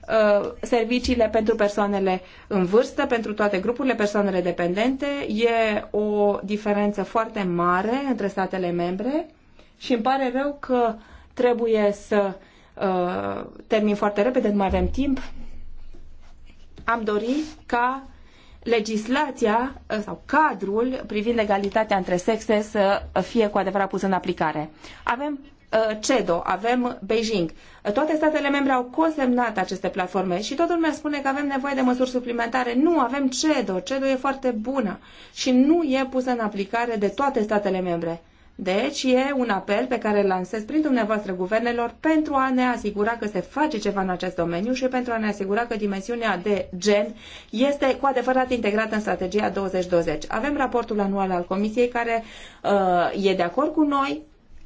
Uh, serviciile pentru persoanele în vârstă, pentru toate grupurile, persoanele dependente. E o diferență foarte mare între statele membre și îmi pare rău că trebuie să uh, termin foarte repede, nu mai avem timp. Am dorit ca legislația uh, sau cadrul privind egalitatea între sexe să fie cu adevărat pus în aplicare. Avem Uh, CEDO, avem Beijing. Uh, toate statele membre au consemnat aceste platforme și toată lumea spune că avem nevoie de măsuri suplimentare. Nu, avem CEDO. CEDO e foarte bună și nu e pusă în aplicare de toate statele membre. Deci e un apel pe care îl lansez prin dumneavoastră guvernelor pentru a ne asigura că se face ceva în acest domeniu și pentru a ne asigura că dimensiunea de gen este cu adevărat integrată în strategia 2020. Avem raportul anual al Comisiei care uh, e de acord cu noi,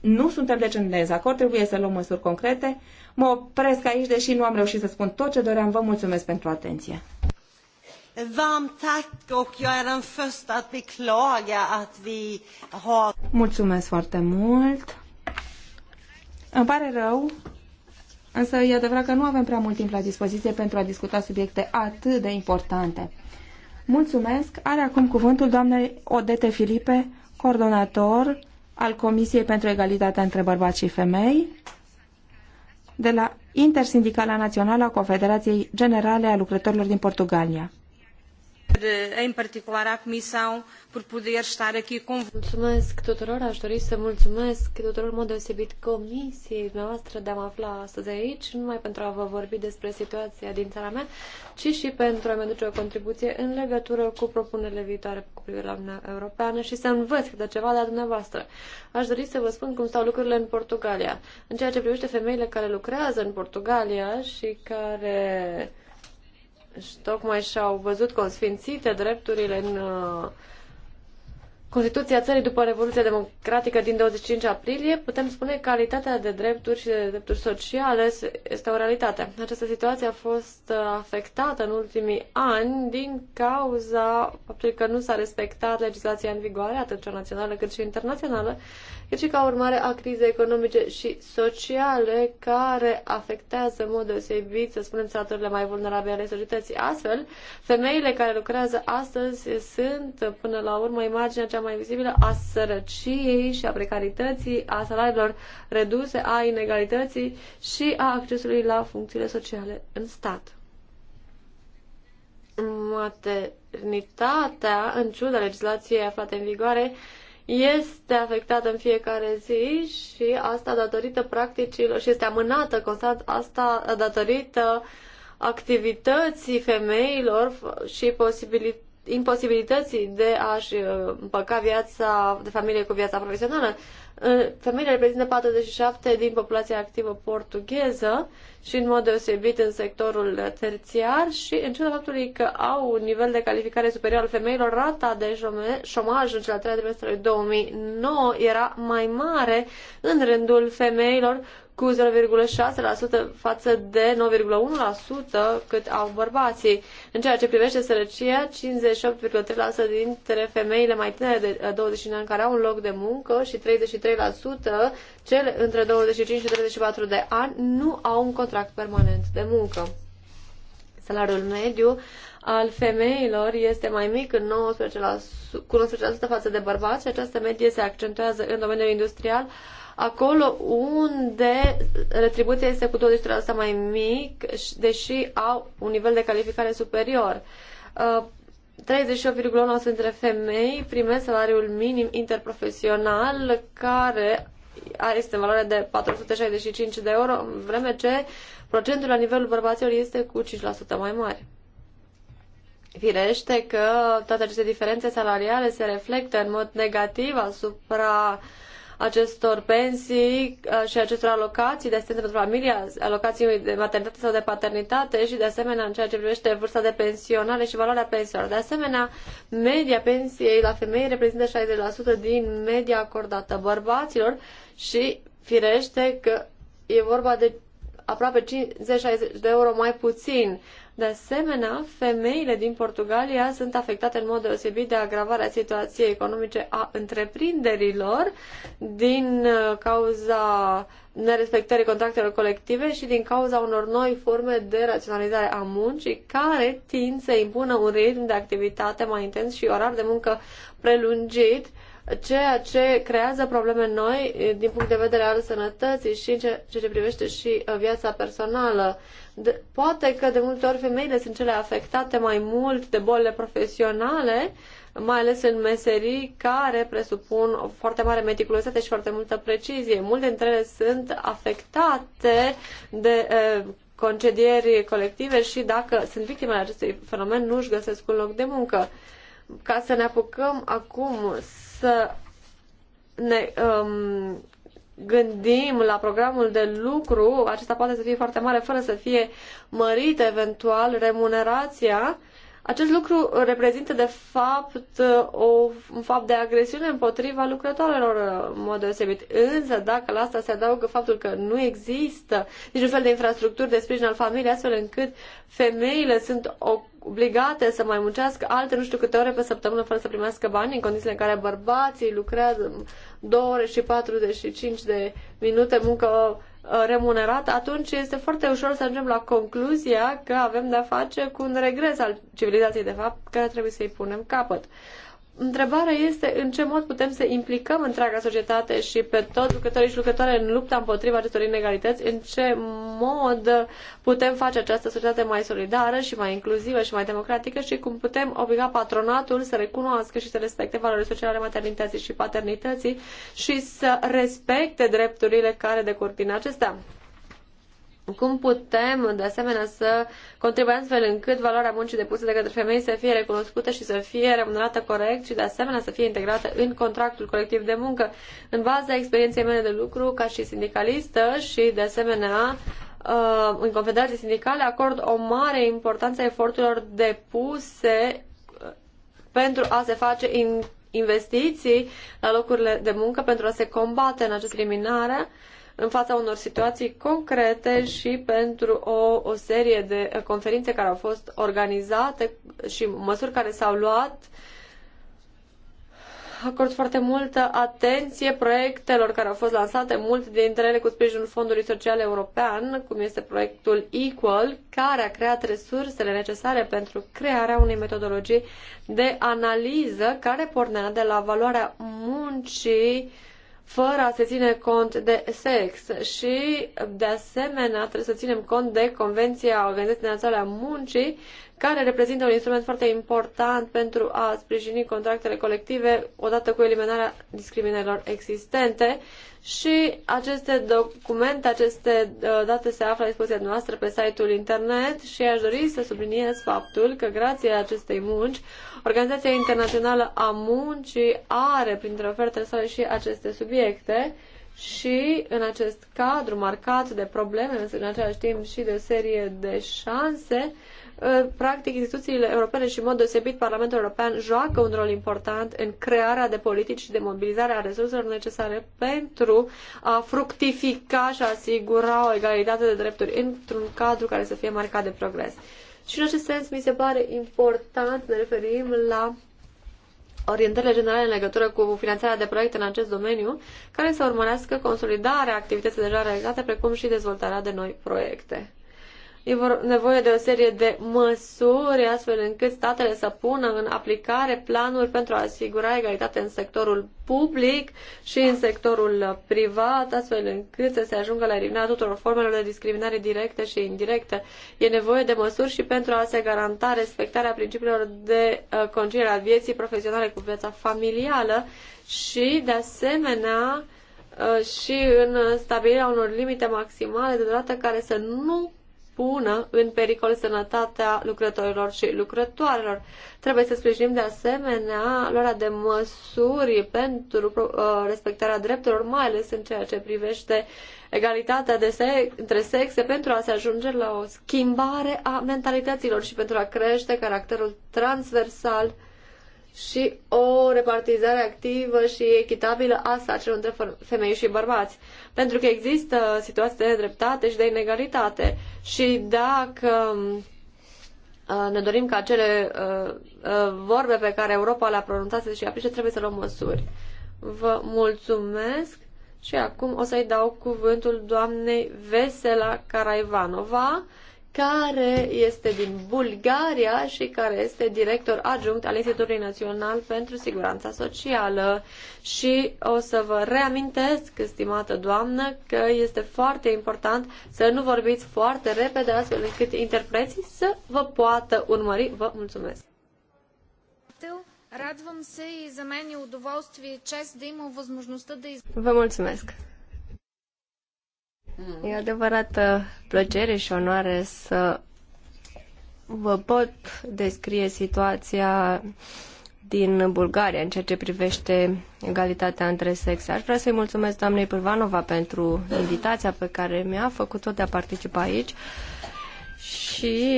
nu suntem deci în dezacord, trebuie să luăm măsuri concrete. Mă opresc aici, deși nu am reușit să spun tot ce doream. Vă mulțumesc pentru atenție. Mulțumesc foarte mult. Îmi pare rău, însă e adevărat că nu avem prea mult timp la dispoziție pentru a discuta subiecte atât de importante. Mulțumesc. Are acum cuvântul doamnei Odete Filipe, coordonator al Comisiei pentru Egalitatea între Bărbați și Femei, de la Intersindicala Națională a Confederației Generale a Lucrătorilor din Portugalia în particular a Comissão por poder estar aqui com Mulțumesc tuturor, aș dori să mulțumesc tuturor în mod deosebit comisiei noastre de a mă afla astăzi aici, nu numai pentru a vă vorbi despre situația din țara mea, ci și pentru a-mi aduce o contribuție în legătură cu propunerile viitoare cu privire la Uniunea Europeană și să învăț câte ceva de la dumneavoastră. Aș dori să vă spun cum stau lucrurile în Portugalia. În ceea ce privește femeile care lucrează în Portugalia și care și tocmai și-au văzut consfințite drepturile în uh, Constituția țării după Revoluția Democratică din 25 aprilie, putem spune că calitatea de drepturi și de drepturi sociale este o realitate. Această situație a fost uh, afectată în ultimii ani din cauza faptului că nu s-a respectat legislația în vigoare, atât cea națională cât și internațională, cât și ca urmare a crizei economice și sociale care afectează în mod deosebit, să spunem, straturile mai vulnerabile ale societății. Astfel, femeile care lucrează astăzi sunt, până la urmă, imaginea cea mai vizibilă a sărăciei și a precarității, a salariilor reduse, a inegalității și a accesului la funcțiile sociale în stat maternitatea, în ciuda legislației aflate în vigoare, este afectată în fiecare zi și asta datorită practicilor și este amânată constant asta datorită activității femeilor și posibilității imposibilității de a-și uh, împăca viața de familie cu viața profesională. Femeile reprezintă 47 din populația activă portugheză și în mod deosebit în sectorul terțiar și în ciuda faptului că au un nivel de calificare superior al femeilor, rata de șomaj în cel treia trimestru 2009 era mai mare în rândul femeilor cu 0,6% față de 9,1% cât au bărbații. În ceea ce privește sărăcia, 58,3% dintre femeile mai tinere de 29 ani care au un loc de muncă și 33% cele între 25 și 34 de ani nu au un contract permanent de muncă. Salariul mediu al femeilor este mai mic în 19%, cu 19% față de bărbați și această medie se accentuează în domeniul industrial, acolo unde retribuția este cu 20% mai mic, deși au un nivel de calificare superior. 38,9% uh, dintre femei primesc salariul minim interprofesional, care este în valoare de 465 de euro, în vreme ce procentul la nivelul bărbaților este cu 5% mai mare. Firește că toate aceste diferențe salariale se reflectă în mod negativ asupra uh, acestor pensii uh, și acestor alocații de asistență pentru familie, alocații de maternitate sau de paternitate și, de asemenea, în ceea ce privește vârsta de pensionare și valoarea pensiilor. De asemenea, media pensiei la femei reprezintă 60% din media acordată bărbaților și, firește, că e vorba de aproape 50-60 de euro mai puțin de asemenea, femeile din Portugalia sunt afectate în mod deosebit de agravarea situației economice a întreprinderilor din uh, cauza nerespectării contractelor colective și din cauza unor noi forme de raționalizare a muncii care tind să impună un ritm de activitate mai intens și orar de muncă prelungit ceea ce creează probleme noi eh, din punct de vedere al sănătății și în ceea ce privește și eh, viața personală. De, poate că de multe ori femeile sunt cele afectate mai mult de bolile profesionale, mai ales în meserii care presupun o foarte mare meticulozitate și foarte multă precizie. Multe dintre ele sunt afectate de uh, concedieri colective și dacă sunt victimele acestui fenomen, nu își găsesc un loc de muncă. Ca să ne apucăm acum să ne um, gândim la programul de lucru, acesta poate să fie foarte mare fără să fie mărit eventual remunerația, acest lucru reprezintă de fapt o, un fapt de agresiune împotriva lucrătorilor în mod deosebit. Însă dacă la asta se adaugă faptul că nu există niciun fel de infrastructuri de sprijin al familiei astfel încât femeile sunt o obligate să mai muncească alte nu știu câte ore pe săptămână fără să primească bani, în condițiile în care bărbații lucrează 2 ore și 45 de minute muncă uh, remunerată, atunci este foarte ușor să ajungem la concluzia că avem de-a face cu un regres al civilizației, de fapt, care trebuie să-i punem capăt. Întrebarea este în ce mod putem să implicăm întreaga societate și pe toți lucrătorii și lucrătoare în lupta împotriva acestor inegalități, în ce mod putem face această societate mai solidară și mai inclusivă și mai democratică și cum putem obliga patronatul să recunoască și să respecte valorile sociale ale maternității și paternității și să respecte drepturile care decurg din acestea. Cum putem, de asemenea, să contribuim astfel încât valoarea muncii depuse de către femei să fie recunoscută și să fie remunerată corect și, de asemenea, să fie integrată în contractul colectiv de muncă? În baza experienței mele de lucru ca și sindicalistă și, de asemenea, uh, în confederații sindicale, acord o mare importanță a eforturilor depuse uh, pentru a se face investiții la locurile de muncă, pentru a se combate în această eliminare în fața unor situații concrete și pentru o, o serie de conferințe care au fost organizate și măsuri care s-au luat acord foarte multă atenție proiectelor care au fost lansate, multe dintre ele cu sprijinul Fondului Social European, cum este proiectul Equal, care a creat resursele necesare pentru crearea unei metodologii de analiză care pornea de la valoarea muncii fără a se ține cont de sex și, de asemenea, trebuie să ținem cont de Convenția Organizației Naționale a Muncii care reprezintă un instrument foarte important pentru a sprijini contractele colective odată cu eliminarea discriminărilor existente și aceste documente, aceste uh, date se află la dispoziția noastră pe site-ul internet și aș dori să subliniez faptul că grație acestei munci, Organizația Internațională a Muncii are printre ofertele sale și aceste subiecte și în acest cadru marcat de probleme, în același timp și de o serie de șanse, practic instituțiile europene și în mod deosebit Parlamentul European joacă un rol important în crearea de politici și de mobilizarea resurselor necesare pentru a fructifica și a asigura o egalitate de drepturi într-un cadru care să fie marcat de progres. Și în acest sens mi se pare important să ne referim la orientările generale în legătură cu finanțarea de proiecte în acest domeniu, care să urmărească consolidarea activității deja realizate, precum și dezvoltarea de noi proiecte. E nevoie de o serie de măsuri astfel încât statele să pună în aplicare planuri pentru a asigura egalitate în sectorul public și în sectorul privat, astfel încât să se ajungă la eliminarea tuturor formelor de discriminare directă și indirectă. E nevoie de măsuri și pentru a se garanta respectarea principiilor de uh, conciliere a vieții profesionale cu viața familială și, de asemenea, uh, și în stabilirea unor limite maximale de durată care să nu pună în pericol sănătatea lucrătorilor și lucrătoarelor. Trebuie să sprijinim de asemenea luarea de măsuri pentru uh, respectarea drepturilor, mai ales în ceea ce privește egalitatea de sex, între sexe, pentru a se ajunge la o schimbare a mentalităților și pentru a crește caracterul transversal și o repartizare activă și echitabilă a sarcinilor între femei și bărbați. Pentru că există situații de dreptate și de inegalitate și dacă uh, ne dorim ca acele uh, uh, vorbe pe care Europa le-a pronunțat să și aplice, trebuie să luăm măsuri. Vă mulțumesc și acum o să-i dau cuvântul doamnei Vesela Caraivanova, care este din Bulgaria și care este director adjunct al Institutului Național pentru Siguranța Socială. Și o să vă reamintesc, stimată doamnă, că este foarte important să nu vorbiți foarte repede, astfel încât interpreții să vă poată urmări. Vă mulțumesc! Радвам се и за мен е удоволствие и чест да възможността да... Vă mulțumesc! E adevărată plăcere și onoare să vă pot descrie situația din Bulgaria în ceea ce privește egalitatea între sexe. Aș vrea să-i mulțumesc doamnei Pârvanova pentru invitația pe care mi-a făcut-o de a participa aici și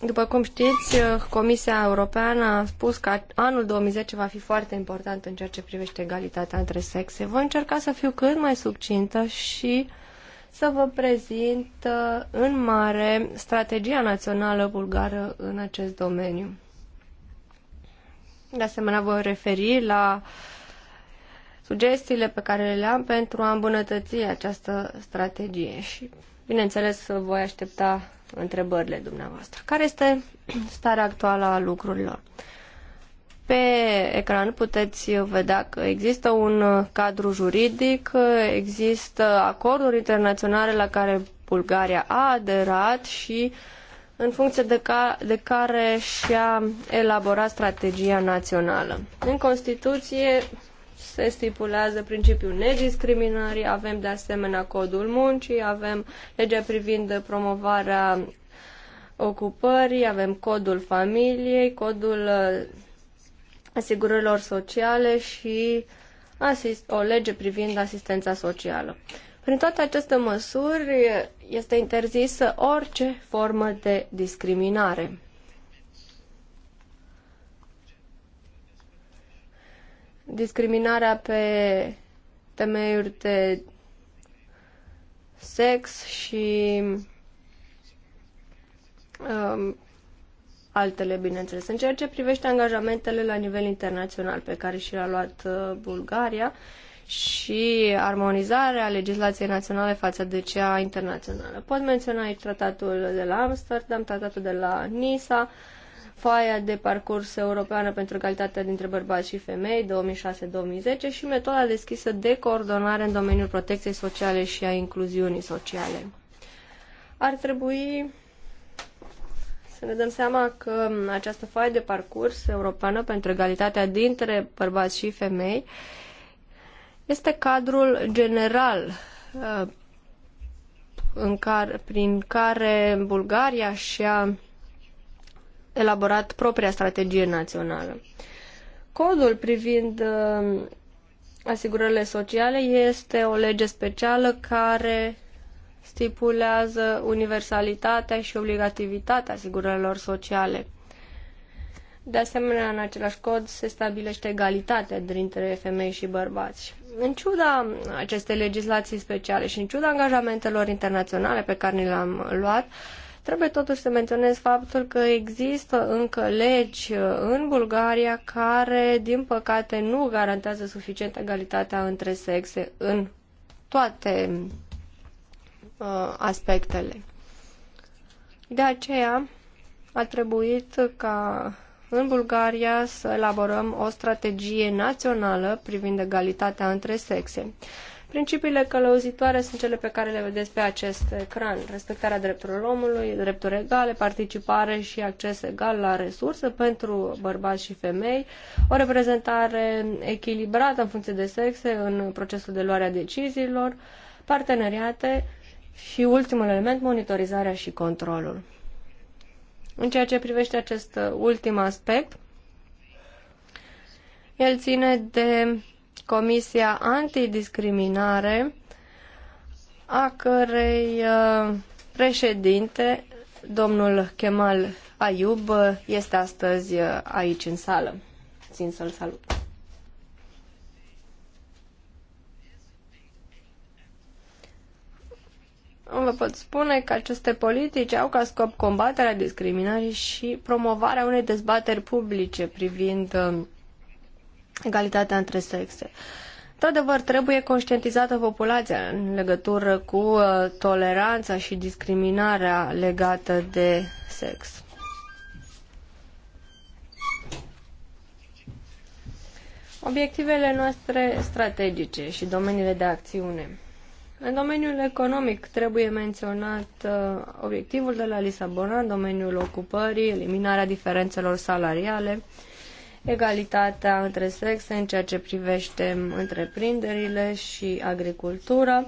după cum știți, Comisia Europeană a spus că anul 2010 va fi foarte important în ceea ce privește egalitatea între sexe. Voi încerca să fiu cât mai succintă și uh, să vă prezint uh, în mare strategia națională bulgară în acest domeniu. De asemenea, voi referi la sugestiile pe care le am pentru a îmbunătăți această strategie și, bineînțeles, voi aștepta întrebările dumneavoastră. Care este starea actuală a lucrurilor? Pe ecran puteți vedea că există un cadru juridic, există acorduri internaționale la care Bulgaria a aderat și în funcție de, ca, de care și-a elaborat strategia națională. În Constituție se stipulează principiul nediscriminării, avem de asemenea codul muncii, avem legea privind promovarea ocupării, avem codul familiei, codul asigurărilor sociale și asist- o lege privind asistența socială. Prin toate aceste măsuri este interzisă orice formă de discriminare. Discriminarea pe temeiuri de sex și um, altele, bineînțeles. În ceea ce privește angajamentele la nivel internațional pe care și le-a luat uh, Bulgaria și armonizarea legislației naționale față de cea internațională. Pot menționa aici tratatul de la Amsterdam, tratatul de la Nisa, foaia de parcurs europeană pentru calitatea dintre bărbați și femei 2006-2010 și metoda deschisă de coordonare în domeniul protecției sociale și a incluziunii sociale. Ar trebui să ne dăm seama că această foaie de parcurs europeană pentru egalitatea dintre bărbați și femei este cadrul general uh, în care, prin care Bulgaria și-a elaborat propria strategie națională. Codul privind uh, asigurările sociale este o lege specială care stipulează universalitatea și obligativitatea asigurărilor sociale. De asemenea, în același cod se stabilește egalitatea dintre femei și bărbați. În ciuda acestei legislații speciale și în ciuda angajamentelor internaționale pe care ni le-am luat, trebuie totuși să menționez faptul că există încă legi uh, în Bulgaria care, din păcate, nu garantează suficient egalitatea între sexe în toate uh, aspectele. De aceea a trebuit ca în Bulgaria să elaborăm o strategie națională privind egalitatea între sexe. Principiile călăuzitoare sunt cele pe care le vedeți pe acest ecran. Respectarea drepturilor omului, drepturi egale, participare și acces egal la resurse pentru bărbați și femei, o reprezentare echilibrată în funcție de sexe în procesul de luare a deciziilor, parteneriate și ultimul element, monitorizarea și controlul. În ceea ce privește acest uh, ultim aspect, el ține de Comisia Antidiscriminare, a cărei uh, președinte, domnul Kemal Ayub, uh, este astăzi aici în sală. Țin să-l salut. vă pot spune că aceste politici au ca scop combaterea discriminării și promovarea unei dezbateri publice privind uh, egalitatea între sexe. Într-adevăr, trebuie conștientizată populația în legătură cu uh, toleranța și discriminarea legată de sex. Obiectivele noastre strategice și domeniile de acțiune. În domeniul economic trebuie menționat uh, obiectivul de la Lisabona în domeniul ocupării, eliminarea diferențelor salariale, egalitatea între sexe în ceea ce privește întreprinderile și agricultura,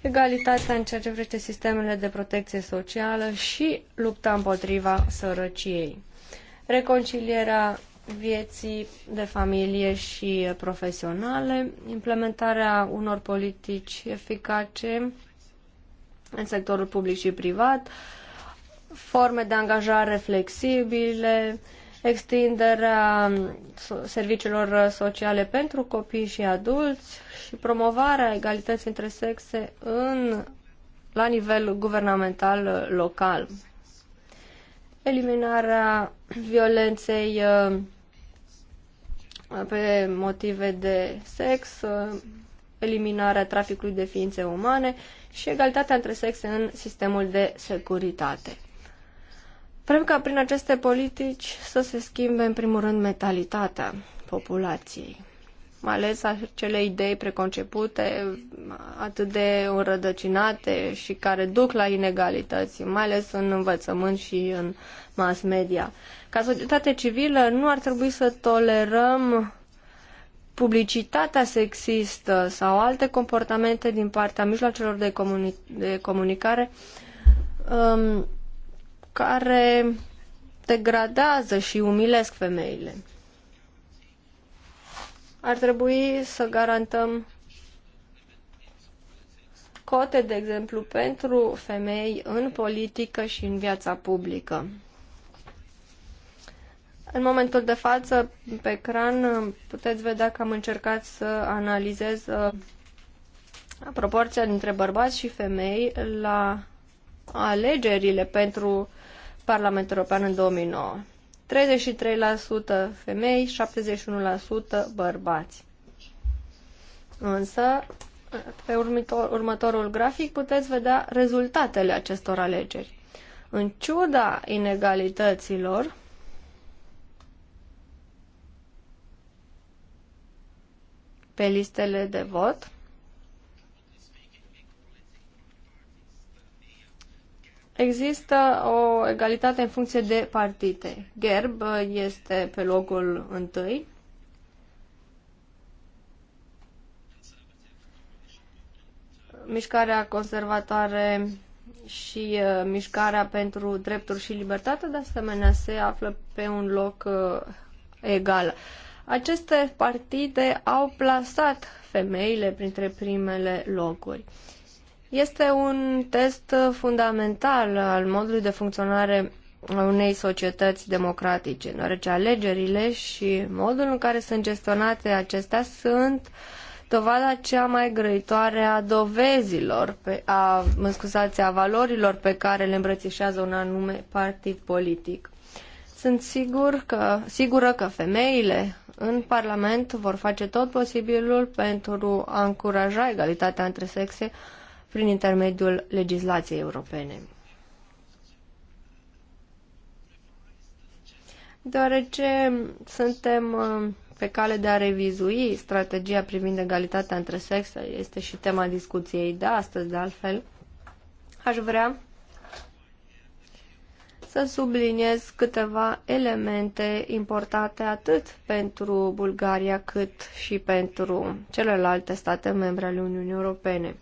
egalitatea în ceea ce privește sistemele de protecție socială și lupta împotriva sărăciei. Reconcilierea vieții de familie și uh, profesionale, implementarea unor politici eficace în sectorul public și privat, forme de angajare flexibile, extinderea serviciilor uh, sociale pentru copii și adulți și promovarea egalității între sexe în, la nivel guvernamental uh, local. Eliminarea violenței pe motive de sex, uh, eliminarea traficului de ființe umane și egalitatea între sexe în sistemul de securitate. Vrem ca prin aceste politici să se schimbe, în primul rând, mentalitatea populației mai ales acele idei preconcepute atât de înrădăcinate și care duc la inegalități, mai ales în învățământ și în mass media. Ca societate civilă nu ar trebui să tolerăm publicitatea sexistă sau alte comportamente din partea mijloacelor de, comuni- de comunicare um, care degradează și umilesc femeile. Ar trebui să garantăm cote, de exemplu, pentru femei în politică și în viața publică. În momentul de față, pe ecran, puteți vedea că am încercat să analizez uh, proporția dintre bărbați și femei la alegerile pentru Parlamentul European în 2009. 33% femei, 71% bărbați. Însă, pe următor, următorul grafic puteți vedea rezultatele acestor alegeri. În ciuda inegalităților, pe listele de vot, Există o egalitate în funcție de partide. Gerb uh, este pe locul întâi. Mișcarea conservatoare și uh, mișcarea pentru drepturi și libertate, de asemenea, se află pe un loc uh, egal. Aceste partide au plasat femeile printre primele locuri. Uh, este un test fundamental al modului de funcționare a unei societăți democratice, deoarece alegerile și modul în care sunt gestionate acestea sunt dovada cea mai grăitoare a dovezilor, pe, a, mă scuzați, a valorilor pe care le îmbrățișează un anume partid politic. Sunt sigur că, sigură că femeile în Parlament vor face tot posibilul pentru a încuraja egalitatea între sexe, prin intermediul legislației europene. Deoarece suntem uh, pe cale de a revizui strategia privind egalitatea între sexe, este și tema discuției de astăzi, de altfel, aș vrea să subliniez câteva elemente importante atât pentru Bulgaria cât și pentru celelalte state membre ale Uniunii Europene.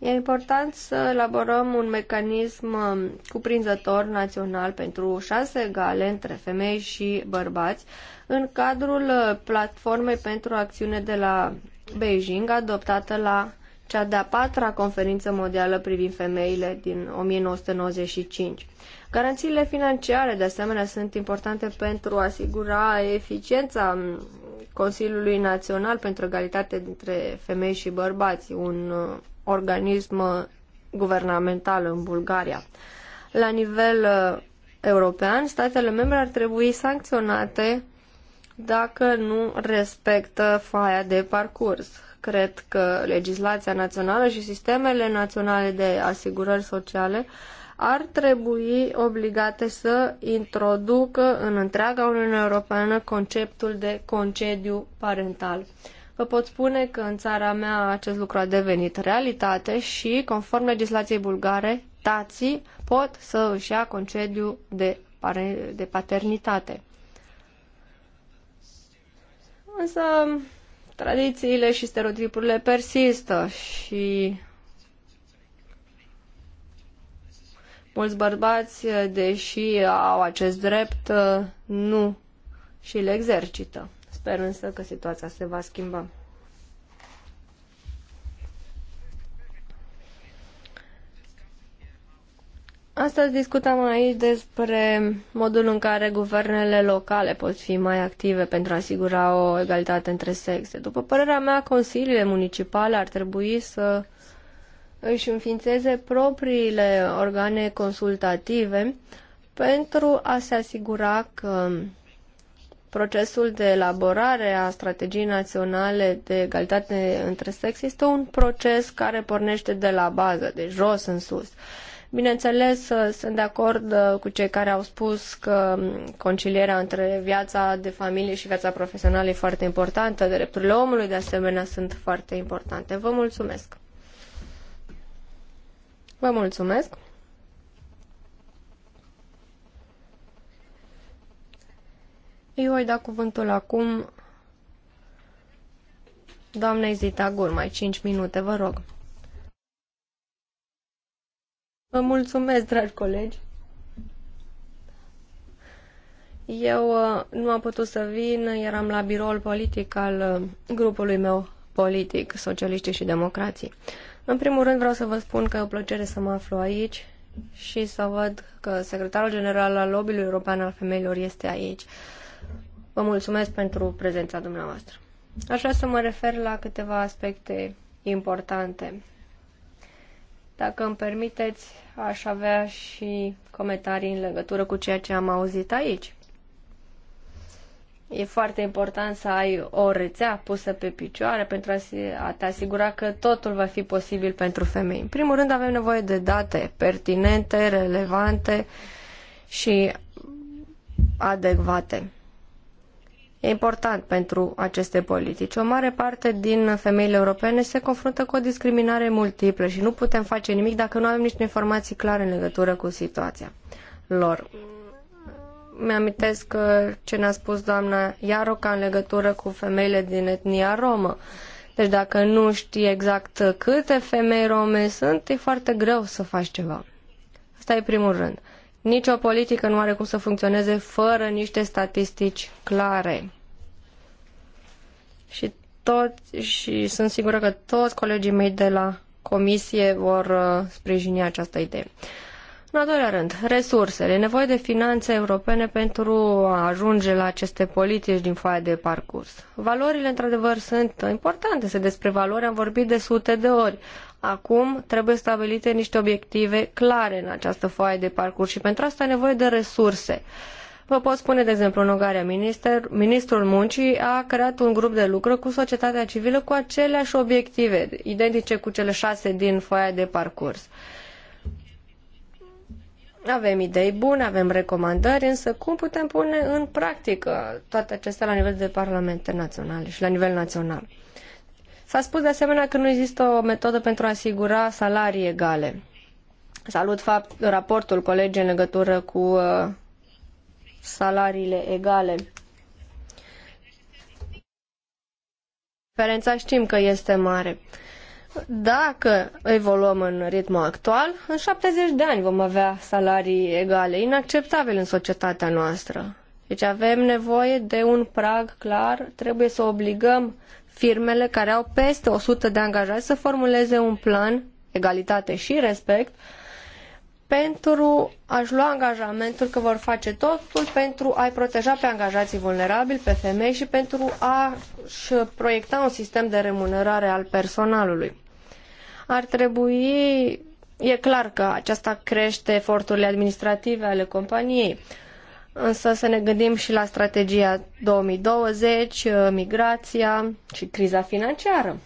E important să elaborăm un mecanism uh, cuprinzător național pentru șanse egale între femei și bărbați în cadrul uh, platformei pentru acțiune de la Beijing, adoptată la cea de-a patra conferință mondială privind femeile din 1995. Garanțiile financiare, de asemenea, sunt importante pentru a asigura eficiența um, Consiliului Național pentru Egalitate dintre Femei și Bărbați, un uh, organism uh, guvernamental în Bulgaria. La nivel uh, european, statele membre ar trebui sancționate dacă nu respectă faia de parcurs. Cred că legislația națională și sistemele naționale de asigurări sociale ar trebui obligate să introducă în întreaga Uniune Europeană conceptul de concediu parental. Vă pot spune că în țara mea acest lucru a devenit realitate și, conform legislației bulgare, tații pot să își ia concediu de, de paternitate. Însă, tradițiile și stereotipurile persistă și mulți bărbați, deși au acest drept, nu și le exercită. Sper însă că situația se va schimba. Astăzi discutăm aici despre modul în care guvernele locale pot fi mai active pentru a asigura o egalitate între sexe. După părerea mea, consiliile municipale ar trebui să își înființeze propriile organe consultative pentru a se asigura că Procesul de elaborare a strategiei naționale de egalitate între sex este un proces care pornește de la bază, de jos în sus. Bineînțeles, uh, sunt de acord uh, cu cei care au spus că um, concilierea între viața de familie și viața profesională e foarte importantă, drepturile omului de asemenea sunt foarte importante. Vă mulțumesc! Vă mulțumesc! Eu voi da cuvântul acum doamnei Zita Gur, mai 5 minute, vă rog. Vă mulțumesc, dragi colegi. Eu uh, nu am putut să vin, eram la biroul politic al uh, grupului meu politic, Socialiștii și Democrații. În primul rând vreau să vă spun că e o plăcere să mă aflu aici și să văd că secretarul general al lobby-ului european al femeilor este aici. Uh, Vă mulțumesc pentru prezența dumneavoastră. Aș vrea să mă refer la câteva aspecte importante. Dacă îmi permiteți, aș avea și comentarii în legătură cu ceea ce am auzit aici. E foarte important să ai o rețea pusă pe picioare pentru a te asigura că totul va fi posibil pentru femei. În primul rând avem nevoie de date pertinente, relevante și adecvate. E important pentru aceste politici. O mare parte din femeile europene se confruntă cu o discriminare multiplă și nu putem face nimic dacă nu avem niște informații clare în legătură cu situația lor. Mi-amintesc ce ne-a spus doamna Iaroca în legătură cu femeile din etnia romă. Deci dacă nu știi exact câte femei rome sunt, e foarte greu să faci ceva. Asta e primul rând. Nicio politică nu are cum să funcționeze fără niște statistici clare. Și tot, și sunt sigură că toți colegii mei de la comisie vor uh, sprijini această idee. În al doilea rând, resursele. E nevoie de finanțe europene pentru a ajunge la aceste politici din foaia de parcurs. Valorile, într-adevăr, sunt importante. Se despre valori am vorbit de sute de ori. Acum trebuie stabilite niște obiective clare în această foaie de parcurs și pentru asta e nevoie de resurse. Vă pot spune, de exemplu, în Ungaria, minister, ministrul muncii a creat un grup de lucru cu societatea civilă cu aceleași obiective, identice cu cele șase din foaia de parcurs. Avem idei bune, avem recomandări, însă cum putem pune în practică toate acestea la nivel de parlamente naționale și la nivel național? S-a spus de asemenea că nu există o metodă pentru a asigura salarii egale. Salut fapt, raportul colegii în legătură cu uh, salariile egale. Diferența știm că este mare. Dacă evoluăm în ritmul actual, în 70 de ani vom avea salarii egale, inacceptabil în societatea noastră. Deci avem nevoie de un prag clar, trebuie să obligăm uh, firmele care au peste 100 de angajați să formuleze un plan, egalitate și respect, pentru a-și lua angajamentul că vor face totul pentru a-i proteja pe angajații vulnerabili, pe femei și pentru a-și proiecta un sistem de remunerare al personalului. Ar trebui, e clar că aceasta crește eforturile administrative ale companiei, însă să ne gândim și la strategia 2020, uh, migrația și criza financiară.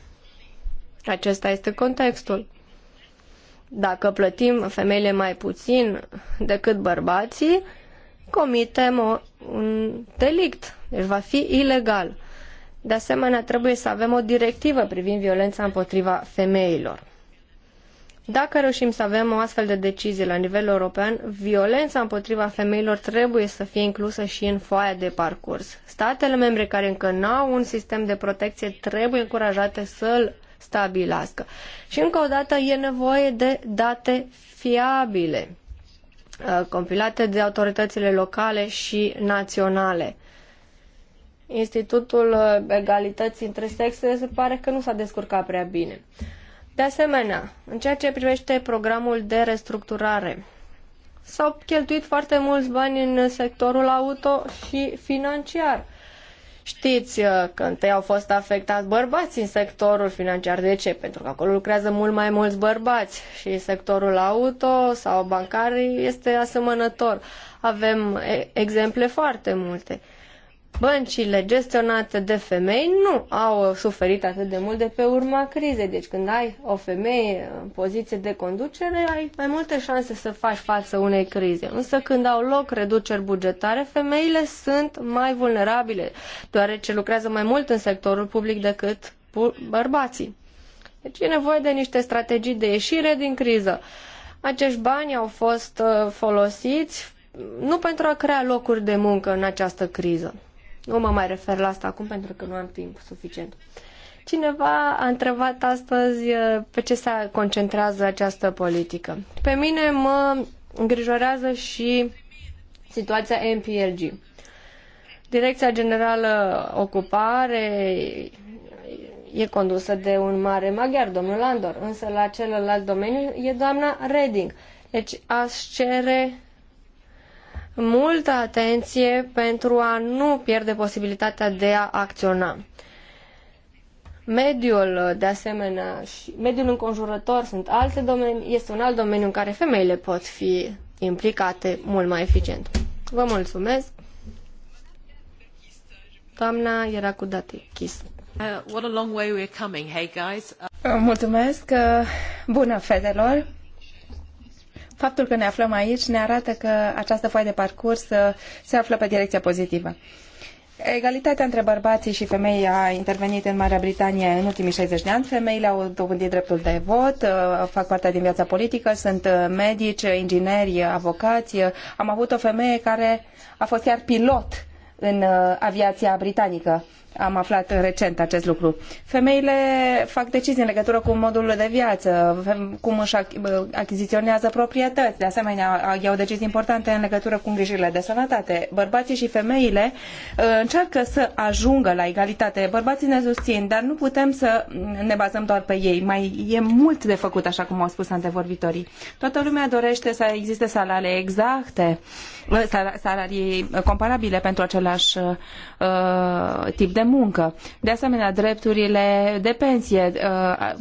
Acesta este contextul. Dacă plătim femeile mai puțin decât bărbații, comitem o, un delict, deci va fi ilegal. De asemenea, trebuie să avem o directivă privind violența împotriva femeilor. Dacă reușim să avem o astfel de decizie la nivel european, violența împotriva femeilor trebuie să fie inclusă și în foaia de parcurs. Statele membre care încă nu au un sistem de protecție trebuie încurajate să-l stabilească. Și încă o dată e nevoie de date fiabile, uh, compilate de autoritățile locale și naționale. Institutul uh, Egalității între Sexe se pare că nu s-a descurcat prea bine. Uh, de asemenea, în ceea ce privește programul de restructurare, s-au cheltuit foarte mulți bani în sectorul auto și financiar. Știți uh, că întâi au fost afectați bărbați în sectorul financiar. De ce? Pentru că acolo lucrează mult mai mulți bărbați și sectorul auto sau bancar este asemănător. Avem exemple foarte multe băncile gestionate de femei nu au suferit atât de mult de pe urma crizei. Deci când ai o femeie în poziție de conducere, ai mai multe șanse să faci față unei crize. Însă când au loc reduceri bugetare, femeile sunt mai vulnerabile, deoarece lucrează mai mult în sectorul public decât bărbații. Deci e nevoie de niște strategii de ieșire din criză. Acești bani au fost uh, folosiți mm, nu pentru a crea locuri de muncă în această criză. Nu mă mai refer la asta acum pentru că nu am timp suficient. Cineva a întrebat astăzi eh, pe ce se concentrează această politică. Pe mine mă îngrijorează și situația MPLG. Direcția Generală Ocupare e condusă de un mare maghiar, domnul Andor, însă la celălalt domeniu e doamna Reding. Deci aș cere multă atenție pentru a nu pierde posibilitatea de a acționa. Mediul, de asemenea, și mediul înconjurător sunt alte domenii, este un alt domeniu în care femeile pot fi implicate mult mai eficient. Vă mulțumesc! Doamna era cu date chis. Uh, what a long way we're coming, hey guys! Uh... Mulțumesc! Uh, bună, fetelor! Faptul că ne aflăm aici ne arată că această foaie de parcurs uh, se află pe direcția pozitivă. Egalitatea între bărbații și femei a intervenit în Marea Britanie în ultimii 60 de ani. Femeile au dobândit dreptul de vot, uh, fac parte din viața politică, sunt uh, medici, ingineri, avocați. Am avut o femeie care a fost chiar pilot în aviația britanică. Am aflat recent acest lucru. Femeile fac decizii în legătură cu modul de viață, cum își achiziționează proprietăți, de asemenea iau decizii importante în legătură cu îngrijirile de sănătate. Bărbații și femeile ă, încearcă să ajungă la egalitate. Bărbații ne susțin, dar nu putem să ne bazăm doar pe ei. Mai e mult de făcut, așa cum au spus antevorbitorii. Toată lumea dorește să existe salarii exacte, ă, salarii comparabile pentru același uh, tip de de muncă. De asemenea, drepturile de pensie uh,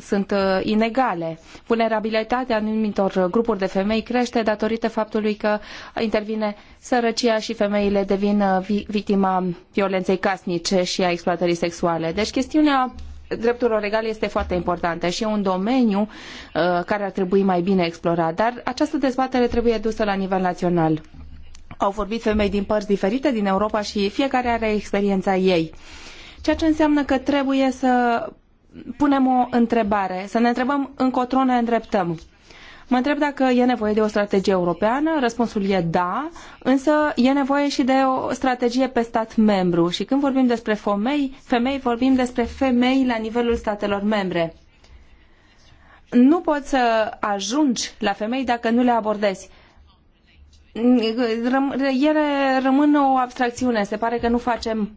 sunt uh, inegale. Vulnerabilitatea anumitor grupuri de femei crește datorită faptului că intervine sărăcia și femeile devin uh, victima violenței casnice și a exploatării sexuale. Deci chestiunea drepturilor egale este foarte importantă și e un domeniu uh, care ar trebui mai bine explorat, dar această dezbatere trebuie dusă la nivel național au vorbit femei din părți diferite din Europa și fiecare are experiența ei. Ceea ce înseamnă că trebuie să punem o întrebare, să ne întrebăm încotro ne îndreptăm. Mă întreb dacă e nevoie de o strategie europeană, răspunsul e da, însă e nevoie și de o strategie pe stat membru și când vorbim despre femei, femei vorbim despre femei la nivelul statelor membre. Nu poți să ajungi la femei dacă nu le abordezi ele rămân o abstracțiune. Se pare că nu facem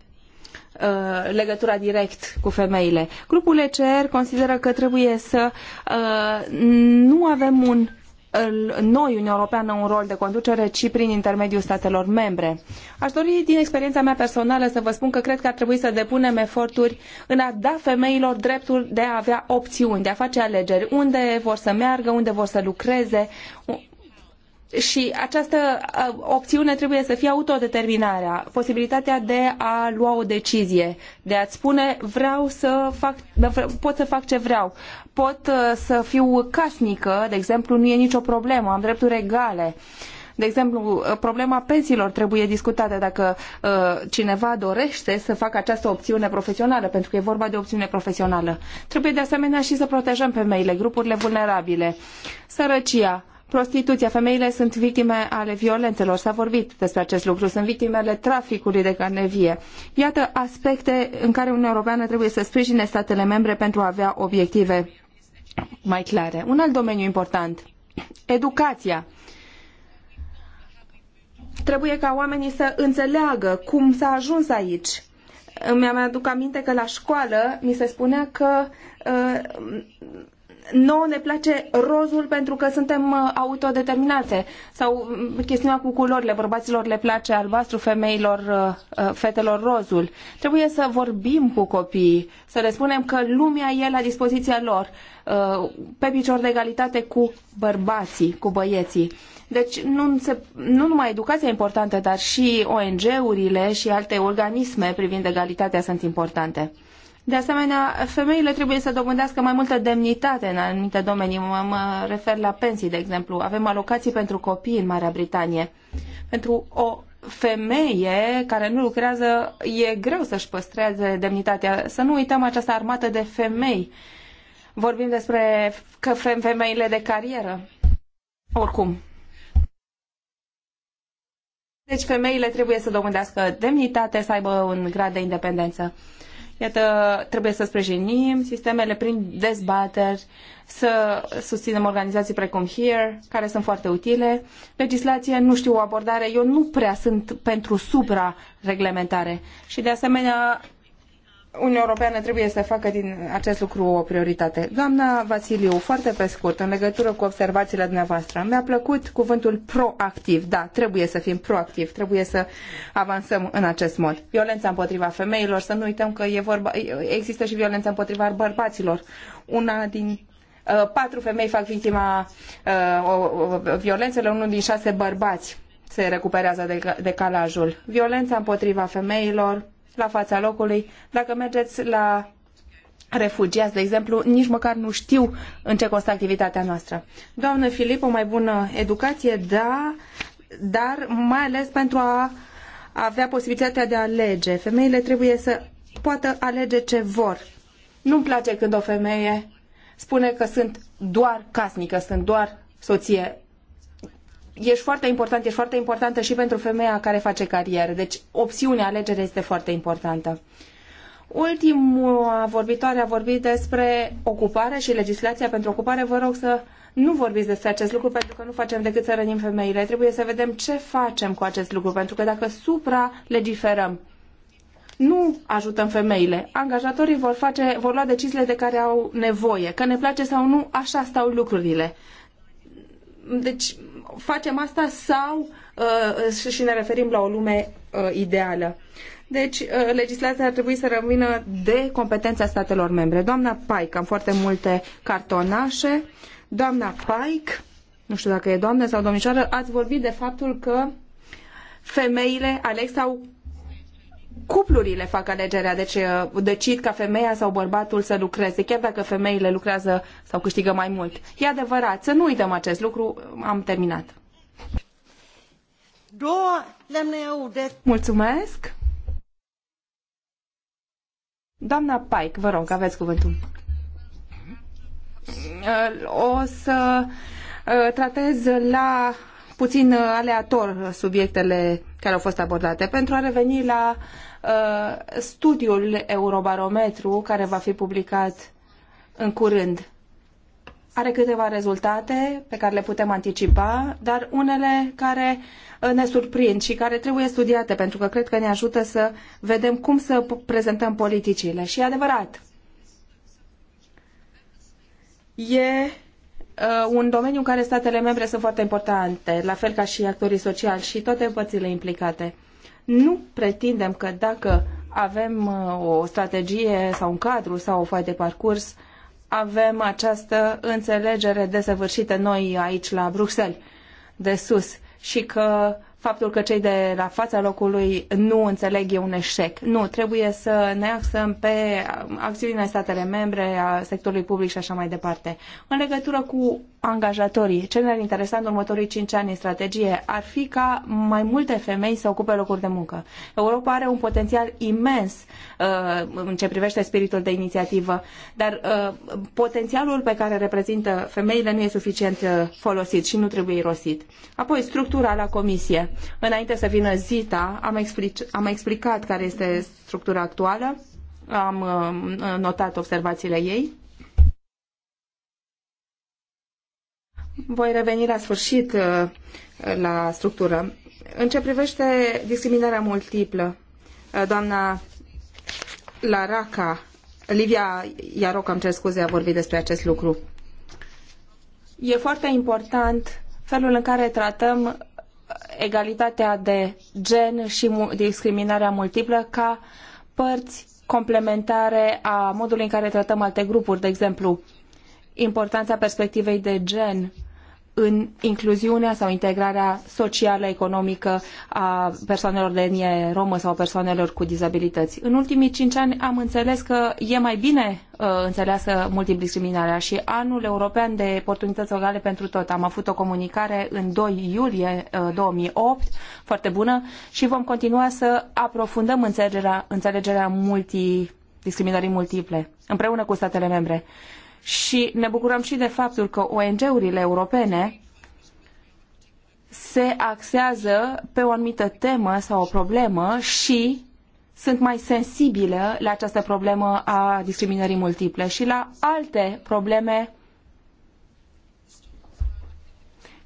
uh, legătura direct cu femeile. Grupul ECR consideră că trebuie să uh, nu avem un uh, noi, Uniunea Europeană, un rol de conducere, ci prin intermediul statelor membre. Aș dori, din experiența mea personală, să vă spun că cred că ar trebui să depunem eforturi în a da femeilor dreptul de a avea opțiuni, de a face alegeri, unde vor să meargă, unde vor să lucreze, și această uh, opțiune trebuie să fie autodeterminarea, posibilitatea de a lua o decizie, de a-ți spune vreau să fac, pot să fac ce vreau, pot uh, să fiu casnică, de exemplu, nu e nicio problemă, am drepturi egale. De exemplu, uh, problema pensiilor trebuie discutată dacă uh, cineva dorește să facă această opțiune profesională, pentru că e vorba de opțiune profesională. Trebuie de asemenea și să protejăm femeile, grupurile vulnerabile, sărăcia, prostituția. Femeile sunt victime ale violențelor. S-a vorbit despre acest lucru. Sunt victimele traficului de carne vie. Iată aspecte în care Uniunea Europeană trebuie să sprijine statele membre pentru a avea obiective mai clare. Un alt domeniu important. Educația trebuie ca oamenii să înțeleagă cum s-a ajuns aici. Îmi aduc aminte că la școală mi se spunea că uh, nouă ne place rozul pentru că suntem uh, autodeterminate sau mm, chestiunea cu culorile, bărbaților le place albastru, femeilor, uh, uh, fetelor rozul. Trebuie să vorbim cu copiii, să le spunem că lumea e la dispoziția lor, pe picior de egalitate cu bărbații, cu băieții. Deci nu, se, nu numai educația e importantă, dar și ONG-urile și alte organisme privind egalitatea sunt importante. De asemenea, femeile trebuie să dobândească mai multă demnitate în anumite domenii. Mă, mă refer la pensii, de exemplu. Avem alocații pentru copii în Marea Britanie. Pentru o femeie care nu lucrează, e greu să-și păstreze demnitatea. Să nu uităm această armată de femei. Vorbim despre că femeile de carieră. Oricum. Deci femeile trebuie să dobândească demnitate, să aibă un grad de independență. Iată, trebuie să sprijinim sistemele prin dezbateri, să susținem organizații precum HERE, care sunt foarte utile. Legislație, nu știu o abordare, eu nu prea sunt pentru supra-reglementare. Și de asemenea, Uniunea Europeană trebuie să facă din acest lucru o prioritate. Doamna Vasiliu, foarte pe scurt, în legătură cu observațiile dumneavoastră, mi-a plăcut cuvântul proactiv. Da, trebuie să fim proactivi, trebuie să avansăm în acest mod. Violența împotriva femeilor, să nu uităm că e vorba, există și violența împotriva bărbaților. Una din uh, patru femei fac victima uh, violențelor, unul din șase bărbați se recuperează de decalajul. Violența împotriva femeilor, la fața locului. Dacă mergeți la refugiați, de exemplu, nici măcar nu știu în ce constă activitatea noastră. Doamnă Filip, o mai bună educație, da, dar mai ales pentru a avea posibilitatea de a alege. Femeile trebuie să poată alege ce vor. Nu-mi place când o femeie spune că sunt doar casnică, sunt doar soție ești foarte important, ești foarte importantă și pentru femeia care face carieră. Deci opțiunea, alegere este foarte importantă. Ultimul vorbitoare a vorbit despre ocupare și legislația pentru ocupare. Vă rog să nu vorbiți despre acest lucru pentru că nu facem decât să rănim femeile. Trebuie să vedem ce facem cu acest lucru, pentru că dacă supra-legiferăm, nu ajutăm femeile. Angajatorii vor, face, vor lua deciziile de care au nevoie. Că ne place sau nu, așa stau lucrurile. Deci facem asta sau uh, și ne referim la o lume uh, ideală. Deci, uh, legislația ar trebui să rămână de competența statelor membre. Doamna Paic, am foarte multe cartonașe. Doamna Paic, nu știu dacă e doamnă sau domnișoară, ați vorbit de faptul că femeile aleg sau cuplurile fac alegerea, deci uh, decid ca femeia sau bărbatul să lucreze, chiar dacă femeile lucrează sau câștigă mai mult. E adevărat, să nu uităm acest lucru, am terminat. Mulțumesc! Doamna Pike, vă rog, aveți cuvântul. O să uh, tratez la puțin uh, aleator subiectele care au fost abordate. Pentru a reveni la uh, studiul Eurobarometru care va fi publicat în curând. Are câteva rezultate pe care le putem anticipa, dar unele care uh, ne surprind și care trebuie studiate, pentru că cred că ne ajută să vedem cum să prezentăm politicile. Și e adevărat, e Uh, un domeniu în care statele membre sunt foarte importante, la fel ca și actorii sociali și toate părțile implicate. Nu pretindem că dacă avem uh, o strategie sau un cadru sau o foaie de parcurs, avem această înțelegere desăvârșită noi aici la Bruxelles, de sus, și că faptul că cei de la fața locului nu înțeleg e un eșec. Nu, trebuie să ne axăm pe acțiunile statele membre, a sectorului public și așa mai departe. În legătură cu angajatorii. Ce ne-ar interesa în următorii cinci ani în strategie ar fi ca mai multe femei să ocupe locuri de muncă. Europa are un potențial imens uh, în ce privește spiritul de inițiativă, dar uh, potențialul pe care reprezintă femeile nu e suficient uh, folosit și nu trebuie irosit. Apoi, structura la comisie. Înainte să vină Zita, am, explic am explicat care este structura actuală, am notat observațiile ei Voi reveni la sfârșit uh, la structură. În ce privește discriminarea multiplă, uh, doamna Laraca, Livia Iaroc, am cer scuze, a vorbit despre acest lucru. E foarte important felul în care tratăm egalitatea de gen și discriminarea multiplă ca părți complementare a modului în care tratăm alte grupuri, de exemplu, importanța perspectivei de gen în incluziunea sau integrarea socială, economică a persoanelor de etnie romă sau a persoanelor cu dizabilități. În ultimii cinci ani am înțeles că e mai bine uh, înțeleasă multidiscriminarea și anul european de oportunități egale pentru tot. Am avut o comunicare în 2 iulie uh, 2008, foarte bună, și vom continua să aprofundăm înțelegerea, înțelegerea multiple, împreună cu statele membre și ne bucurăm și de faptul că ONG-urile europene se axează pe o anumită temă sau o problemă și sunt mai sensibile la această problemă a discriminării multiple și la alte probleme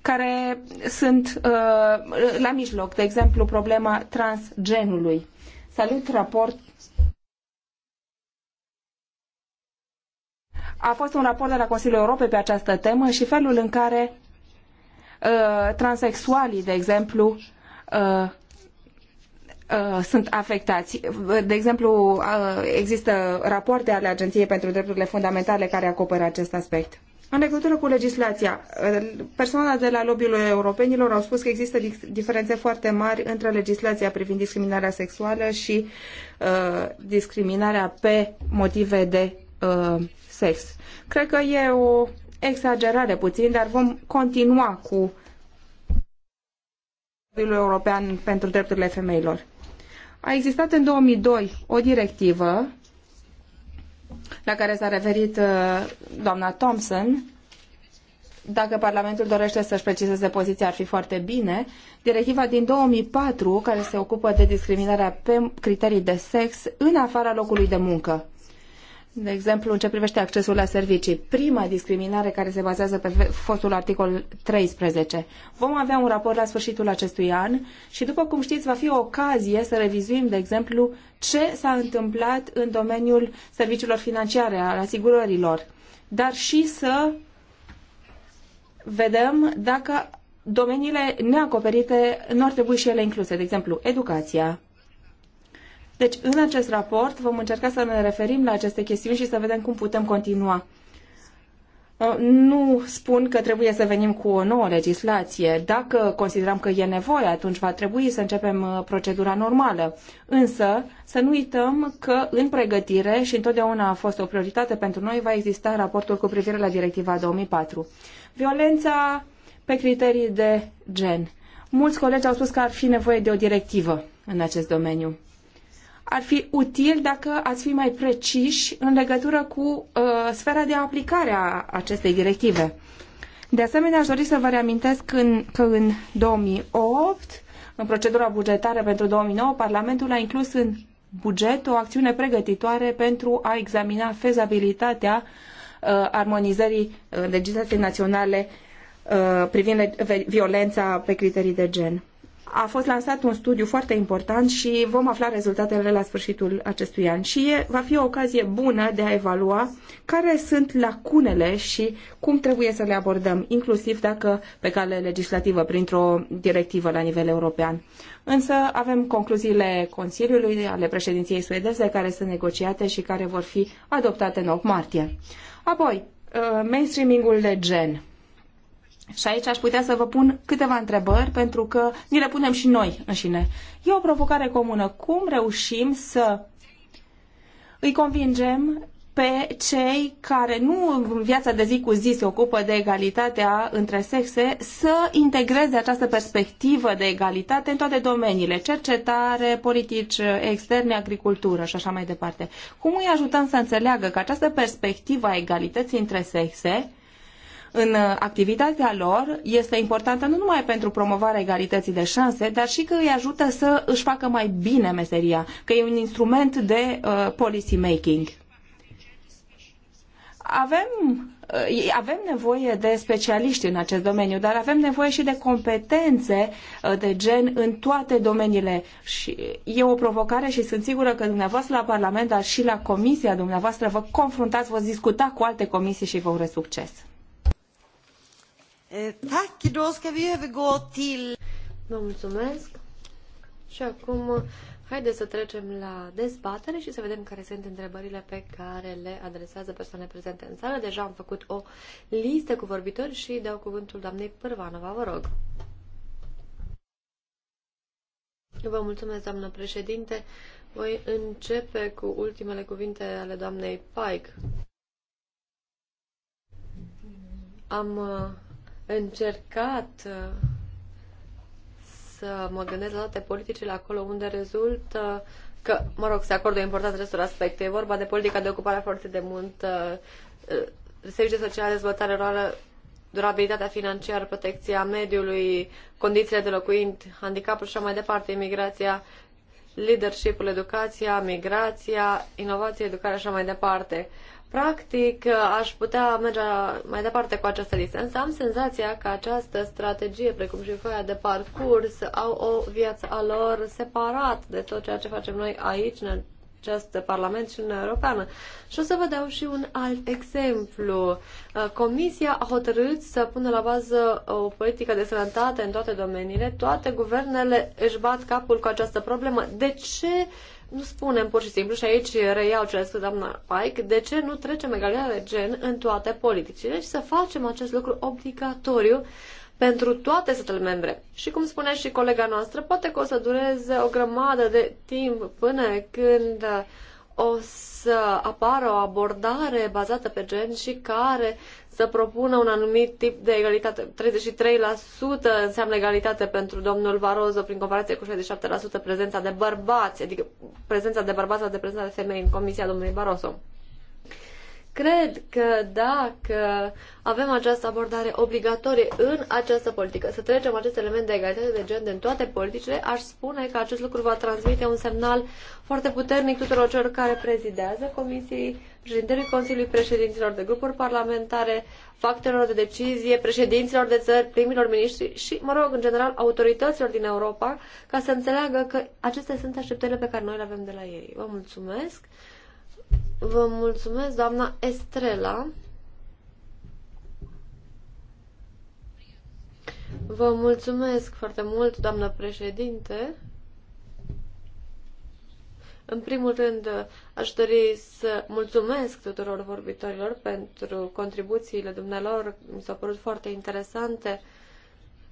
care sunt uh, la mijloc, de exemplu problema transgenului. Salut raport, A fost un raport de la Consiliul Europei pe această temă și felul în care uh, transexualii, de exemplu, uh, uh sunt afectați. De exemplu, uh, există rapoarte ale Agenției pentru Drepturile Fundamentale care acoperă acest aspect. În legătură cu legislația, uh, persoana de la lobby-ul europenilor au spus că există diferențe foarte mari între legislația privind discriminarea sexuală și uh, discriminarea pe motive de uh, sex. Cred că e o exagerare puțin, dar vom continua cu European pentru drepturile femeilor. A existat în 2002 o directivă la care s-a referit uh, doamna Thompson. Dacă Parlamentul dorește să-și precizeze poziția, ar fi foarte bine. Directiva din 2004, care se ocupă de discriminarea pe criterii de sex în afara locului de muncă de exemplu, în ce privește accesul la servicii. Prima discriminare care se bazează pe fostul articol 13. Vom avea un raport la sfârșitul acestui an și, după cum știți, va fi o ocazie să revizuim, de exemplu, ce s-a întâmplat în domeniul serviciilor financiare, al asigurărilor, dar și să vedem dacă domeniile neacoperite nu ar trebui și ele incluse, de exemplu, educația, deci, în acest raport vom încerca să ne referim la aceste chestiuni și să vedem cum putem continua. Uh, nu spun că trebuie să venim cu o nouă legislație. Dacă considerăm că e nevoie, atunci va trebui să începem uh, procedura normală. Însă, să nu uităm că în pregătire, și întotdeauna a fost o prioritate pentru noi, va exista raportul cu privire la Directiva 2004. Violența pe criterii de gen. Mulți colegi au spus că ar fi nevoie de o directivă în acest domeniu ar fi util dacă ați fi mai preciși în legătură cu uh, sfera de aplicare a acestei directive. De asemenea, aș dori să vă reamintesc în, că în 2008, în procedura bugetară pentru 2009, Parlamentul a inclus în buget o acțiune pregătitoare pentru a examina fezabilitatea uh, armonizării uh, legislației naționale uh, privind violența pe criterii de gen a fost lansat un studiu foarte important și vom afla rezultatele la sfârșitul acestui an și e, va fi o ocazie bună de a evalua care sunt lacunele și cum trebuie să le abordăm, inclusiv dacă pe cale legislativă, printr-o directivă la nivel european. Însă avem concluziile Consiliului ale președinției suedeze care sunt negociate și care vor fi adoptate în 8 martie. Apoi, uh, mainstreamingul de gen și aici aș putea să vă pun câteva întrebări, pentru că ni le punem și noi înșine. E o provocare comună. Cum reușim să îi convingem pe cei care nu în viața de zi cu zi se ocupă de egalitatea între sexe să integreze această perspectivă de egalitate în toate domeniile, cercetare, politici externe, agricultură și așa mai departe. Cum îi ajutăm să înțeleagă că această perspectivă a egalității între sexe în uh, activitatea lor este importantă nu numai pentru promovarea egalității de șanse, dar și că îi ajută să își facă mai bine meseria, că e un instrument de uh, policy making. Avem uh, avem nevoie de specialiști în acest domeniu, dar avem nevoie și de competențe uh, de gen în toate domeniile. Și e o provocare și sunt sigură că dumneavoastră la Parlament, dar și la comisia dumneavoastră vă confruntați, vă discuta cu alte comisii și vă urez succes. Eh, tack, då ska vi övergå till... mulțumesc. Și acum, haideți să trecem la dezbatere și să vedem care sunt întrebările pe care le adresează persoanele prezente în sală. Deja am făcut o listă cu vorbitori și dau cuvântul doamnei Pârvanova, vă rog. Vă mulțumesc, doamnă președinte. Voi începe cu ultimele cuvinte ale doamnei Pike. Am încercat uh, să mă gândesc la toate politicile acolo unde rezultă că, mă rog, se acordă importanță acestor aspecte. E vorba de politica de ocupare a forței de muntă, uh, uh, servicii sociale, dezvoltare rurală, durabilitatea financiară, protecția mediului, condițiile de locuit, handicapul și așa mai departe, imigrația, leadership educația, migrația, inovație, educarea și așa mai departe. Practic, aș putea merge mai departe cu această listă, am senzația că această strategie, precum și foaia de parcurs, au o viață a lor separat de tot ceea ce facem noi aici, în acest Parlament și în Europeană. Și o să vă dau și un alt exemplu. Comisia a hotărât să pună la bază o politică de sănătate în toate domeniile. Toate guvernele își bat capul cu această problemă. De ce nu spunem pur și simplu, și aici reiau ce a spus doamna Pike, de ce nu trecem egalitatea de gen în toate politicile și să facem acest lucru obligatoriu pentru toate statele membre. Și cum spunea și colega noastră, poate că o să dureze o grămadă de timp până când o să apară o abordare bazată pe gen și care să propună un anumit tip de egalitate. 33% înseamnă egalitate pentru domnul Varozo prin comparație cu 67% prezența de bărbați, adică prezența de bărbați sau de prezența de femei în comisia domnului Barroso. Cred că dacă avem această abordare obligatorie în această politică, să trecem acest element de egalitate de gen din toate politicile, aș spune că acest lucru va transmite un semnal foarte puternic tuturor celor care prezidează Comisiei, președintelui Consiliului Președinților de grupuri parlamentare, factorilor de decizie, președinților de țări, primilor miniștri și, mă rog, în general, autorităților din Europa, ca să înțeleagă că acestea sunt așteptările pe care noi le avem de la ei. Vă mulțumesc! Vă mulțumesc, doamna Estrela. Vă mulțumesc foarte mult, doamnă președinte. În primul rând, aș dori să mulțumesc tuturor vorbitorilor pentru contribuțiile dumnealor. Mi s-au părut foarte interesante.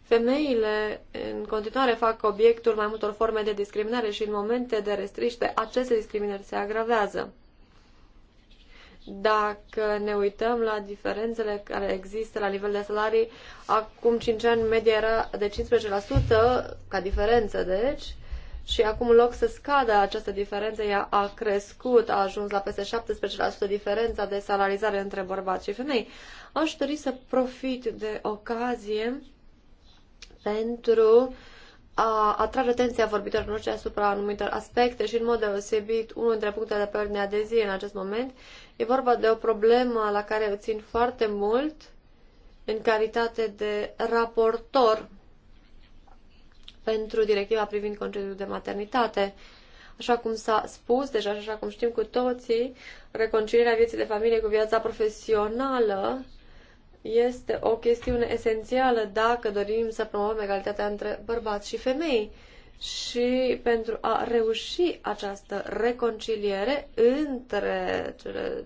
Femeile în continuare fac obiectul mai multor forme de discriminare și în momente de restriște aceste discriminări se agravează. Dacă ne uităm la diferențele care există la nivel de salarii, acum 5 ani media era de 15% ca diferență, deci, și acum în loc să scadă această diferență, ea a crescut, a ajuns la peste 17% diferența de salarizare între bărbați și femei. Aș dori să profit de ocazie pentru a atrage atenția vorbitorilor noștri asupra anumitor aspecte și, în mod deosebit, unul dintre punctele pe ordinea de zi în acest moment E vorba de o problemă la care eu țin foarte mult în calitate de raportor pentru directiva privind concediul de maternitate. Așa cum s-a spus deja și așa cum știm cu toții, reconcilierea vieții de familie cu viața profesională este o chestiune esențială dacă dorim să promovăm egalitatea între bărbați și femei și pentru a reuși această reconciliere între cele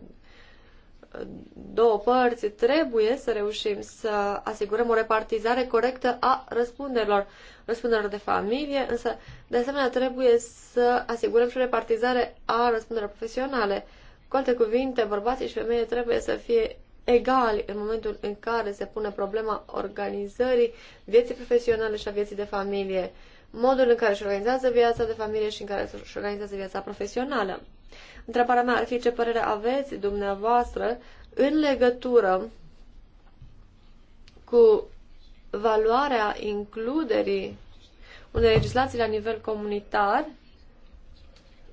două părți, trebuie să reușim să asigurăm o repartizare corectă a răspunderilor, răspunderilor de familie, însă de asemenea trebuie să asigurăm și o repartizare a răspunderilor profesionale. Cu alte cuvinte, bărbații și femeile trebuie să fie egali în momentul în care se pune problema organizării vieții profesionale și a vieții de familie modul în care își organizează viața de familie și în care își organizează viața profesională. Întrebarea mea ar fi ce părere aveți dumneavoastră în legătură cu valoarea includerii unei legislații la nivel comunitar,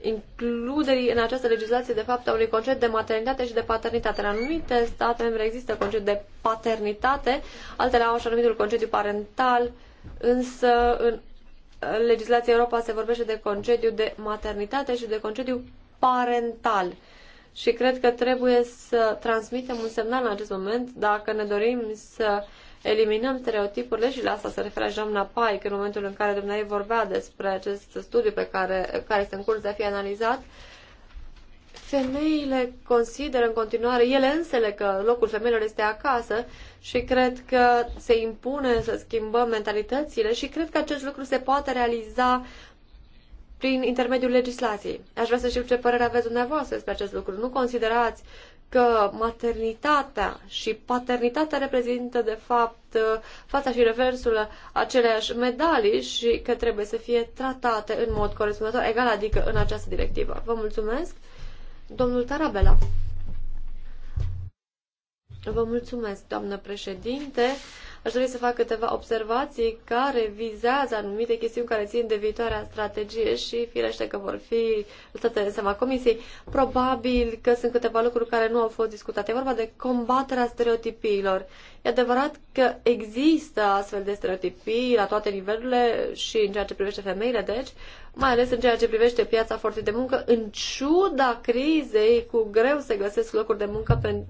includerii în această legislație de fapt a unui concept de maternitate și de paternitate. În anumite state membre există concept de paternitate, altele au așa numitul concediu parental, însă în în legislația Europa se vorbește de concediu de maternitate și de concediu parental. Și cred că trebuie să transmitem un semnal în acest moment dacă ne dorim să eliminăm stereotipurile și la asta se referă Jamna Pai, că în momentul în care dumneavoastră vorbea despre acest studiu pe care, care este în curs de a fi analizat, uh, femeile consideră în continuare ele însele că locul femeilor este acasă și cred că se impune să schimbăm mentalitățile și cred că acest lucru se poate realiza prin intermediul legislației. Aș vrea să știu ce părere aveți dumneavoastră despre acest lucru. Nu considerați că maternitatea și paternitatea reprezintă, de fapt, fața și reversul aceleași medalii și că trebuie să fie tratate în mod corespunzător, egal, adică în această directivă. Vă mulțumesc! Domnul Tarabela. Vă mulțumesc, doamnă președinte. Aș dori să fac câteva observații care vizează anumite chestiuni care țin de viitoarea strategie și firește că vor fi lăsate în seama comisiei. Probabil că sunt câteva lucruri care nu au fost discutate. E vorba de combaterea stereotipiilor. E adevărat că există astfel de stereotipii la toate nivelurile și în ceea ce privește femeile, deci, mai ales în ceea ce privește piața forței de muncă, în ciuda crizei, cu greu se găsesc locuri de muncă pentru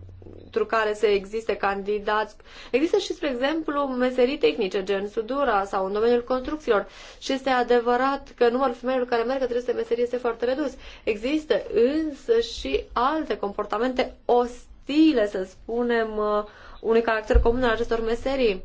pentru care să existe candidați. Există și, spre exemplu, meserii tehnice, gen sudura sau în domeniul construcțiilor. Și este adevărat că numărul femeilor care merg către aceste meserii este foarte redus. Există însă și alte comportamente ostile, să spunem, uh, unui caracter comun al acestor meserii.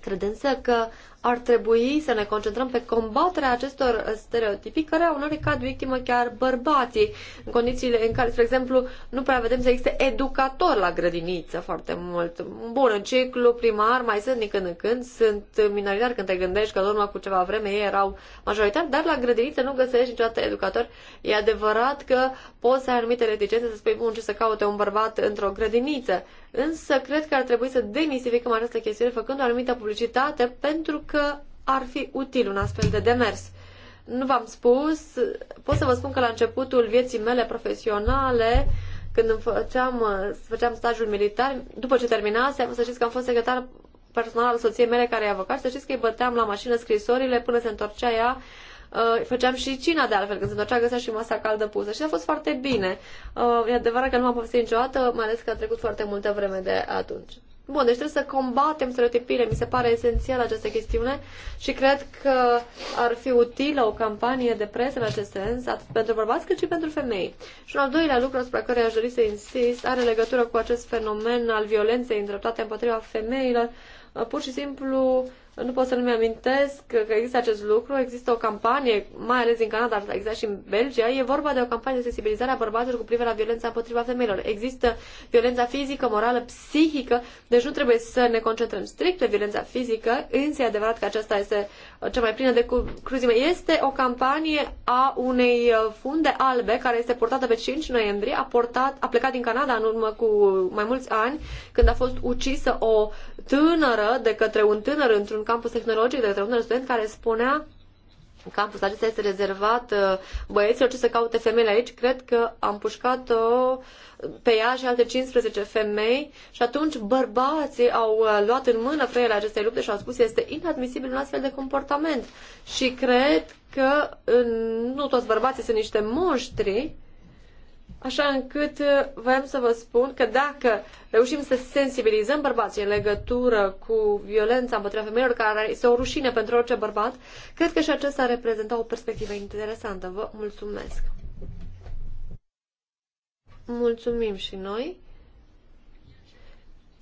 Cred însă că ar trebui să ne concentrăm pe combaterea acestor stereotipii care au unor cad victimă chiar bărbații, în condițiile în care, spre exemplu, nu prea vedem să existe educator la grădiniță foarte mult. Bun, în ciclu primar mai sunt din când în când, sunt minoritari când te gândești că în urmă cu ceva vreme ei erau majoritar, dar la grădiniță nu găsești niciodată educator. E adevărat că poți să ai anumite reticențe să spui, bun, ce să caute un bărbat într-o grădiniță. Însă cred că ar trebui să demistificăm această chestiune făcând o anumită publicitate pentru că ar fi util un astfel de demers. Nu v-am spus, pot să vă spun că la începutul vieții mele profesionale, când îmi făceam, făceam stajul militar, după ce terminase, să știți că am fost secretar personal al soției mele care e avocat, să știți că îi băteam la mașină scrisorile până se întorcea ea Uh, făceam și cina de altfel, când se întorcea găsea și masa caldă pusă și a fost foarte bine. Uh, e adevărat că nu m-am povestit niciodată, mai ales că a trecut foarte multă vreme de atunci. Bun, deci trebuie să combatem stereotipile, mi se pare esențial această chestiune și cred că ar fi utilă o campanie de presă în acest sens, atât pentru bărbați cât și pentru femei. Și un al doilea lucru asupra care aș dori să insist are legătură cu acest fenomen al violenței îndreptate împotriva femeilor, pur și simplu nu pot să nu-mi amintesc că există acest lucru, există o campanie, mai ales în Canada, dar exact și în Belgia, e vorba de o campanie de sensibilizare a bărbaților cu privire la violența împotriva femeilor. Există violența fizică, morală, psihică, deci nu trebuie să ne concentrăm strict pe violența fizică, însă e adevărat că aceasta este cea mai plină de cruzime. Este o campanie a unei uh, funde albe care este portată pe 5 noiembrie, a, portat, a plecat din Canada în urmă cu mai mulți ani, când a fost ucisă o tânără de către un tânăr într-un campus tehnologic, de către un student care spunea campus acesta este rezervat uh, băieților ce să caute femeile aici. Cred că am pușcat-o pe ea și alte 15 femei și atunci bărbații au uh, luat în mână frâiele acestei lupte și au spus este inadmisibil un astfel de comportament. Și cred că uh, nu toți bărbații sunt niște monștri, Așa încât uh, voiam să vă spun că dacă reușim să sensibilizăm bărbații în legătură cu violența împotriva femeilor, care este o rușine pentru orice bărbat, cred că și acesta reprezenta o perspectivă interesantă. Vă mulțumesc! Mulțumim și noi.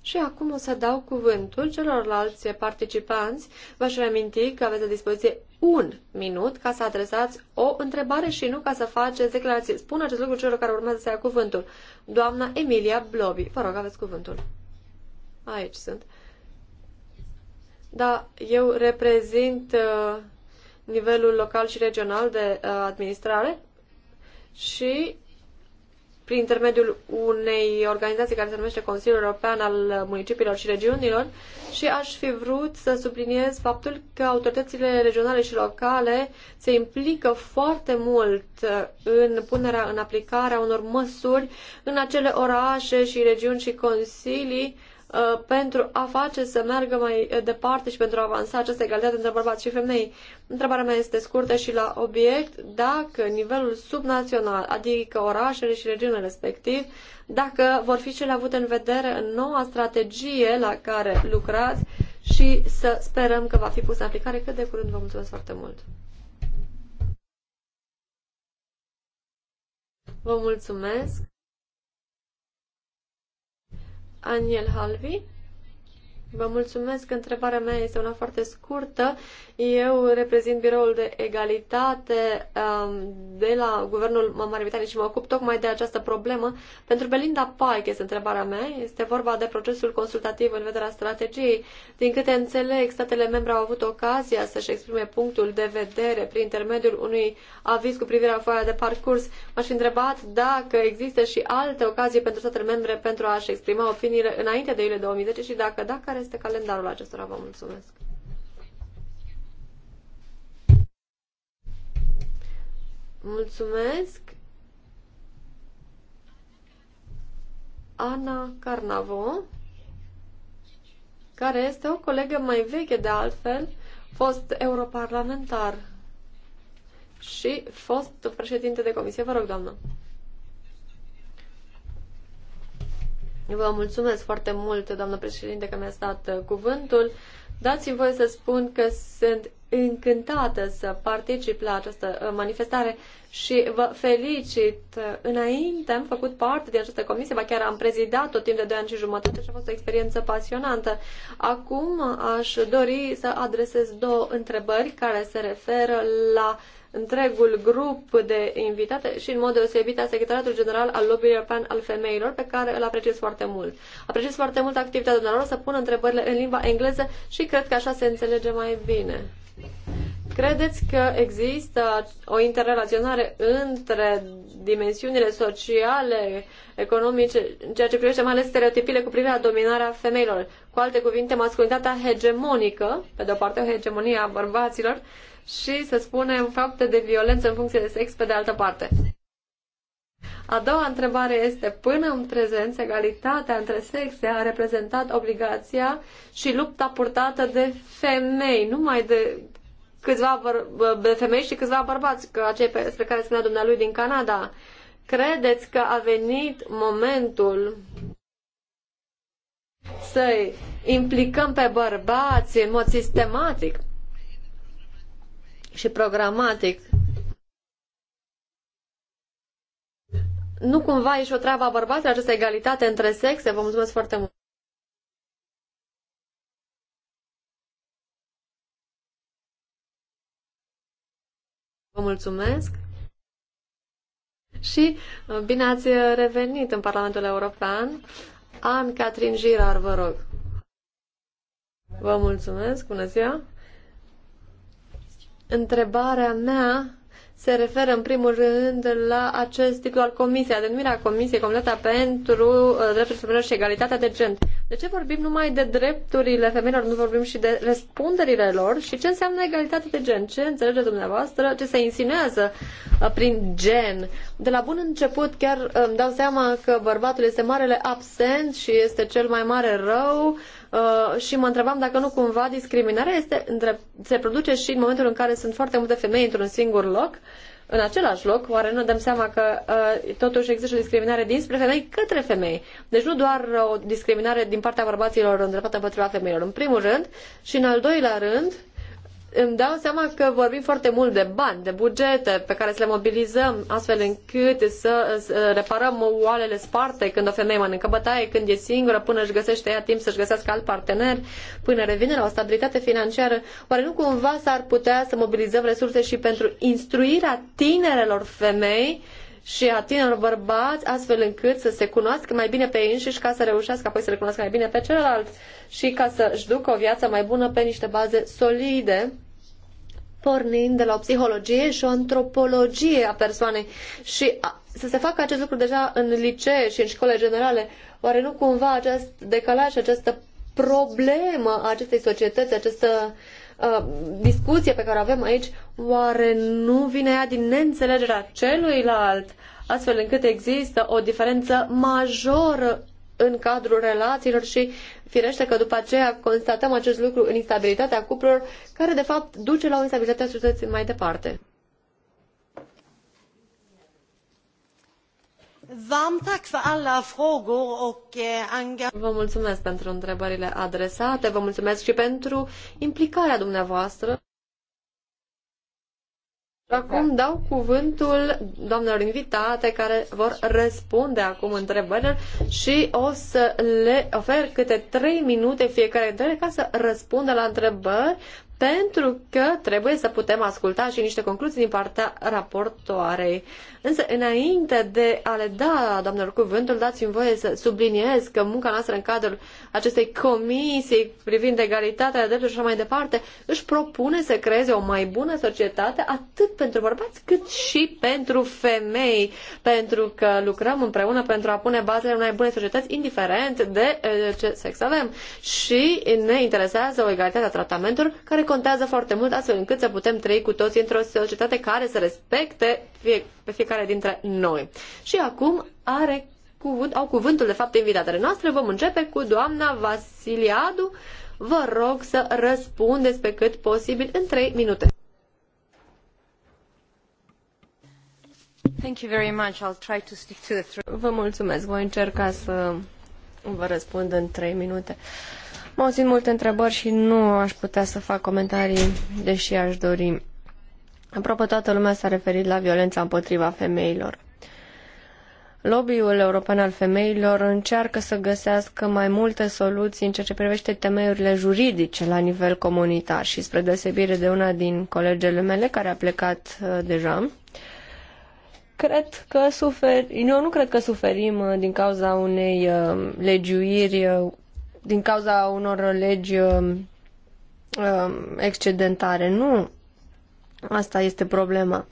Și acum o să dau cuvântul celorlalți participanți. V-aș reaminti că aveți la dispoziție un minut ca să adresați o întrebare și nu ca să faceți declarații. Spun acest lucru celor care urmează să ia cuvântul. Doamna Emilia Blobi, vă rog, aveți cuvântul. Aici sunt. Da, eu reprezint uh, nivelul local și regional de uh, administrare și prin intermediul unei organizații care se numește Consiliul European al Municipiilor și Regiunilor și aș fi vrut să subliniez faptul că autoritățile regionale și locale se implică foarte mult uh, în punerea în aplicare a unor măsuri în acele orașe și regiuni și consilii Uh, pentru a face să meargă mai uh, departe și pentru a avansa această egalitate între bărbați și femei. Întrebarea mea este scurtă și la obiect dacă nivelul subnațional, adică orașele și regiunile respectiv, dacă vor fi cele avute în vedere în noua strategie la care lucrați și să sperăm că va fi pusă în aplicare cât de curând. Vă mulțumesc foarte mult! Vă mulțumesc! Aniel Halvi. Vă mulțumesc. Întrebarea mea este una foarte scurtă. Eu reprezint biroul de egalitate um, de la Guvernul Marii Britanii și mă ocup tocmai de această problemă. Pentru Belinda Pike este întrebarea mea. Este vorba de procesul consultativ în vederea strategiei. Din câte înțeleg, statele membre au avut ocazia să-și exprime punctul de vedere prin intermediul unui aviz cu privire la foaia de parcurs. M-aș fi întrebat dacă există și alte ocazii pentru statele membre pentru a-și exprima opiniile înainte de iulie 2010 și dacă dacă care este calendarul acestora. Vă mulțumesc. Mulțumesc. Ana Carnavo, care este o colegă mai veche de altfel, fost europarlamentar și fost președinte de comisie. Vă rog, doamnă. Vă mulțumesc foarte mult, doamnă președinte, că mi-ați dat uh, cuvântul. Dați-mi voie să spun că sunt încântată să particip la această uh, manifestare și vă felicit. Înainte am făcut parte din această comisie, ba chiar am prezidat tot timp de 2 ani și jumătate și a fost o experiență pasionantă. Acum aș dori să adresez două întrebări care se referă la uh, întregul grup de invitate și în mod deosebit a secretariatul general al lobby european al femeilor, pe care îl apreciez foarte mult. Apreciez foarte mult activitatea dumneavoastră să pun întrebările în limba engleză și cred că așa se înțelege mai bine. Credeți că există o interrelaționare între dimensiunile sociale, economice, în ceea ce privește mai ales stereotipile cu privire la dominarea femeilor? Cu alte cuvinte, masculinitatea hegemonică, pe de o parte o hegemonie a bărbaților, și, să spunem, fapte de violență în funcție de sex pe de altă parte. A doua întrebare este, până în prezent, egalitatea între sexe a reprezentat obligația și lupta purtată de femei, numai de câțiva de femei și câțiva bărbați, că acei despre care spunea dumnealui din Canada. Credeți că a venit momentul să implicăm pe bărbați în mod sistematic și programatic nu cumva e și o treabă a bărbaților această egalitate între sexe? Vă mulțumesc foarte mult! Vă mulțumesc! Și uh, bine ați revenit în Parlamentul European. An Catrin Girar, vă rog. Vă mulțumesc, bună ziua! Întrebarea mea se referă în primul rând la acest titlu al comisiei, la denumirea comisiei Comunitatea pentru uh, Drepturile Femeilor și Egalitatea de Gen. De ce vorbim numai de drepturile femeilor, nu vorbim și de răspunderile lor și ce înseamnă egalitatea de gen? Ce înțelege dumneavoastră? Ce se insinuează uh, prin gen? De la bun început chiar îmi dau seama că bărbatul este marele absent și este cel mai mare rău uh, și mă întrebam dacă nu cumva discriminarea este, se produce și în momentul în care sunt foarte multe femei într-un singur loc, în același loc, oare nu dăm seama că uh, totuși există o discriminare dinspre femei către femei. Deci nu doar o discriminare din partea bărbaților îndreptată împotriva femeilor, în primul rând, și în al doilea rând, îmi dau seama că vorbim foarte mult de bani, de bugete pe care să le mobilizăm astfel încât să, reparăm oalele sparte când o femeie mănâncă bătaie, când e singură, până își găsește ea timp să-și găsească alt partener, până revine la o stabilitate financiară. Oare nu cumva s-ar putea să mobilizăm resurse și pentru instruirea tinerelor femei și a tinerilor bărbați, astfel încât să se cunoască mai bine pe ei înșiși ca să reușească apoi să le cunoască mai bine pe celălalt și ca să-și ducă o viață mai bună pe niște baze solide pornind de la o psihologie și o antropologie a persoanei și a, să se facă acest lucru deja în licee și în școle generale, oare nu cumva acest decalaj, această problemă a acestei societăți, această uh, uh, discuție pe care o avem aici, oare nu vine ea din neînțelegerea celuilalt, astfel încât există o diferență majoră în cadrul relațiilor și firește că după aceea constatăm acest lucru în instabilitatea cuplurilor, care de fapt duce la o instabilitate a societății mai departe. Eh, vă mulțumesc pentru întrebările adresate, vă mulțumesc și pentru implicarea dumneavoastră. Acum dau cuvântul doamnelor invitate care vor răspunde acum întrebărilor și o să le ofer câte trei minute fiecare dintre ele ca să răspundă la întrebări pentru că trebuie să putem asculta și niște concluzii din partea raportoarei. Însă, înainte de a le da, doamnelor, cuvântul, dați-mi voie să subliniez că munca noastră în cadrul acestei comisii privind egalitatea de drepturi și așa mai departe își propune să creeze o mai bună societate atât pentru bărbați cât și pentru femei, pentru că lucrăm împreună pentru a pune bazele unei bune societăți, indiferent de ce sex avem. Și ne interesează o egalitate a tratamentului care contează foarte mult astfel încât să putem trăi cu toți într-o societate care să respecte fie, pe fiecare fiecare dintre noi. Și acum are cuvânt, au cuvântul de fapt invitatele noastre. Vom începe cu doamna Vasiliadu. Vă rog să răspundeți pe cât posibil în 3 minute. Thank you very much. I'll try to stick to the Vă mulțumesc. Voi încerca să vă răspund în 3 minute. M-au zis multe întrebări și nu aș putea să fac comentarii, deși aș dori. Aproape toată lumea s-a referit la violența împotriva femeilor. Lobby-ul european al femeilor încearcă să găsească mai multe soluții în ceea ce privește temeiurile juridice la nivel comunitar și spre deosebire de una din colegele mele care a plecat uh, deja, cred că suferim. eu nu cred că suferim uh, din cauza unei uh, legiuiri, din cauza unor legi excedentare. Nu, Asta este problema.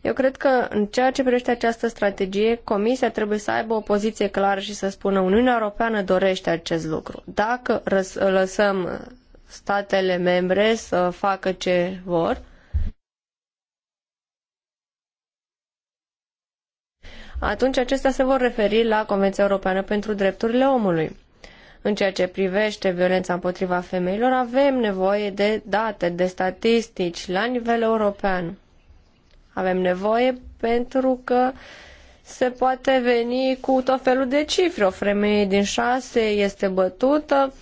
Eu cred că în ceea ce privește această strategie, Comisia trebuie să aibă o poziție clară și să spună Uniunea Europeană dorește acest lucru. Dacă lăsăm statele membre să facă ce vor, atunci acestea se vor referi la Convenția Europeană pentru Drepturile Omului. În ceea ce privește violența împotriva femeilor, avem nevoie de date, de statistici la nivel european. Avem nevoie pentru că se poate veni cu tot felul de cifre. O femeie din șase este bătută,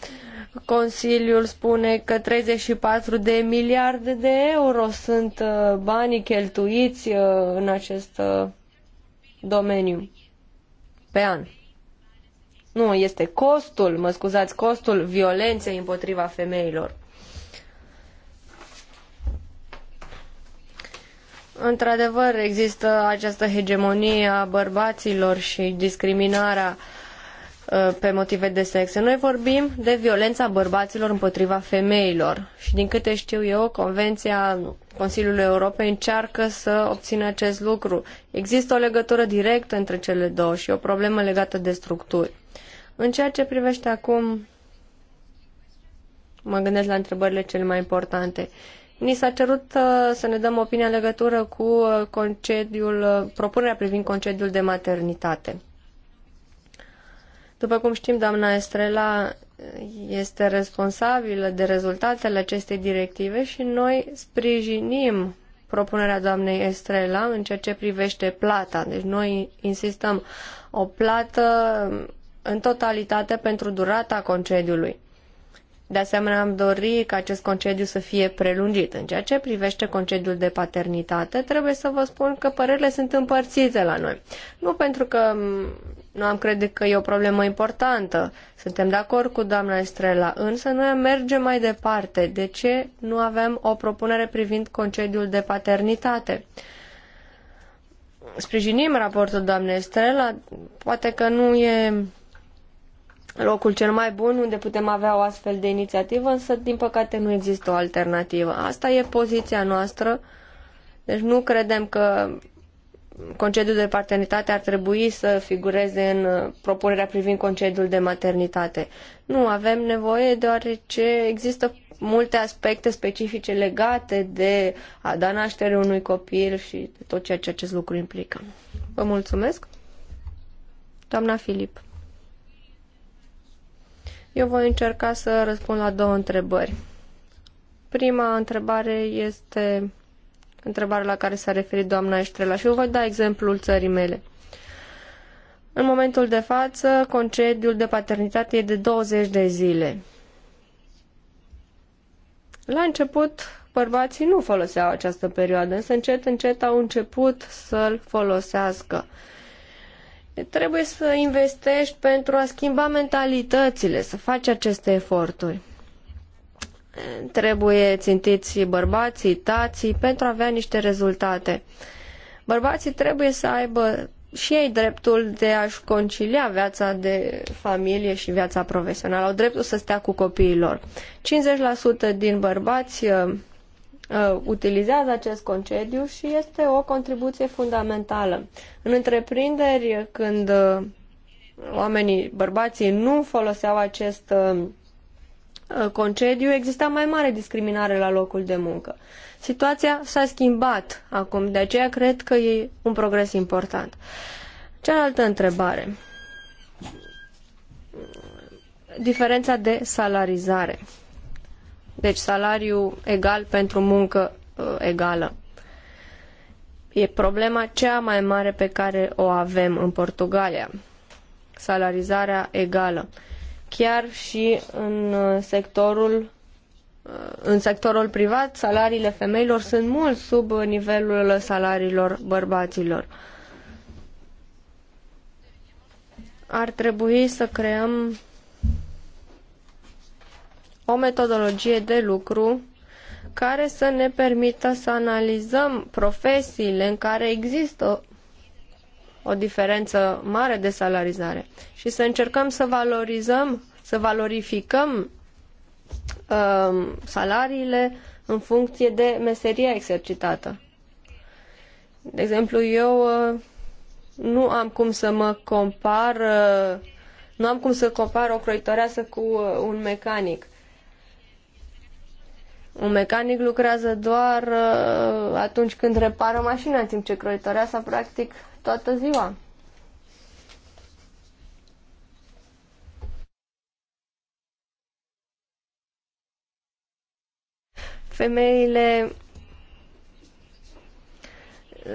Consiliul spune că 34 de miliarde de euro sunt uh, banii cheltuiți uh, în acest uh, domeniu pe an. Nu, este costul, mă scuzați, costul violenței împotriva femeilor. Într-adevăr, există această hegemonie a bărbaților și discriminarea uh, pe motive de sex. Noi vorbim de violența bărbaților împotriva femeilor și din câte știu eu, Convenția Consiliului Europei încearcă să obțină acest lucru. Există o legătură directă între cele două și o problemă legată de structuri. În ceea ce privește acum, mă gândesc la întrebările cele mai importante. Ni s-a cerut uh, să ne dăm opinia în legătură cu uh, concediul, uh, propunerea privind concediul de maternitate. După cum știm, doamna Estrela este responsabilă de rezultatele acestei directive și noi sprijinim propunerea doamnei Estrela în ceea ce privește plata. Deci noi insistăm o plată în totalitate pentru durata concediului. De asemenea, am dori ca acest concediu să fie prelungit. În ceea ce privește concediul de paternitate, trebuie să vă spun că părerile sunt împărțite la noi. Nu pentru că mm, nu am crede că e o problemă importantă. Suntem de acord cu doamna Estrela, însă noi mergem mai departe. De ce nu avem o propunere privind concediul de paternitate? Sprijinim raportul doamnei Estrela, poate că nu e locul cel mai bun unde putem avea o astfel de inițiativă, însă din păcate nu există o alternativă. Asta e poziția noastră, deci nu credem că concediul de paternitate ar trebui să figureze în uh, propunerea privind concediul de maternitate. Nu avem nevoie deoarece există multe aspecte specifice legate de a da naștere unui copil și de tot ceea ce acest lucru implică. Vă mulțumesc. Doamna Filip. Eu voi încerca să răspund la două întrebări. Prima întrebare este întrebarea la care s-a referit doamna Estrela și eu voi da exemplul țării mele. În momentul de față, concediul de paternitate e de 20 de zile. La început, bărbații nu foloseau această perioadă, însă încet, încet au început să-l folosească. Trebuie să investești pentru a schimba mentalitățile, să faci aceste eforturi. Trebuie țintiți bărbații, tații, pentru a avea niște rezultate. Bărbații trebuie să aibă și ei dreptul de a-și concilia viața de familie și viața profesională. Au dreptul să stea cu copiii lor. 50% din bărbați uh, utilizează acest concediu și este o contribuție fundamentală. În întreprinderi, când uh, oamenii, bărbații, nu foloseau acest uh, uh, concediu, exista mai mare discriminare la locul de muncă. Situația s-a schimbat acum, de aceea cred că e un progres important. Cealaltă întrebare. Diferența de salarizare. Deci salariu egal pentru muncă uh, egală. E problema cea mai mare pe care o avem în Portugalia. Salarizarea egală. Chiar și în uh, sectorul uh, în sectorul privat, salariile femeilor sunt mult sub nivelul salariilor bărbaților. Ar trebui să creăm o metodologie de lucru care să ne permită să analizăm profesiile în care există o diferență mare de salarizare și să încercăm să valorizăm, să valorificăm uh, salariile în funcție de meseria exercitată. De exemplu, eu uh, nu am cum să mă compar, uh, nu am cum să compar o croitoreasă cu uh, un mecanic. Un mecanic lucrează doar uh, atunci când repară mașina, în timp ce sa practic toată ziua. Femeile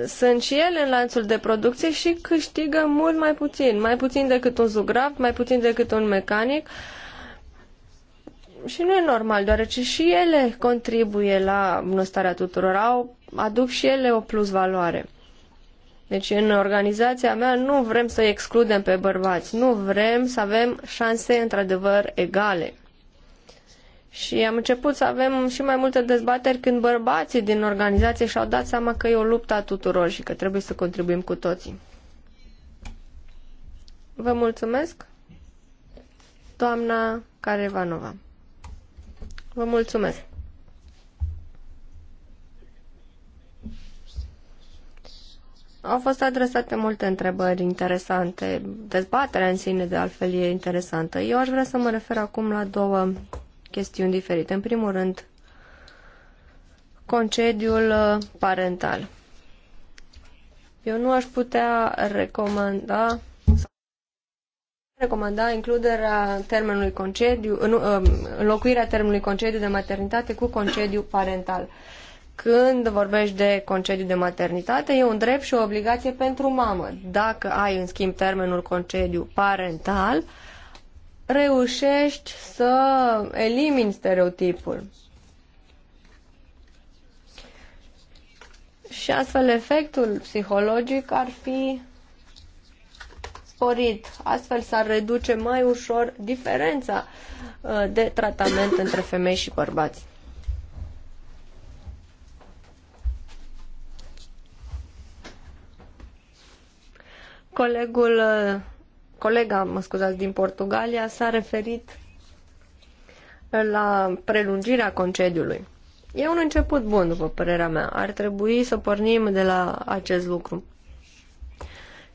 sunt și ele în lanțul de producție și câștigă mult mai puțin, mai puțin decât un zugrav, mai puțin decât un mecanic. Uh, și nu e normal, deoarece și ele contribuie la bunăstarea tuturor, au, aduc și ele o plus valoare. Deci în organizația mea nu vrem să excludem pe bărbați, nu vrem să avem șanse într-adevăr egale. Și am început să avem și mai multe dezbateri când bărbații din organizație și-au dat seama că e o luptă a tuturor și că trebuie să contribuim cu toții. Vă mulțumesc, doamna Carevanova. Vă mulțumesc. Au fost adresate multe întrebări interesante. Dezbaterea în sine, de altfel, e interesantă. Eu aș vrea să mă refer acum la două chestiuni diferite. În primul rând, concediul uh, parental. Eu nu aș putea recomanda recomanda includerea termenului concediu, ă, înlocuirea termenului concediu de maternitate cu concediu parental. Când vorbești de concediu de maternitate, e un drept și o obligație pentru mamă. Dacă ai, în schimb, termenul concediu parental, reușești să elimini stereotipul. Și astfel efectul psihologic ar fi sporit. Astfel s-ar reduce mai ușor diferența uh, de tratament între femei și bărbați. Colegul, uh, colega, mă scuzați, din Portugalia s-a referit la prelungirea concediului. E un început bun, după părerea mea. Ar trebui să pornim de la acest lucru.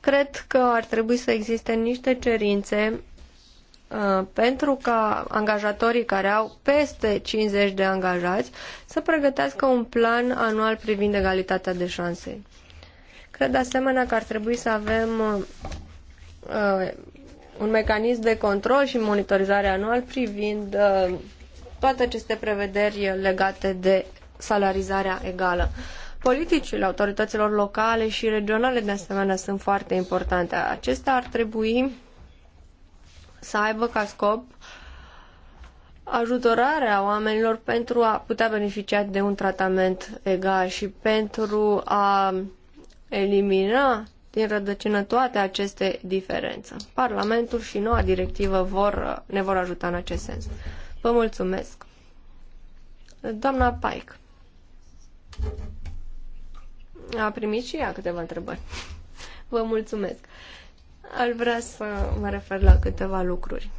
Cred că ar trebui să existe niște cerințe uh, pentru ca angajatorii care au peste 50 de angajați să pregătească un plan anual privind egalitatea de șanse. Cred de asemenea că ar trebui să avem uh, uh un mecanism de control și monitorizare anual privind uh, toate aceste prevederi legate de salarizarea egală. Uh, Politicile autorităților locale și regionale, de asemenea, sunt foarte importante. Acestea ar trebui să aibă ca scop ajutorarea oamenilor pentru a putea beneficia de un tratament egal și pentru a elimina din rădăcină toate aceste diferențe. Parlamentul și noua directivă vor, ne vor ajuta în acest sens. Vă mulțumesc. Doamna Pike a primit și ea câteva întrebări. [laughs] Vă mulțumesc. Ar vrea să mă refer la câteva lucruri.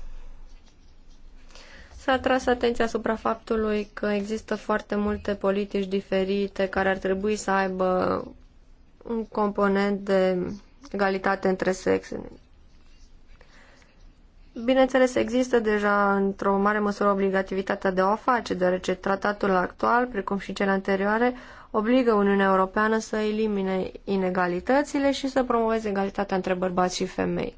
S-a tras atenția asupra faptului că există foarte multe politici diferite care ar trebui să aibă un component de egalitate între sexe. Bineînțeles, există deja într-o mare măsură obligativitatea de a o face, deoarece tratatul actual, precum și cele anterioare, obligă Uniunea Europeană să elimine inegalitățile și să promoveze egalitatea între bărbați și femei.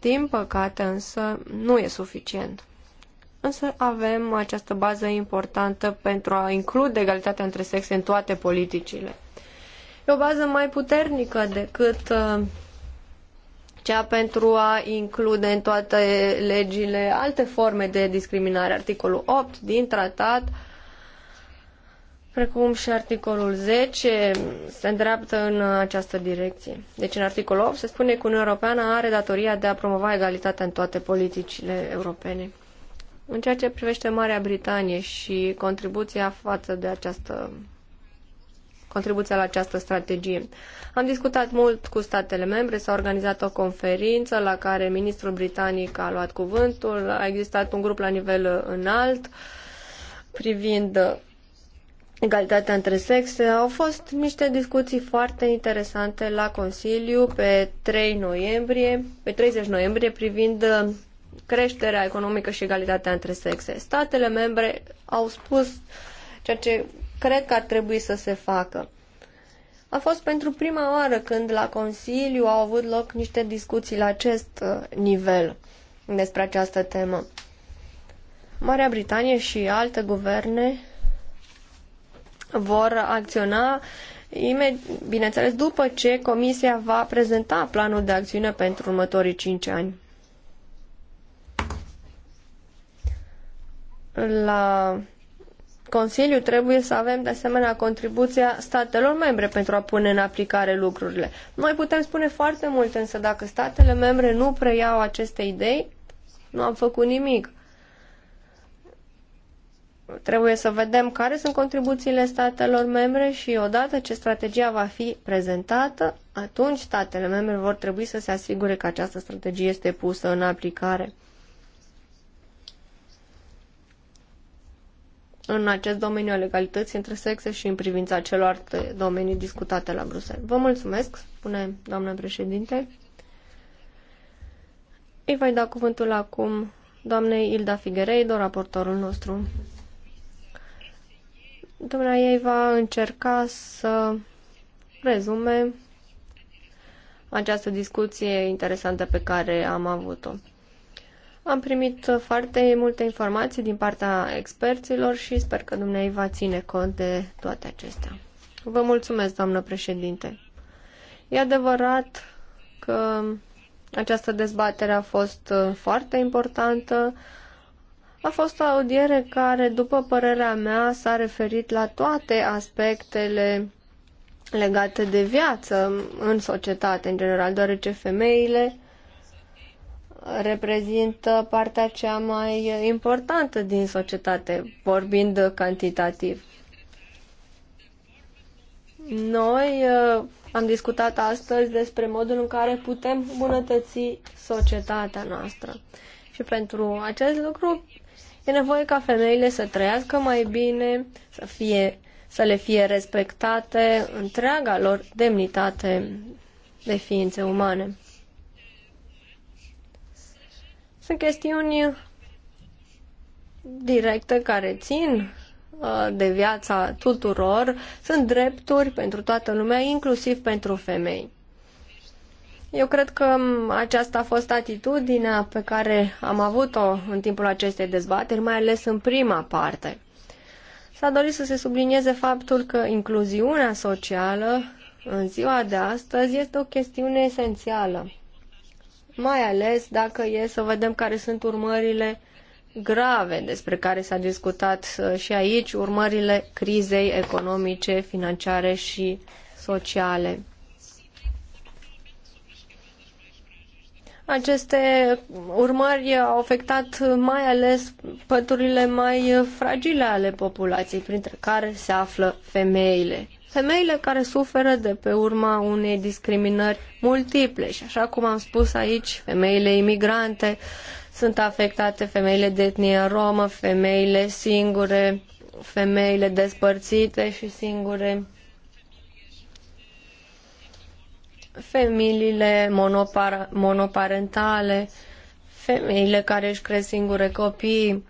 Din păcate, însă, nu e suficient. Însă avem această bază importantă pentru a include egalitatea între sexe în toate politicile. E o bază mai puternică decât uh, cea pentru a include în toate legile alte forme de discriminare. Articolul 8 din tratat uh, precum și articolul 10 se îndreaptă în această direcție. Deci în articolul 8 se spune că Uniunea Europeană are datoria de a promova egalitatea în toate politicile europene. În ceea ce privește Marea Britanie și contribuția față de această contribuția la această strategie. Am discutat mult cu statele membre, s-a organizat o conferință la care ministrul britanic a luat cuvântul, a existat un grup la nivel înalt privind egalitatea între sexe. Au fost niște discuții foarte interesante la Consiliu pe 3 noiembrie, pe 30 noiembrie privind uh, creșterea economică și egalitatea între sexe. Statele membre au spus ceea ce cred că ar trebui să se facă. A fost pentru prima oară când la Consiliu au avut loc niște discuții la acest uh, nivel despre această temă. Marea Britanie și alte guverne vor acționa bineînțeles după ce Comisia va prezenta planul de acțiune pentru următorii cinci ani. La Consiliu trebuie să avem de asemenea contribuția statelor membre pentru a pune în aplicare lucrurile. Noi putem spune foarte mult, însă dacă statele membre nu preiau aceste idei, nu am făcut nimic. Trebuie să vedem care sunt contribuțiile statelor membre și odată ce strategia va fi prezentată, atunci statele membre vor trebui să se asigure că această strategie este pusă în aplicare. în acest domeniu al egalității între sexe și în privința celorlalte domenii discutate la Bruxelles. Vă mulțumesc, spune doamna președinte. Îi voi da cuvântul acum doamnei Ilda Figueiredo, raportorul nostru. Domnul ei va încerca să rezume această discuție interesantă pe care am avut-o. Am primit foarte multe informații din partea experților și sper că dumneai va ține cont de toate acestea. Vă mulțumesc, doamnă președinte. E adevărat că această dezbatere a fost foarte importantă. A fost o audiere care, după părerea mea, s-a referit la toate aspectele legate de viață în societate, în general, deoarece femeile reprezintă partea cea mai importantă din societate, vorbind cantitativ. Noi uh, am discutat astăzi despre modul în care putem bunătăți societatea noastră. Și pentru acest lucru E nevoie ca femeile să trăiască mai bine, să, fie, să le fie respectate întreaga lor demnitate de ființe umane. Sunt chestiuni directe care țin uh, de viața tuturor, sunt drepturi pentru toată lumea, inclusiv pentru femei. Eu cred că aceasta a fost atitudinea pe care am avut-o în timpul acestei dezbateri, mai ales în prima parte. S-a dorit să se sublinieze faptul că incluziunea socială în ziua de astăzi este o chestiune esențială, mai ales dacă e să vedem care sunt urmările grave despre care s-a discutat uh, și aici, urmările crizei economice, financiare și sociale. Aceste urmări au afectat mai ales păturile mai fragile ale populației, printre care se află femeile. Femeile care suferă de pe urma unei discriminări multiple și așa cum am spus aici, femeile imigrante sunt afectate, femeile de etnie romă, femeile singure, femeile despărțite și singure familiile monopar- monoparentale, femeile care își cresc singure copii.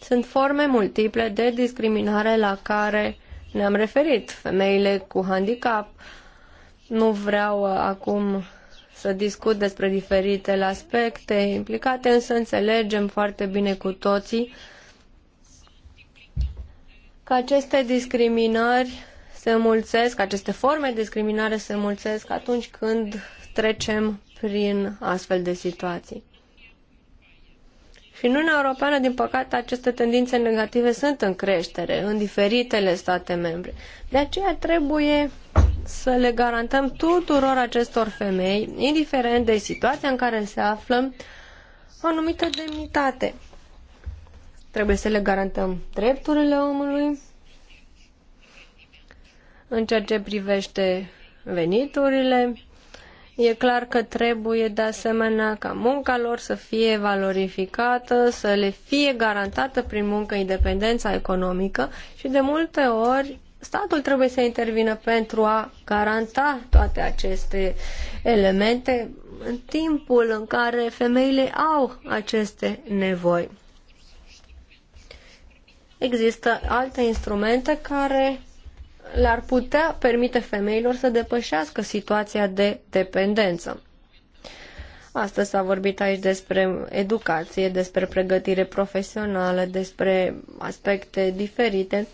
Sunt forme multiple de discriminare la care ne-am referit, femeile cu handicap. Nu vreau uh, acum să discut despre diferitele aspecte implicate, însă înțelegem foarte bine cu toții că aceste discriminări se mulțesc, aceste forme de discriminare se mulțesc atunci când trecem prin astfel de situații. Și în Uniunea Europeană, din păcate, aceste tendințe negative sunt în creștere în diferitele state membre. De aceea trebuie să le garantăm tuturor acestor femei, indiferent de situația în care se află, o anumită demnitate. Trebuie să le garantăm drepturile omului, în ceea ce privește veniturile, e clar că trebuie de asemenea ca munca lor să fie valorificată, să le fie garantată prin muncă independența economică și de multe ori statul trebuie să intervină pentru a garanta toate aceste elemente în timpul în care femeile au aceste nevoi. Există alte instrumente care le-ar putea permite femeilor să depășească situația de dependență. Astăzi s-a vorbit aici despre educație, despre pregătire profesională, despre aspecte diferite.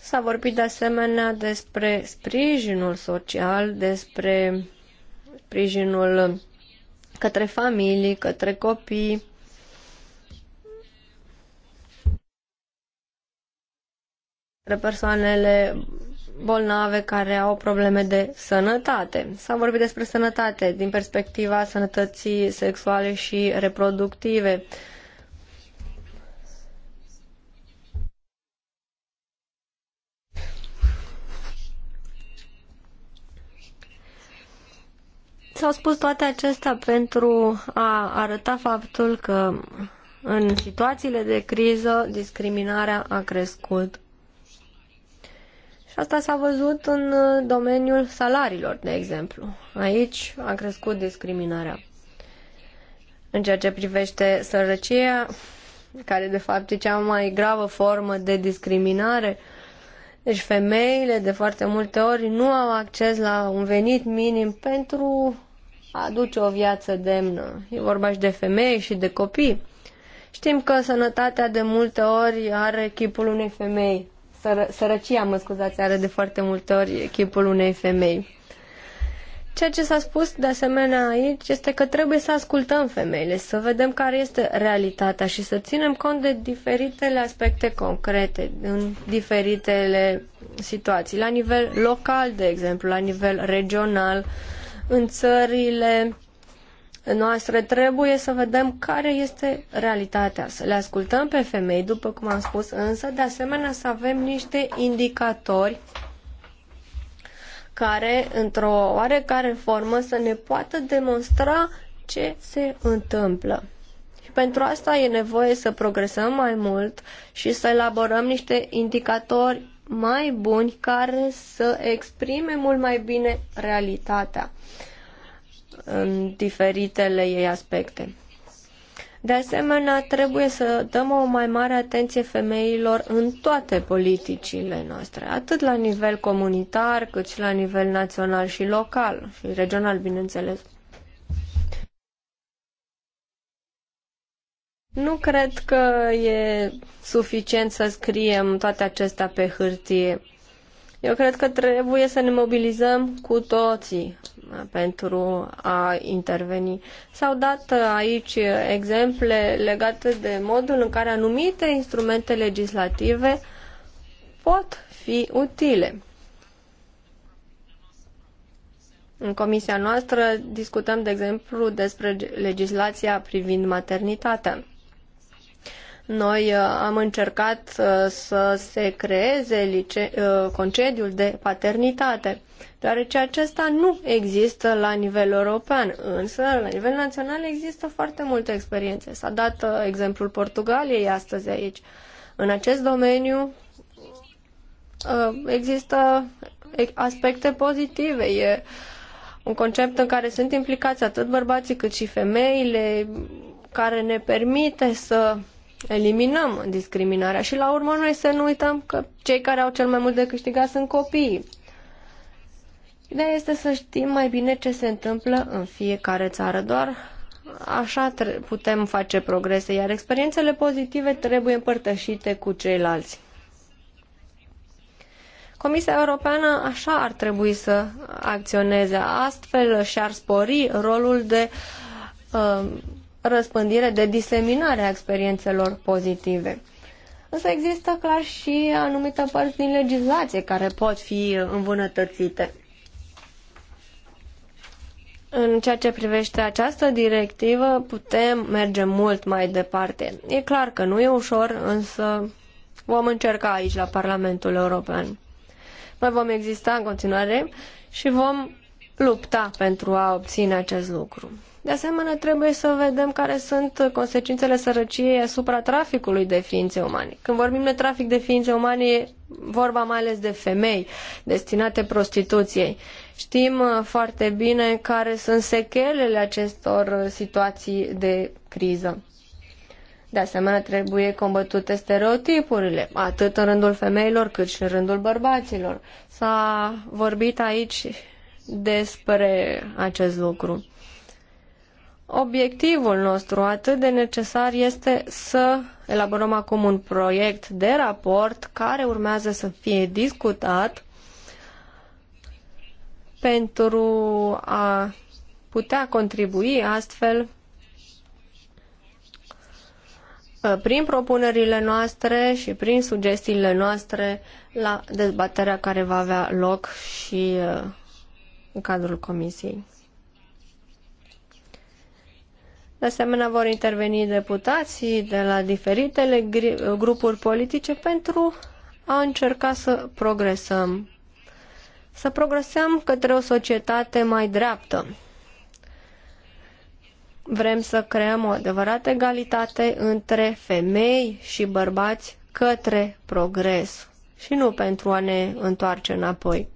S-a vorbit de asemenea despre sprijinul social, despre sprijinul către familii, către copii. persoanele bolnave care au probleme de sănătate. S-a vorbit despre sănătate din perspectiva sănătății sexuale și reproductive. S-au spus toate acestea pentru a arăta faptul că în situațiile de criză discriminarea a crescut și asta s-a văzut în uh, domeniul salariilor, de exemplu. Aici a crescut discriminarea. În ceea ce privește sărăcia, care de fapt e cea mai gravă formă de discriminare, deci femeile de foarte multe ori nu au acces la un venit minim pentru a duce o viață demnă. E vorba și de femei și de copii. Știm că sănătatea de multe ori are chipul unei femei sărăcia, mă scuzați, are de foarte multe ori chipul unei femei. Ceea ce s-a spus de asemenea aici este că trebuie să ascultăm femeile, să vedem care este realitatea și să ținem cont de diferitele aspecte concrete în diferitele situații, la nivel local, de exemplu, la nivel regional, în țările noastre, trebuie să vedem care este realitatea, să le ascultăm pe femei, după cum am spus, însă de asemenea să avem niște indicatori care, într-o oarecare formă, să ne poată demonstra ce se întâmplă. Și pentru asta e nevoie să progresăm mai mult și să elaborăm niște indicatori mai buni care să exprime mult mai bine realitatea în diferitele ei aspecte. De asemenea, trebuie să dăm o mai mare atenție femeilor în toate politicile noastre, atât la nivel comunitar, cât și la nivel național și local și regional, bineînțeles. Nu cred că e suficient să scriem toate acestea pe hârtie. Eu cred că trebuie să ne mobilizăm cu toții uh, pentru a interveni. S-au dat uh, aici exemple legate de modul în care anumite instrumente legislative pot fi utile. În comisia noastră discutăm, de exemplu, despre legislația privind maternitatea. Noi uh, am încercat uh, să se creeze lice- uh, concediul de paternitate, deoarece acesta nu există la nivel european, însă la nivel național există foarte multe experiențe. S-a dat exemplul Portugaliei astăzi aici. În acest domeniu există aspecte pozitive. E un concept în care sunt implicați atât bărbații cât și femeile, care ne permite să eliminăm discriminarea și la urmă noi să nu uităm că cei care au cel mai mult de câștigat sunt copiii. Ideea este să știm mai bine ce se întâmplă în fiecare țară, doar așa putem face progrese, iar experiențele pozitive trebuie împărtășite cu ceilalți. Comisia Europeană așa ar trebui să acționeze, astfel și-ar spori rolul de uh, răspândire, de diseminare a experiențelor pozitive. Însă există clar și anumite părți din legislație care pot fi îmbunătățite. În ceea ce privește această directivă, putem merge mult mai departe. E clar că nu e ușor, însă vom încerca aici, la Parlamentul European. Noi vom exista în continuare și vom lupta pentru a obține acest lucru. De asemenea, trebuie să vedem care sunt consecințele sărăciei asupra traficului de ființe umane. Când vorbim de trafic de ființe umane, e vorba mai ales de femei destinate prostituției. Știm uh, foarte bine care sunt sechelele acestor uh, situații de criză. De asemenea, trebuie combătute stereotipurile, atât în rândul femeilor, cât și în rândul bărbaților. S-a vorbit aici despre acest lucru. Obiectivul nostru atât de necesar este să elaborăm acum un proiect de raport care urmează să fie discutat pentru a putea contribui astfel ă, prin propunerile noastre și prin sugestiile noastre la dezbaterea care va avea loc și ă, în cadrul comisiei. De asemenea, vor interveni deputații de la diferitele grupuri politice pentru a încerca să progresăm. Să progresăm către o societate mai dreaptă. Vrem să creăm o adevărată egalitate între femei și bărbați către progres și nu pentru a ne întoarce înapoi.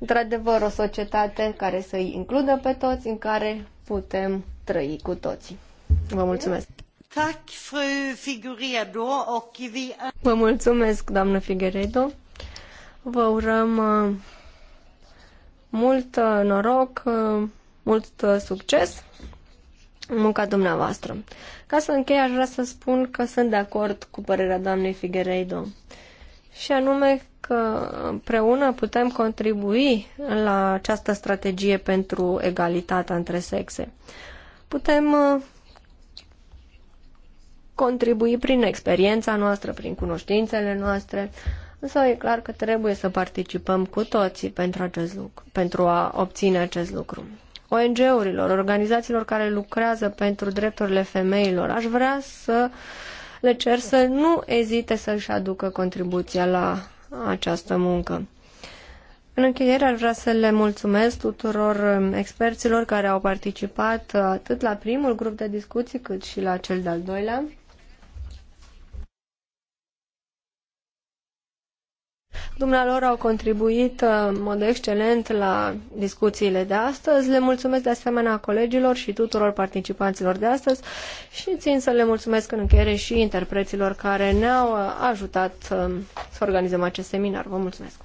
într-adevăr o societate care să i includă pe toți, în care putem trăi cu toții. Vă mulțumesc! Vă mulțumesc, doamnă Figueredo. Vă urăm uh, mult uh, noroc, uh, mult succes în munca dumneavoastră. Ca să închei, aș vrea să spun că sunt de acord cu părerea doamnei Figueiredo și anume că împreună putem contribui la această strategie pentru egalitatea între sexe. Putem uh, contribui prin experiența noastră, prin cunoștințele noastre, însă e clar că trebuie să participăm cu toții pentru, acest lucru, pentru a obține acest lucru. ONG-urilor, organizațiilor care lucrează pentru drepturile femeilor, aș vrea să uh, le cer să nu ezite să-și aducă contribuția la această muncă. În încheiere ar vrea să le mulțumesc tuturor um, experților care au participat uh, atât la primul grup de discuții cât și la cel de-al doilea. Dumnealor au contribuit uh, în mod excelent la discuțiile de astăzi. Le mulțumesc de asemenea colegilor și tuturor participanților de astăzi și țin să le mulțumesc în încheiere și interpreților care ne-au uh, ajutat um, să organizăm acest seminar. Vă mulțumesc!